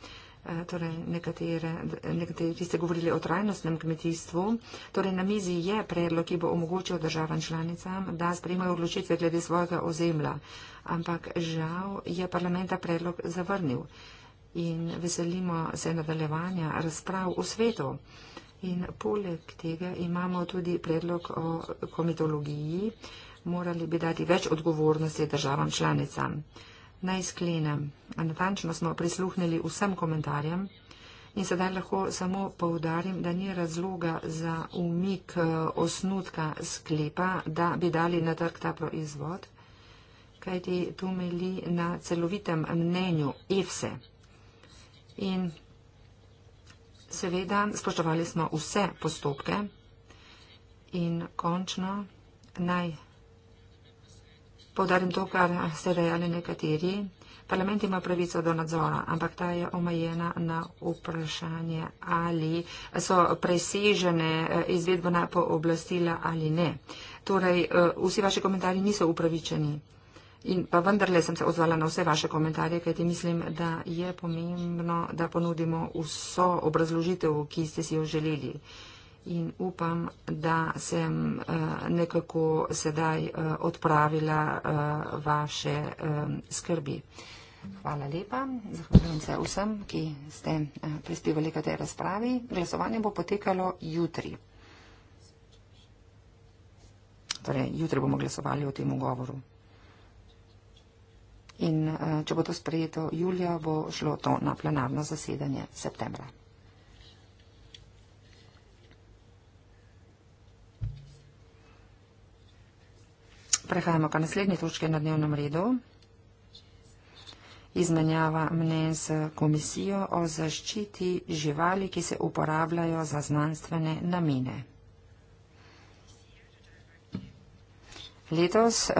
[SPEAKER 1] Eh, torej, nekatere, nekateri ste govorili o trajnostnem kmetijstvu. Torej, na mizi je predlog, ki bo omogočil državam članicam, da sprejmajo odločitve glede svojega ozemlja. Ampak žal je parlamenta predlog zavrnil. In veselimo se nadaljevanja razprav v svetu. In poleg tega imamo tudi predlog o komitologiji, morali bi dati več odgovornosti državam članicam. Naj sklenem, natančno smo prisluhnili vsem komentarjem in sedaj lahko samo povdarim, da ni razloga za umik eh, osnutka sklepa, da bi dali na trg ta proizvod, kajti tu meli na celovitem mnenju EFSE. In seveda spoštovali smo vse postopke in končno naj Podarim to, kar ste dejali nekateri. Parlament ima pravico do nadzora, ampak ta je omejena na vprašanje, ali so presežene eh, izvedbena pooblastila ali ne. Torej, eh, vsi vaši komentarji niso upravičeni. In pa vendarle sem se odzvala na vse vaše komentarje, kajti mislim, da je pomembno, da ponudimo vso obrazložitev, ki ste si jo želeli. Uh, in upam, da sem eh, nekako sedaj eh, odpravila eh, vaše skrbi. Hvala lepa. Zahvaljujem se vsem, ki ste prispevali k tej razpravi. Glasovanje bo potekalo jutri. Torej, jutri bomo glasovali o tem ugovoru. In če bo to sprejeto julija, bo šlo to na plenarno zasedanje septembra. Prehajamo k naslednji točki na dnevnem redu. Izmenjava mnen s komisijo o zaščiti živali, ki se uporabljajo za znanstvene namene. Letos eh,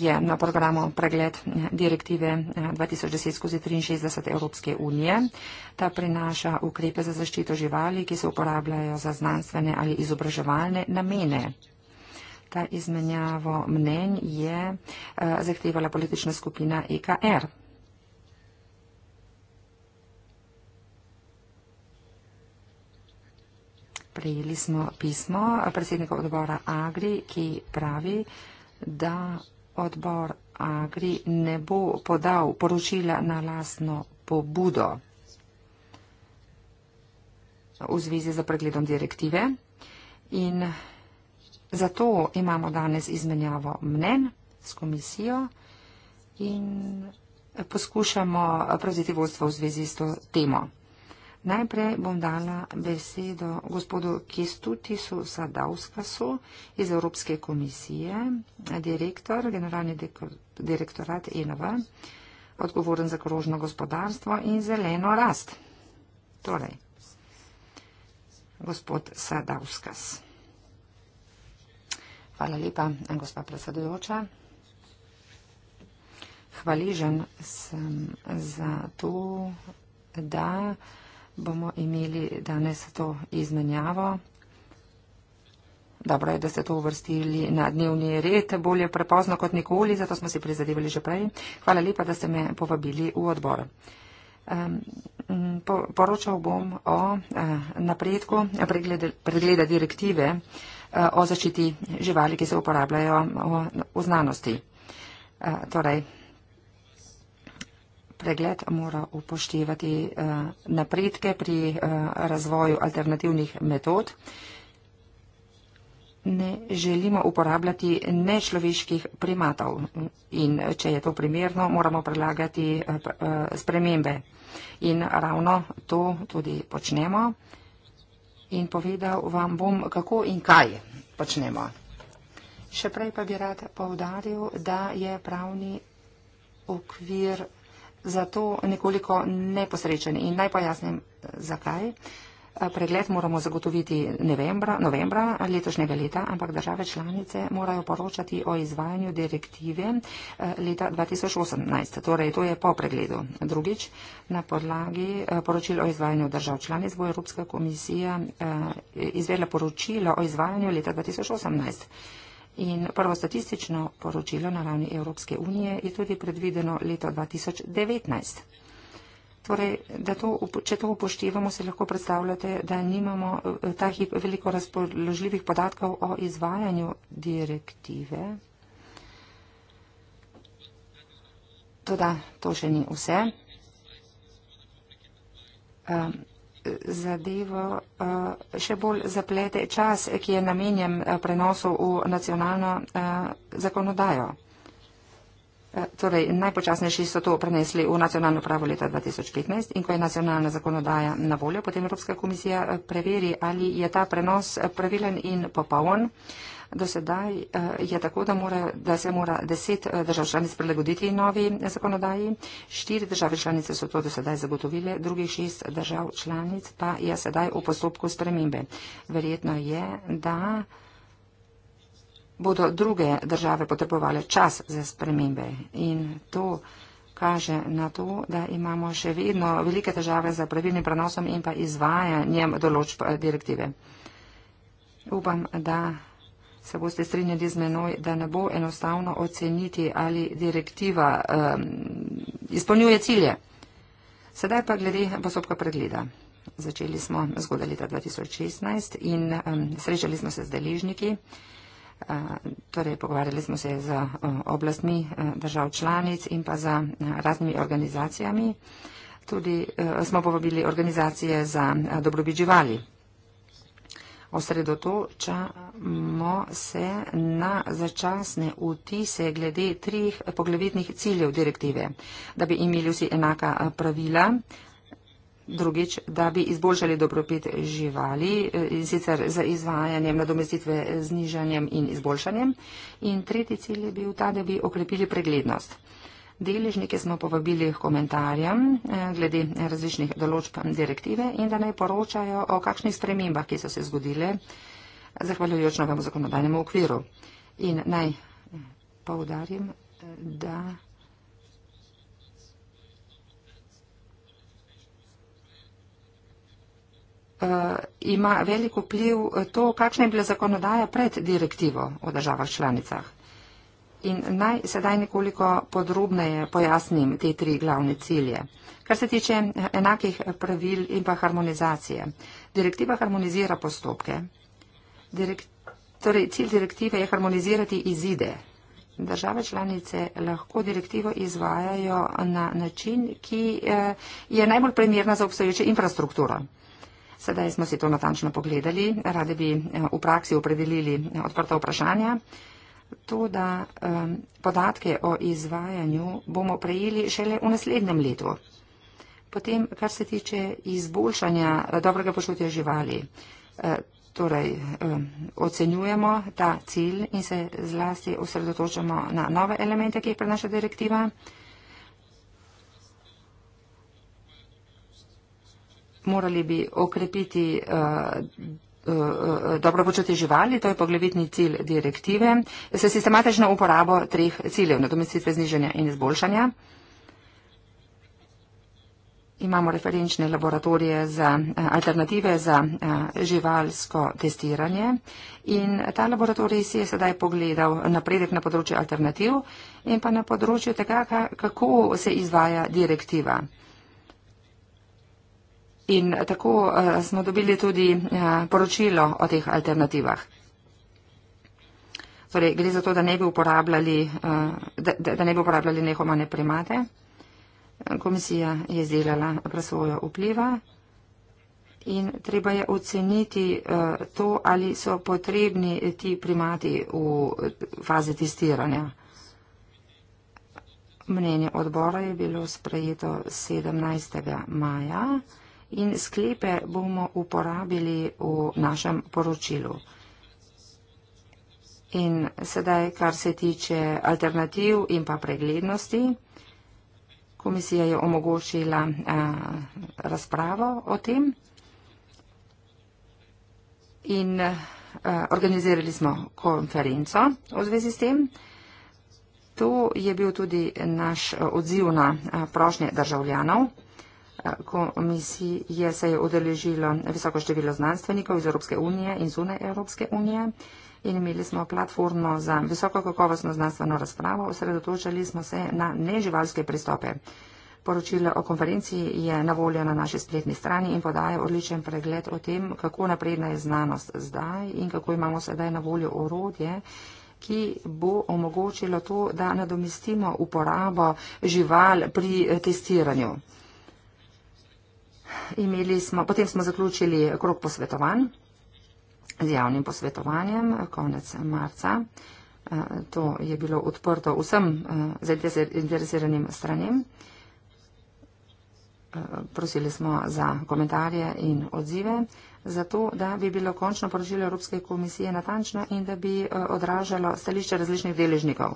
[SPEAKER 1] je na programu pregled eh, direktive 2010-63 eh, Evropske unije. Ta prinaša ukrepe za zaščito živali, ki se uporabljajo za znanstvene ali izobraževalne namene. Ta izmenjavo mnenj je eh, zahtevala politična skupina EKR. Prejeli smo pismo predsednika odbora Agri, ki pravi, da odbor Agri ne bo podal poročila na lasno pobudo v zvezi za pregledom direktive in Zato imamo danes izmenjavo mnen s komisijo in poskušamo prevzeti vodstvo v zvezi s to temo. Najprej bom dala besedo gospodu Kestutisu Sadauskasu iz Evropske komisije, direktor, generalni direktorat ENV, odgovoren za krožno gospodarstvo in zeleno rast. Torej, gospod Sadauskas. Hvala lepa, gospa predsedujoča. Hvaližen sem za to, da bomo imeli danes to izmenjavo. Dobro je, da ste to uvrstili na dnevni red, bolje prepozno kot nikoli, zato smo si prizadevali že prej. Hvala lepa, da ste me povabili v odbor. Poročal bom o eh, napredku pregleda direktive Eh, o zaščiti živali, ki se uporabljajo v, v znanosti. Eh, torej, pregled mora upoštevati eh, napredke pri razvoju alternativnih metod. Ne želimo uporabljati nečloveških primatov in če je to primerno, moramo predlagati spremembe. In ravno to tudi počnemo in povedal vam bom, kako in kaj počnemo. Še prej pa bi rad povdaril, da je pravni okvir zato nekoliko neposrečen in naj pojasnim, zakaj. Pregled moramo zagotoviti novembra, novembra letošnjega leta, ampak države članice morajo poročati o izvajanju direktive leta 2018. Torej, to je po pregledu. Drugič, na podlagi poročil o izvajanju držav članic bo Evropska komisija izvedla poročilo o izvajanju leta 2018. In prvo statistično poročilo na ravni Evropske unije je tudi predvideno leto 2019. Torej, to, če to upoštevamo, si lahko predstavljate, da nimamo eh, ta hip veliko razpoložljivih podatkov o izvajanju direktive. Toda to še ni vse. Ehm, zadevo eh, še bolj zaplete čas, ki je namenjen eh, prenosu v nacionalno zakonodajo. Eh, torej, najpočasnejši so to prenesli v nacionalno pravo leta 2015 in ko je nacionalna zakonodaja na voljo, potem Evropska komisija eh, preveri, ali je ta prenos eh, pravilen in popoln. Do sedaj je tako, da, mora, da se mora deset držav članic prilagoditi novi zakonodaji. Štiri države članice so to do sedaj zagotovile, drugih šest držav članic pa je sedaj v postopku spremembe. Verjetno je, da bodo druge države potrebovale čas za spremembe. In to kaže na to, da imamo še vedno velike težave za pravilnim prenosom in pa izvajanjem določb eh, direktive. Upam, da se boste strinjali z menoj, da ne bo enostavno oceniti, ali direktiva um, izpolnjuje cilje. Sedaj pa glede posopka pregleda. Začeli smo zgodaj leta 2016 in um, srečali smo se z deležniki torej pogovarjali smo se z oblastmi e, držav članic in pa z e, raznimi organizacijami. Tudi e, smo povabili organizacije za dobrobit živali. Osredotočamo se na začasne vtise glede trih poglavitnih ciljev direktive, da bi imeli vsi enaka pravila drugič, da bi izboljšali dobrobit živali, eh, in sicer z izvajanjem nadomestitve znižanjem in izboljšanjem. In tretji cilj je bil ta, da bi okrepili preglednost. Deležnike smo povabili k komentarjem eh, glede različnih določb direktive in da naj poročajo o kakšnih spremembah, ki so se zgodile, zahvaljujoč novemu zakonodajnemu okviru. In naj eh, poudarim, da. uh, ima veliko vpliv eh, to, kakšna je bila zakonodaja pred direktivo v državah članicah. In naj sedaj nekoliko podrobneje pojasnim te tri glavne cilje. Kar se tiče eh, enakih pravil in pa harmonizacije. Direktiva harmonizira postopke. Direk, torej, cilj direktive je harmonizirati izide. Države članice lahko direktivo izvajajo na način, ki je najbolj primerna za obstoječo infrastrukturo. Sedaj smo si to natančno pogledali, radi bi eh, v praksi opredelili eh, odprta vprašanja. To, da eh, podatke o izvajanju bomo prejeli šele v naslednjem letu. Potem, kar se tiče izboljšanja dobrega počutja živali, torej ocenjujemo ta cilj in se zlasti osredotočamo na nove elemente, ki jih prenaša direktiva. morali bi okrepiti eh, eh, eh, dobro počutje živali, to je poglavitni cilj direktive, s sistematično uporabo treh ciljev, nadomestitve zniženja in izboljšanja. Imamo referenčne laboratorije za alternative za živalsko testiranje in ta laboratorij si je sedaj pogledal napredek na področju alternativ in pa na področju tega, kako se izvaja direktiva. In tako uh, smo dobili tudi uh, poročilo o teh alternativah. Torej, gre za to, da ne bi uporabljali, uh, da, da ne bi uporabljali nehomane primate. Komisija je izdelala presvojo vpliva in treba je oceniti uh, to, ali so potrebni ti primati v fazi testiranja. Mnenje odbora je bilo sprejeto 17. maja in sklepe bomo uporabili v našem poročilu. In sedaj, kar se tiče alternativ in pa preglednosti, komisija je omogočila a, razpravo o tem in a, organizirali smo konferenco v zvezi s tem. To je bil tudi naš odziv na prošnje državljanov komisije se je udeležilo visoko število znanstvenikov iz Evropske unije in zune Evropske unije in imeli smo platformo za visoko kakovostno znanstveno razpravo, osredotočali smo se na neživalske pristope. Poročilo o konferenci je na voljo na naši spletni strani in podaja odličen pregled o tem, kako napredna je znanost zdaj in kako imamo sedaj na voljo orodje, ki bo omogočilo to, da nadomestimo uporabo žival pri testiranju imeli smo, potem smo zaključili krok posvetovanj z javnim posvetovanjem konec marca. Eh, to je bilo odprto vsem eh, zainteresiranim stranem. Eh, prosili smo za komentarje in odzive, zato da bi bilo končno poročilo Evropske komisije natančno in da bi odražalo stališče različnih deležnikov.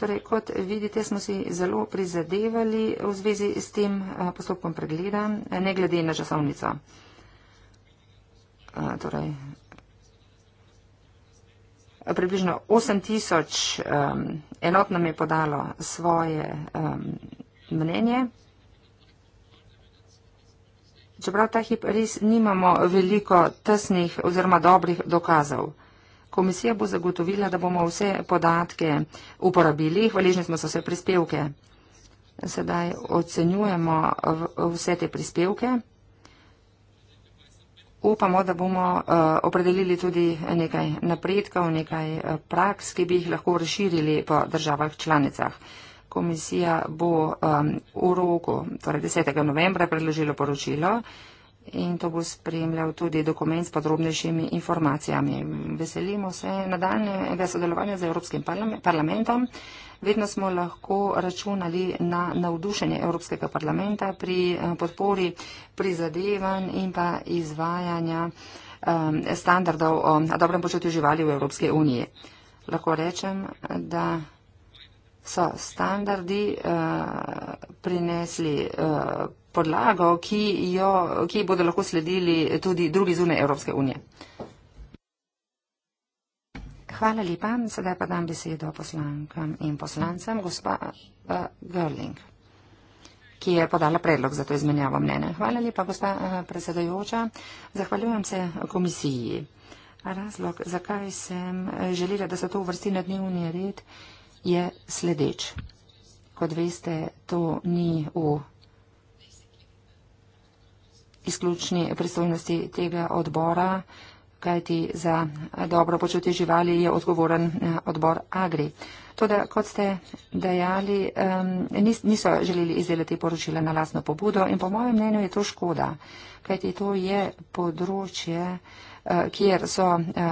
[SPEAKER 1] Torej, kot vidite, smo si zelo prizadevali v zvezi s tem eh, postopkom pregleda, ne glede na časovnico. Eh, torej, približno 8000 eh, enot nam je podalo svoje mnenje. Čeprav ta hip res nimamo veliko tesnih oziroma dobrih dokazov. Komisija bo zagotovila, da bomo vse podatke uporabili. Hvaležni smo za vse prispevke. Sedaj ocenjujemo vse te prispevke. Upamo, da bomo eh, opredelili tudi nekaj napredkov, nekaj eh, praks, ki bi jih lahko razširili po državah članicah. Komisija bo eh, v roku, torej 10. novembra, predložila poročilo in to bo spremljal tudi dokument s podrobnejšimi informacijami. Veselimo se nadaljnjega sodelovanja z Evropskim parlamentom. Vedno smo lahko računali na navdušenje Evropskega parlamenta pri eh, podpori prizadevanj in pa izvajanja ehm, standardov o dobrem počutju živali v Evropske uniji. Lahko rečem, da so standardi uh, prinesli uh, podlago, ki, jo, ki bodo lahko sledili tudi drugi zune Evropske unije. Hvala lepa. Sedaj pa dam besedo poslankam in poslancem. Gospa uh, Görling, ki je podala predlog za to izmenjavo mnenja. Hvala lepa, gospa uh, eh, predsedajoča. Zahvaljujem se komisiji. Razlog, zakaj sem eh, želela, da se to uvrsti na dnevni red, je sledeč. Kot veste, to ni v izključni pristojnosti tega odbora, kajti za dobro počutje živali je odgovoren eh, odbor Agri. Toda, kot ste dejali, niso želeli izdelati poročila na lasno pobudo in po mojem mnenju je to škoda, kajti to je področje, eh, kjer so eh,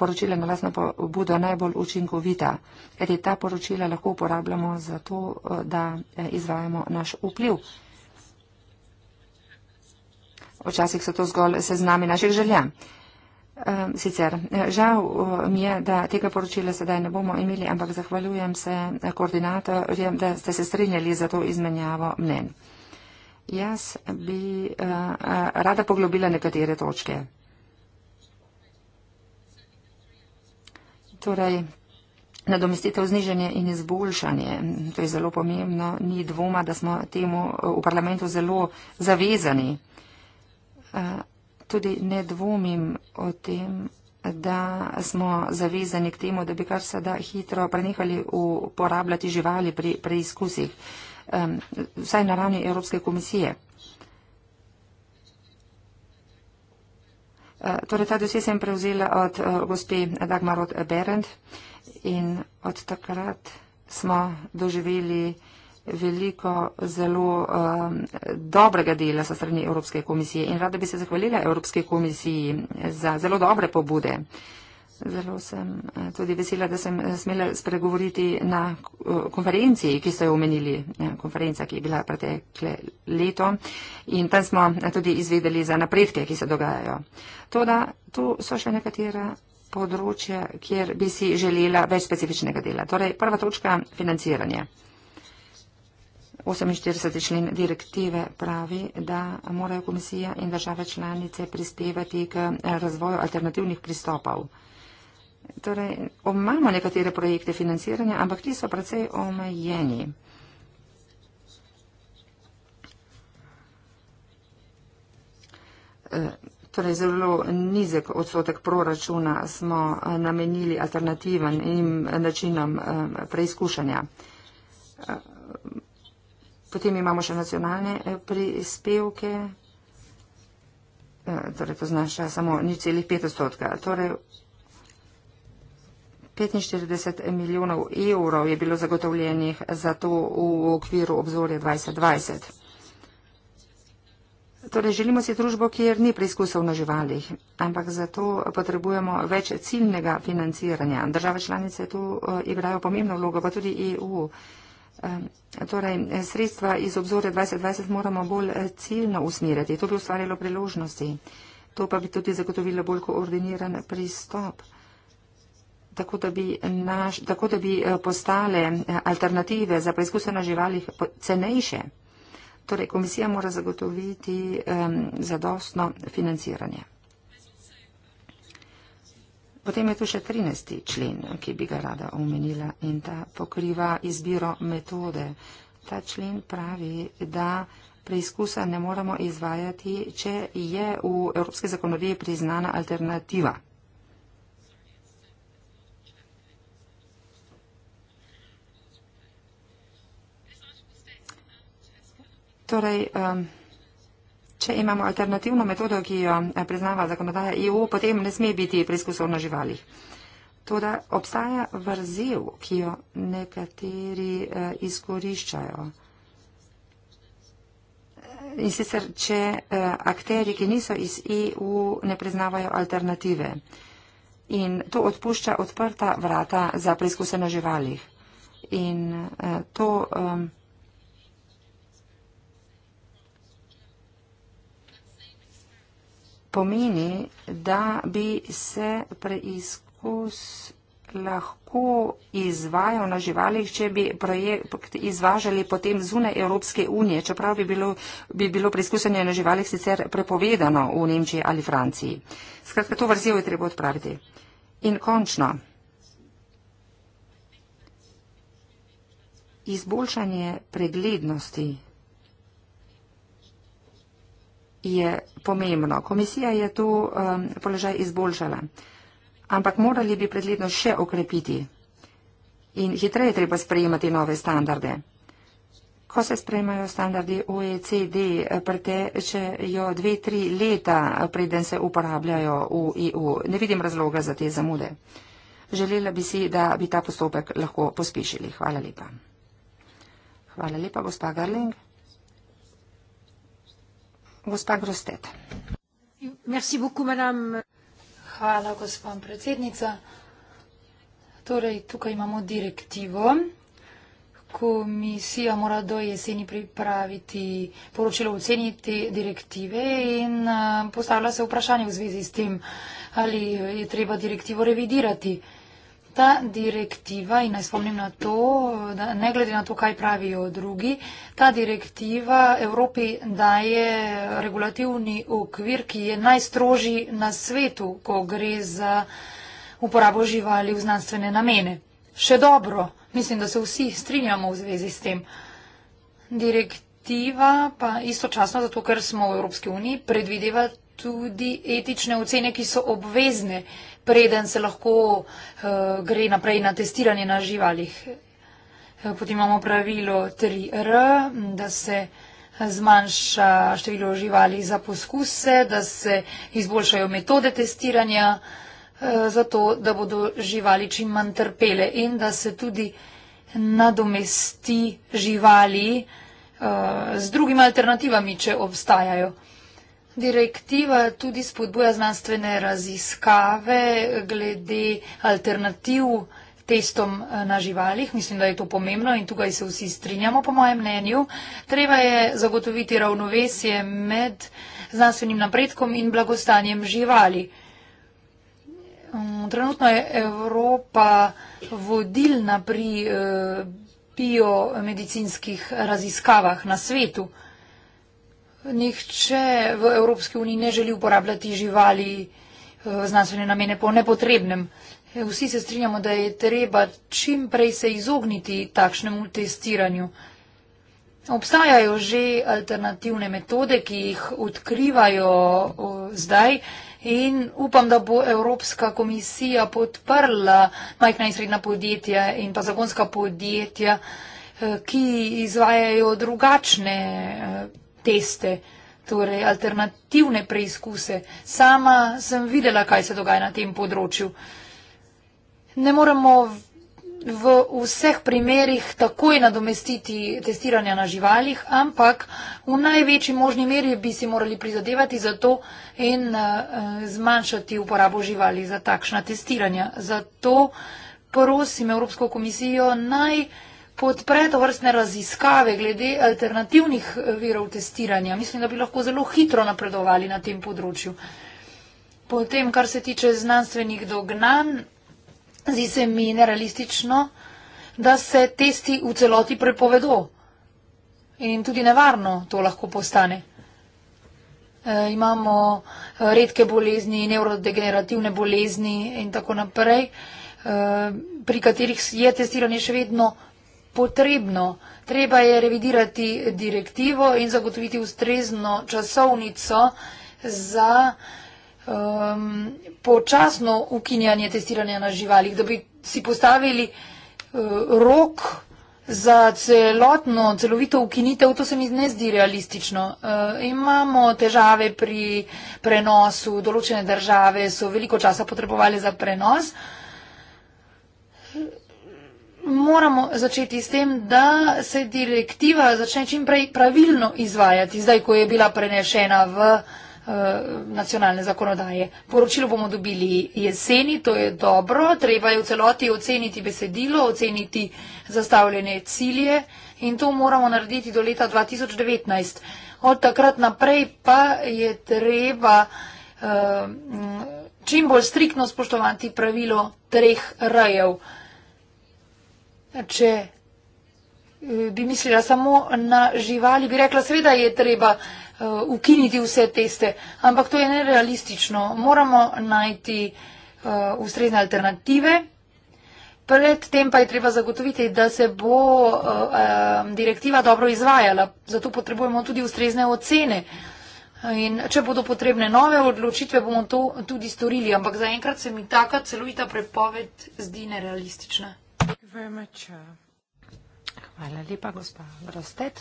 [SPEAKER 1] poročila na lasno pobudo najbolj učinkovita, kajti ta poročila lahko uporabljamo za to, da izvajamo naš vpliv Včasih so to zgolj seznami naših želja. Sicer, žal mi je, da tega poročila sedaj ne bomo imeli, ampak zahvaljujem se koordinatorjem, da ste se strinjali za to izmenjavo mnen. Jaz bi eh, eh, rada poglobila nekatere točke. Torej, nadomestitev zniženje in izboljšanje, to je zelo pomembno, ni dvoma, da smo temu eh, v parlamentu zelo zavezani tudi ne dvomim o tem, da smo zavezani k temu, da bi kar se da hitro prenehali uporabljati živali pri preizkusih, vsaj na ravni Evropske komisije. Torej, ta dosje sem prevzela od eh, gospe Dagmarot Berend in od takrat smo doživeli veliko zelo um, dobrega dela sa strani Evropske komisije in rada bi se zahvalila Evropske komisiji za zelo dobre pobude. Zelo sem eh, tudi vesela, da sem eh, smela spregovoriti na eh, konferenci, ki ste jo omenili, konferenca, ki je bila pretekle leto in tam smo tudi izvedeli za napredke, ki se dogajajo. Toda tu so še nekatera področja, kjer bi si želela več specifičnega dela. Torej, prva točka financiranje. 48. člen direktive pravi, da morajo komisija in države članice prispevati k razvoju alternativnih pristopov. Torej, imamo nekatere projekte financiranja, ampak ti so precej omejeni. E, torej, zelo nizek odsotek proračuna smo namenili alternativnim načinom e, preizkušanja. E, Potem imamo še nacionalne eh, prispevke, eh, torej to znaša samo 0,5 odstotka. Torej 45 milijonov evrov je bilo zagotovljenih za to v okviru obzorja 2020. Torej želimo si družbo, kjer ni preizkusov na živalih, ampak zato potrebujemo več ciljnega financiranja. Države članice tu eh, igrajo pomembno vlogo, pa tudi EU. Torej, sredstva iz obzorja 2020 moramo bolj eh, ciljno usmirjati. To bi ustvarjalo priložnosti. To pa bi tudi zagotovilo bolj koordiniran pristop, tako da bi, naš, tako da bi eh, postale eh, alternative za preizkuse na živalih cenejše. Torej, komisija mora zagotoviti um, zadostno financiranje. Potem je tu še 13. člen, ki bi ga rada omenila in ta pokriva izbiro metode. Ta člen pravi, da preizkusa ne moremo izvajati, če je v evropske zakonodaje priznana alternativa. Torej, um, Če imamo alternativno metodo, ki jo eh, priznava zakonodaja EU, potem ne sme biti preizkusov na živalih. Toda obstaja vrzel, ki jo nekateri eh, izkoriščajo. Eh, in sicer, če akteri, ki niso iz EU, ne priznavajo alternative. In to odpušča odprta vrata za preizkuse na živalih. In to. Um, pomeni, da bi se preizkus lahko izvajal na živalih, če bi projekt izvažali potem zunaj Evropske unije, čeprav bi bilo, bi bilo preizkusanje na živalih sicer prepovedano v Nemčiji ali Franciji. Skratka, to vrzel je treba odpraviti. In končno. Izboljšanje preglednosti je pomembno. Komisija je to um, položaj izboljšala, ampak morali bi predledno še okrepiti in hitreje je treba sprejemati nove standarde. Ko se sprejmajo standardi OECD, pretečejo dve, tri leta, preden se uporabljajo v EU. Ne vidim razloga za te zamude. Želela bi si, da bi ta postopek lahko pospešili. Hvala lepa. Hvala lepa, gospa Garling gospa Grostet.
[SPEAKER 2] Merci beaucoup, madame. Hvala, gospa predsednica. Torej, tukaj imamo direktivo. Komisija mora do jeseni pripraviti poročilo o ceni te direktive in eh, postavlja se vprašanje v zvezi s tem, ali je treba direktivo revidirati ta direktiva, in naj spomnim na to, da ne glede na to, kaj pravijo drugi, ta direktiva Evropi daje regulativni okvir, ki je najstrožji na svetu, ko gre za uporabo živali v znanstvene namene. Še dobro, mislim, da se vsi strinjamo v zvezi s tem. Direktiva pa istočasno, zato ker smo v Evropski uniji, predvideva tudi etične ocene, ki so obvezne, preden se lahko uh, gre naprej na testiranje na živalih. Eh, potem imamo pravilo 3R, da se zmanjša število živali za poskuse, da se izboljšajo metode testiranja, eh, zato da bodo živali čim manj trpele in da se tudi nadomesti živali z drugimi alternativami, če obstajajo. Direktiva tudi spodbuja znanstvene raziskave glede alternativ testom eh, na živalih. Mislim, da je to pomembno in tukaj se vsi strinjamo, po mojem mnenju. Treba je zagotoviti ravnovesje med znanstvenim napredkom in blagostanjem živali. Mm, trenutno je Evropa vodilna pri eh, biomedicinskih raziskavah na svetu. Nihče v Evropski uniji ne želi uporabljati živali v eh, znanstvene namene po nepotrebnem. Eh, vsi se strinjamo, da je treba čim prej se izogniti takšnemu testiranju. Obstajajo že alternativne metode, ki jih odkrivajo eh, zdaj in upam, da bo Evropska komisija podprla majhna in srednja podjetja in pa zagonska podjetja, ki izvajajo drugačne teste, torej alternativne preizkuse. Sama sem videla, kaj se dogaja na tem področju. Ne moramo v vseh primerih takoj nadomestiti testiranja na živalih, ampak v največji možni meri bi si morali prizadevati za to in eh, zmanjšati uporabo živali za takšna testiranja. Zato prosim Evropsko komisijo naj podpre to vrstne raziskave glede alternativnih eh, virov testiranja. Mislim, da bi lahko zelo hitro napredovali na tem področju. Potem, kar se tiče znanstvenih dognan, zdi se mi nerealistično, da se testi v celoti prepovedo. In tudi nevarno to lahko postane. E, imamo eh, redke bolezni, neurodegenerativne bolezni in tako naprej, e, pri katerih je testiranje še vedno potrebno. Treba je revidirati direktivo in zagotoviti ustrezno časovnico za um, počasno ukinjanje testiranja na živalih, da bi si postavili uh, rok za celotno, celovito ukinitev, to se mi ne zdi realistično. Uh, imamo težave pri prenosu, določene države so veliko časa potrebovali za prenos. Uh, moramo začeti s tem, da se direktiva začne čim prej pravilno izvajati, zdaj, ko je bila prenešena v eh, nacionalne zakonodaje. Poročilo bomo dobili jeseni, to je dobro, treba je v celoti oceniti besedilo, oceniti zastavljene cilje in to moramo narediti do leta 2019. Od takrat naprej pa je treba eh, čim bolj striktno spoštovati pravilo treh rajev če eh, bi mislila samo na živali, bi rekla, seveda je treba eh, ukiniti vse teste, ampak to je nerealistično. Moramo najti eh, ustrezne alternative. Predtem pa je treba zagotoviti, da se bo direktiva dobro izvajala. Zato potrebujemo tudi ustrezne ocene. In če bodo potrebne nove odločitve, bomo to tudi storili. Ampak zaenkrat se mi taka celovita prepoved zdi nerealistična very much.
[SPEAKER 1] Uh, Hvala lepa, gospa Rostet.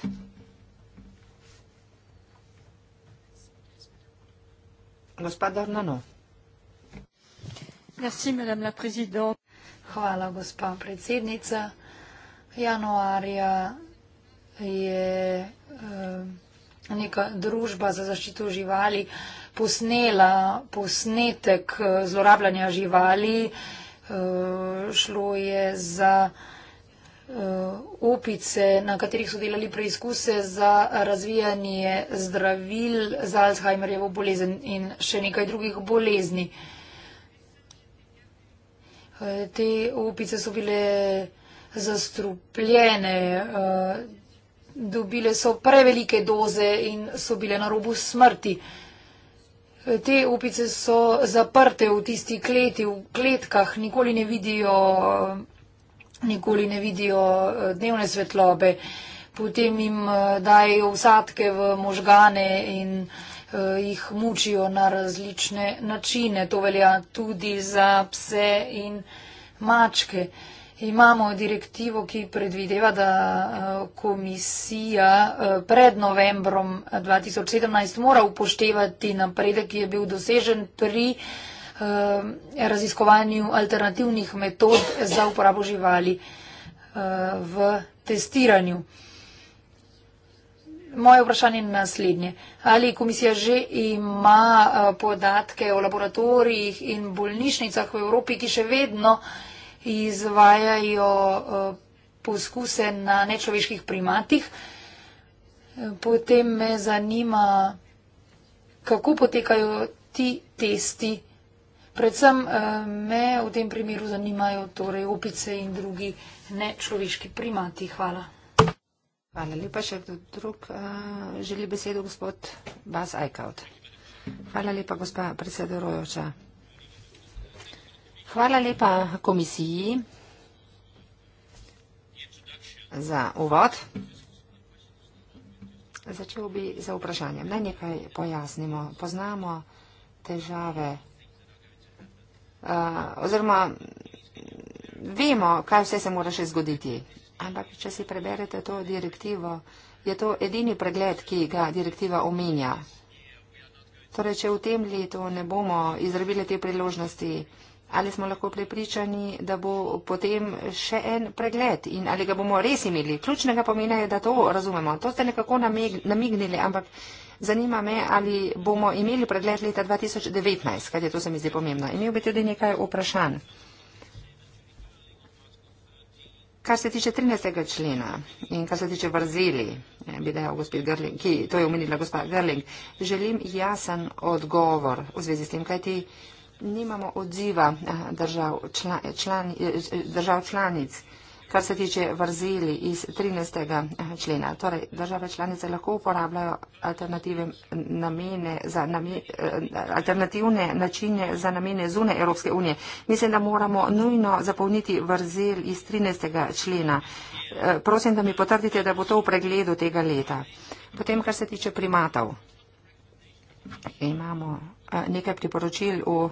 [SPEAKER 1] Gospa Dornano.
[SPEAKER 2] Merci, madame la président. Hvala, gospa predsednica. Januarja je eh, neka družba za zaščito živali posnela posnetek eh, zlorabljanja živali, Eh, šlo je za eh, opice, na katerih so delali preizkuse za razvijanje zdravil za Alzheimerjevo bolezen in še nekaj drugih bolezni. Eh, te opice so bile zastrupljene, dobile so prevelike doze in so bile na robu smrti. Te opice so zaprte v tisti kleti, v kletkah, nikoli ne vidijo, nikoli ne vidijo eh, dnevne svetlobe. Potem jim eh, dajo vsadke v možgane in eh, jih mučijo na različne načine. To velja tudi za pse in mačke. Imamo direktivo, ki predvideva, da eh, komisija eh, pred novembrom 2017 eh, mora upoštevati napredek, ki je bil dosežen pri raziskovanju alternativnih metod za uporabo živali v testiranju. Moje vprašanje je naslednje. Ali komisija že ima podatke o laboratorijih in bolnišnicah v Evropi, ki še vedno izvajajo eh, poskuse na nečloveških primatih. Eh, potem me zanima, kako potekajo ti testi. Predvsem eh, me v tem primeru zanimajo torej opice in drugi nečloveški primati. Hvala. Hvala lepa. Še kdo drug
[SPEAKER 1] uh, želi besedo, gospod Bas Ajkaut. Hvala lepa, gospa predsedujoča. Hvala lepa komisiji za uvod. Začel bi za vprašanjem. Naj nekaj pojasnimo. Poznamo težave oziroma vemo, kaj vse se mora še zgoditi. Ampak, če si preberete to direktivo, je to edini pregled, ki ga direktiva omenja. Torej, če v tem letu ne bomo izrabili te priložnosti, ali smo lahko prepričani, da bo potem še en pregled in ali ga bomo res imeli. Ključnega pomena je, da to razumemo. To ste nekako namignili, ampak zanima me, ali bomo imeli pregled leta 2019, kaj je to se mi zdi pomembno. Imel bi tudi nekaj vprašanj. Kar se tiče 13. člena in kar se tiče vrzeli, eh, bi dejal gospod Grling, ki to je omenila gospod Grling, želim jasen odgovor v zvezi s tem, kaj ti. Te nimamo odziva eh, držav, eh, člani, eh, držav članic, kar se tiče vrzeli iz 13. člena. Torej, države članice lahko uporabljajo alternative namene za namene, alternativne načine za namene zune Evropske unije. Mislim, da moramo nujno zapolniti vrzel iz 13. člena. Prosim, da mi potrdite, da bo to v pregledu tega leta. Potem, kar se tiče primatov. Imamo nekaj priporočil v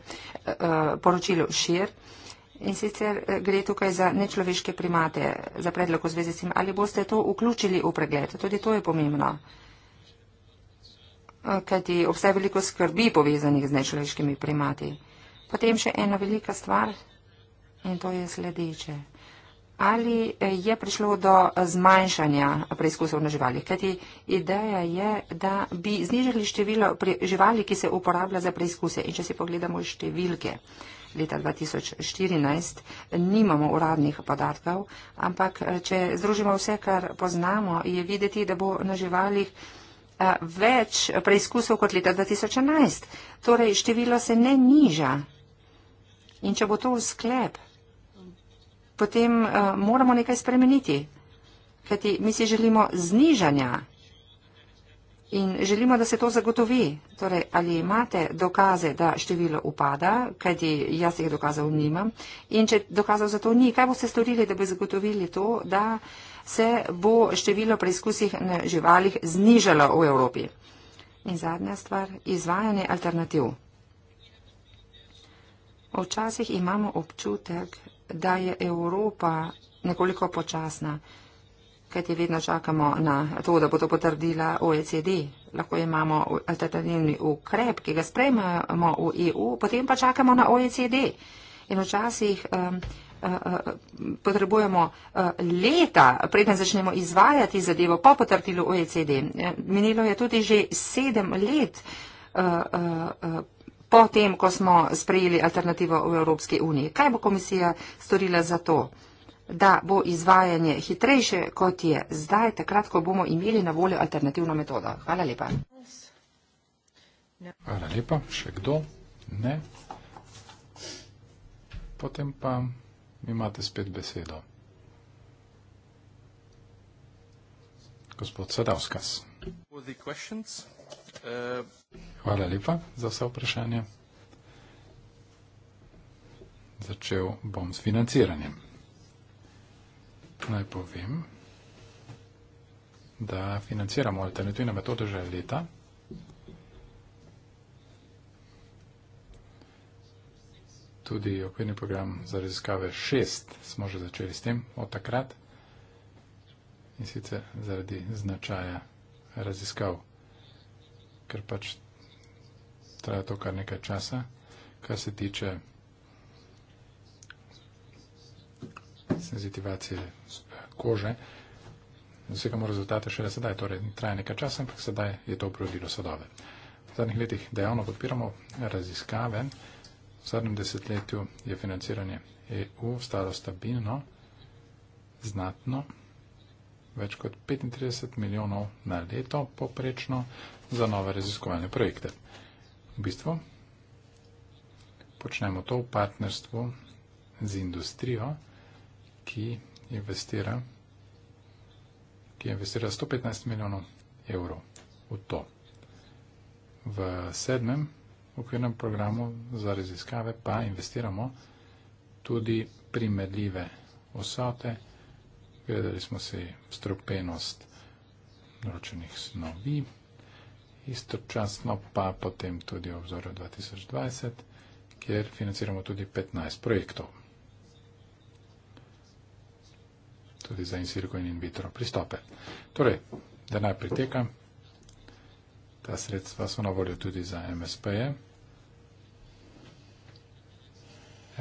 [SPEAKER 1] poročilu šir. In sicer e, gre tukaj za nečloveške primate, za predlog v zvezi s tem, ali boste to vključili v pregled. Tudi to je pomembno, e, kajti obstaja veliko skrbi povezanih z nečloveškimi primati. Potem še ena velika stvar in to je sledeče ali eh, je prišlo do eh, zmanjšanja preizkusov na živalih. Kajti ideja je, da bi znižali število živali, ki se uporablja za preizkuse. In če si pogledamo številke leta 2014, nimamo uradnih podatkov, ampak eh, če združimo vse, kar poznamo, je videti, da bo na živalih več preizkusov kot leta 2011. Torej, število se ne niža. In če bo to sklep, potem uh, moramo nekaj spremeniti. Kajti mi si želimo znižanja in želimo, da se to zagotovi. Torej, ali imate dokaze, da število upada, kajti jaz jih dokazov nimam. In če dokazov za to ni, kaj boste storili, da bi zagotovili to, da se bo število preizkusih na živalih znižalo v Evropi. In zadnja stvar, izvajanje alternativ. Včasih imamo občutek, da je Evropa nekoliko počasna, kajti vedno čakamo na to, da bo to potrdila OECD. Lahko imamo alternativni ukrep, ki ga sprejmemo v EU, potem pa čakamo na OECD. In včasih um, uh, uh, potrebujemo uh, leta, preden začnemo izvajati zadevo po potrdilu OECD. Minilo je tudi že sedem let. Uh, uh, uh, potem, ko smo sprejeli alternativo v Evropski uniji. Kaj bo komisija storila za to, da bo izvajanje hitrejše, kot je zdaj, takrat, ko bomo imeli na voljo alternativno metodo? Hvala lepa.
[SPEAKER 3] Hvala lepa. Še kdo? Ne. Potem pa imate spet besedo. Gospod Sadavskas. Hvala lepa za vse vprašanje. Začel bom s financiranjem. Naj povem, da financiramo alternativne metode že leta. Tudi okvirni program za raziskave 6 smo že začeli s tem od takrat in sicer zaradi značaja raziskav ker pač traja to kar nekaj časa. Kar se tiče senzitivacije eh, kože, vsega mora rezultate šele sedaj, torej traja nekaj časa, ampak sedaj je to prirodilo sadove. V zadnjih letih dejavno podpiramo raziskave. V zadnjem desetletju je financiranje EU stalo stabilno, znatno, več kot 35 milijonov na leto poprečno, za nove raziskovalne projekte. V bistvu počnemo to v partnerstvu z industrijo, ki investira, ki investira 115 milijonov evrov v to. V sedmem okvirnem programu za raziskave pa investiramo tudi primerljive vsote. Gledali smo si strupenost naročenih snovi, istočasno pa potem tudi obzor 2020, kjer financiramo tudi 15 projektov. Tudi za insilko in in vitro pristope. Torej, denar priteka. Ta sredstva so na voljo tudi za MSP-je.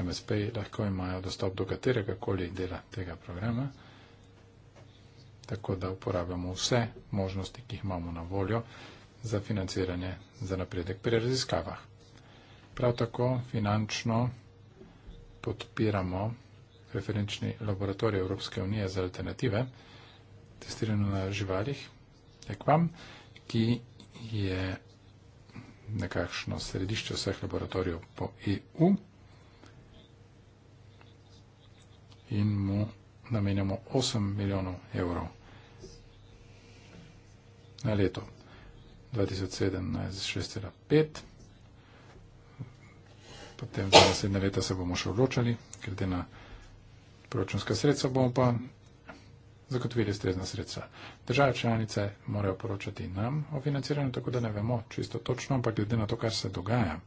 [SPEAKER 3] MSP-ji lahko imajo dostop do katerega koli dela tega programa, tako da uporabljamo vse možnosti, ki jih imamo na voljo za financiranje za napredek pri raziskavah. Prav tako finančno podpiramo referenčni laboratorij Evropske unije za alternative, testirano na živalih, ekvam, ki je nekakšno središče vseh laboratorijev po EU in mu namenjamo 8 milijonov evrov na leto. 2017 6,5. Potem za naslednje leta se bomo še odločali, glede na proračunska sredstva bomo pa zagotovili strezna sredstva. Države članice morajo poročati nam o financiranju, tako da ne vemo čisto točno, ampak glede na to, kar se dogaja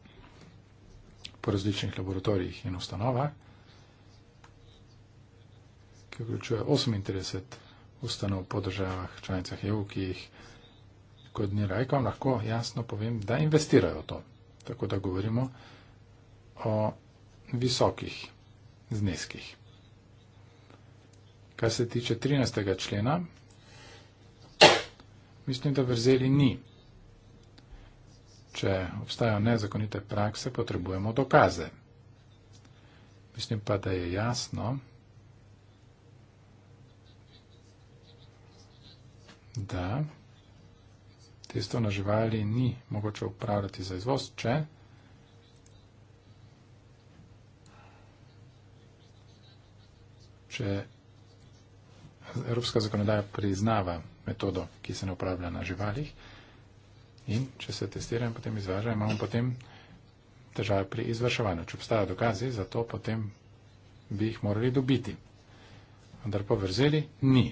[SPEAKER 3] po različnih laboratorijih in ustanovah, ki vključuje 38 ustanov po državah članicah EU, ki jih kot ni rajkom, lahko jasno povem, da investirajo to. Tako da govorimo o visokih zneskih. Kar se tiče 13. člena, mislim, da vrzeli ni. Če obstajajo nezakonite prakse, potrebujemo dokaze. Mislim pa, da je jasno, da tisto na živali ni mogoče upravljati za izvoz, če če evropska zakonodaja priznava metodo, ki se ne upravlja na živalih in če se testira in potem izvaža, imamo potem težave pri izvrševanju. Če obstajajo dokazi, zato potem bi jih morali dobiti. Vendar pa vrzeli ni.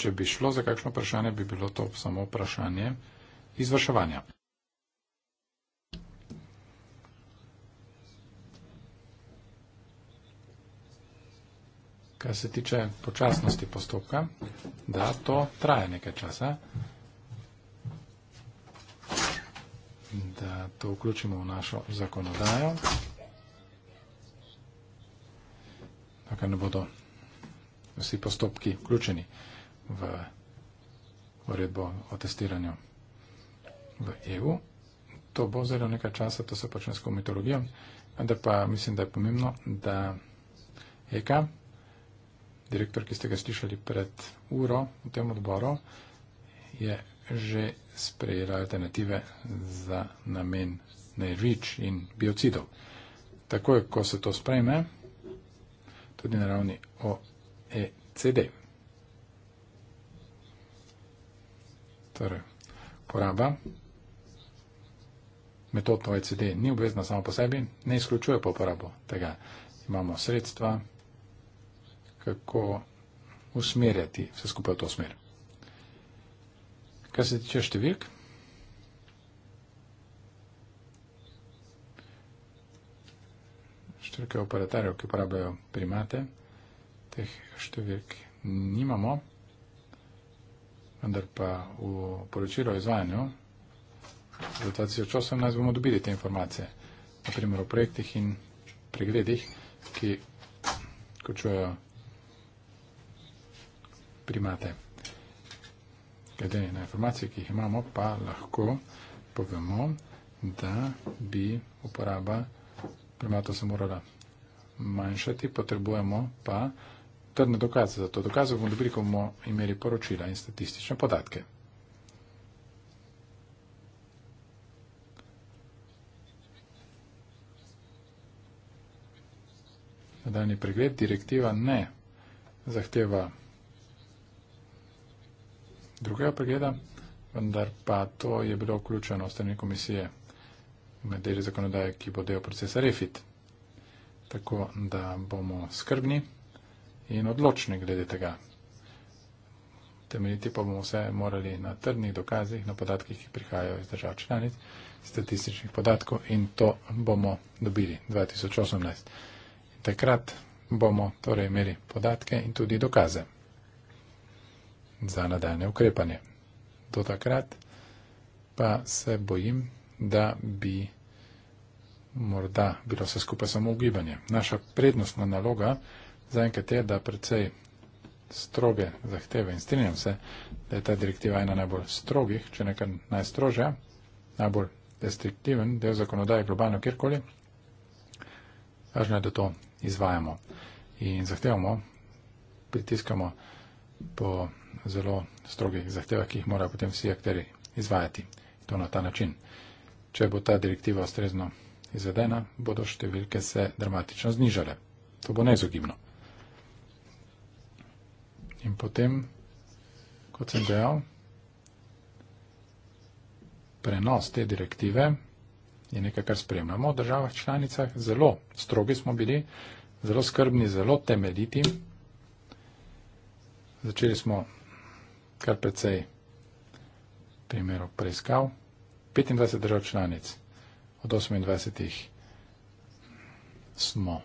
[SPEAKER 3] Če bi šlo za kakšno vprašanje, bi bilo to samo vprašanje izvrševanja. Kar se tiče počasnosti postopka, da to traje nekaj časa, da to vključimo v našo zakonodajo, da ne bodo vsi postopki vključeni v uredbo o testiranju v EU. To bo zelo nekaj časa, to se počne s komitologijo, vendar pa mislim, da je pomembno, da EKA, direktor, ki ste ga slišali pred uro v tem odboru, je že sprejela alternative za namen nervič in biocidov. Takoj, ko se to sprejme, tudi na ravni OECD. ter torej, poraba. Metod OECD ni obvezna samo po sebi, ne izključuje pa uporabo tega. Imamo sredstva, kako usmerjati vse skupaj v to smer. Kar se tiče številk, številke operatarjev, ki uporabljajo primate, teh številk nimamo vendar pa v poročilo o izvajanju za 2018 bomo dobili te informacije, naprimer o projektih in pregledih, ki kočujejo primate. Glede na informacije, ki jih imamo, pa lahko povemo, da bi uporaba primata se morala manjšati, potrebujemo pa vsega, trdne dokaze za to. Dokaze bomo dobili, ko bomo imeli poročila in statistične podatke. Nadaljni pregled, direktiva ne zahteva drugega pregleda, vendar pa to je bilo vključeno v strani komisije med deli zakonodaje, ki bo del procesa REFIT. Tako, da bomo skrbni in odločni glede tega. Temeljiti pa bomo vse morali na trdnih dokazih, na podatkih, ki prihajajo iz držav članic, statističnih podatkov in to bomo dobili 2018. In takrat bomo torej imeli podatke in tudi dokaze za nadaljne ukrepanje. Do takrat pa se bojim, da bi morda bilo vse skupaj samo ugibanje. Naša prednostna naloga je, zaenkrat je, da predvsej stroge zahteve in strinjam se, da je ta direktiva ena najbolj strogih, če nekaj najstrožja, najbolj restriktiven del zakonodaje globalno kjerkoli. Važno je, da to izvajamo in zahtevamo, pritiskamo po zelo strogih zahtevah, ki jih morajo potem vsi akteri izvajati. To na ta način. Če bo ta direktiva ustrezno izvedena, bodo številke se dramatično znižale. To bo neizogibno. In potem, kot sem dejal, prenos te direktive je nekaj, kar spremljamo v državah članicah. Zelo strogi smo bili, zelo skrbni, zelo temeljiti. Začeli smo kar precej primerov preiskav. 25 držav članic od 28 smo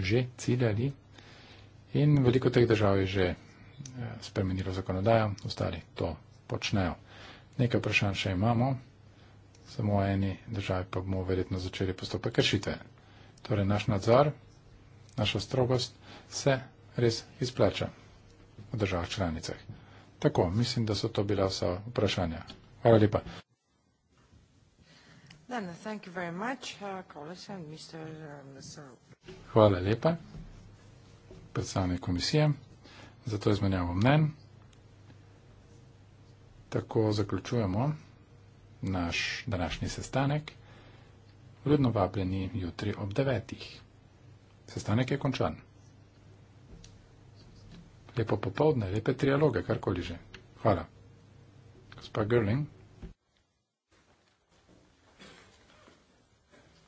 [SPEAKER 3] že ciljali in veliko teh držav je že. Ja, spremenilo zakonodajo, ostali to počnejo. Nekaj vprašanj še imamo, samo v eni državi pa bomo verjetno začeli postopek kršitve. Torej, naš nadzor, naša strogost se res izplača v državah članicah. Tako, mislim, da so to bila vsa vprašanja. Hvala lepa.
[SPEAKER 2] Uh,
[SPEAKER 1] uh,
[SPEAKER 3] Hvala lepa, predstavnik komisije zato izmenjavo mnen. Tako zaključujemo naš današnji sestanek. Vljudno vabljeni jutri ob devetih. Sestanek je končan. Lepo popovdne, lepe trialoge, karkoli že. Hvala. Gospa Gerling.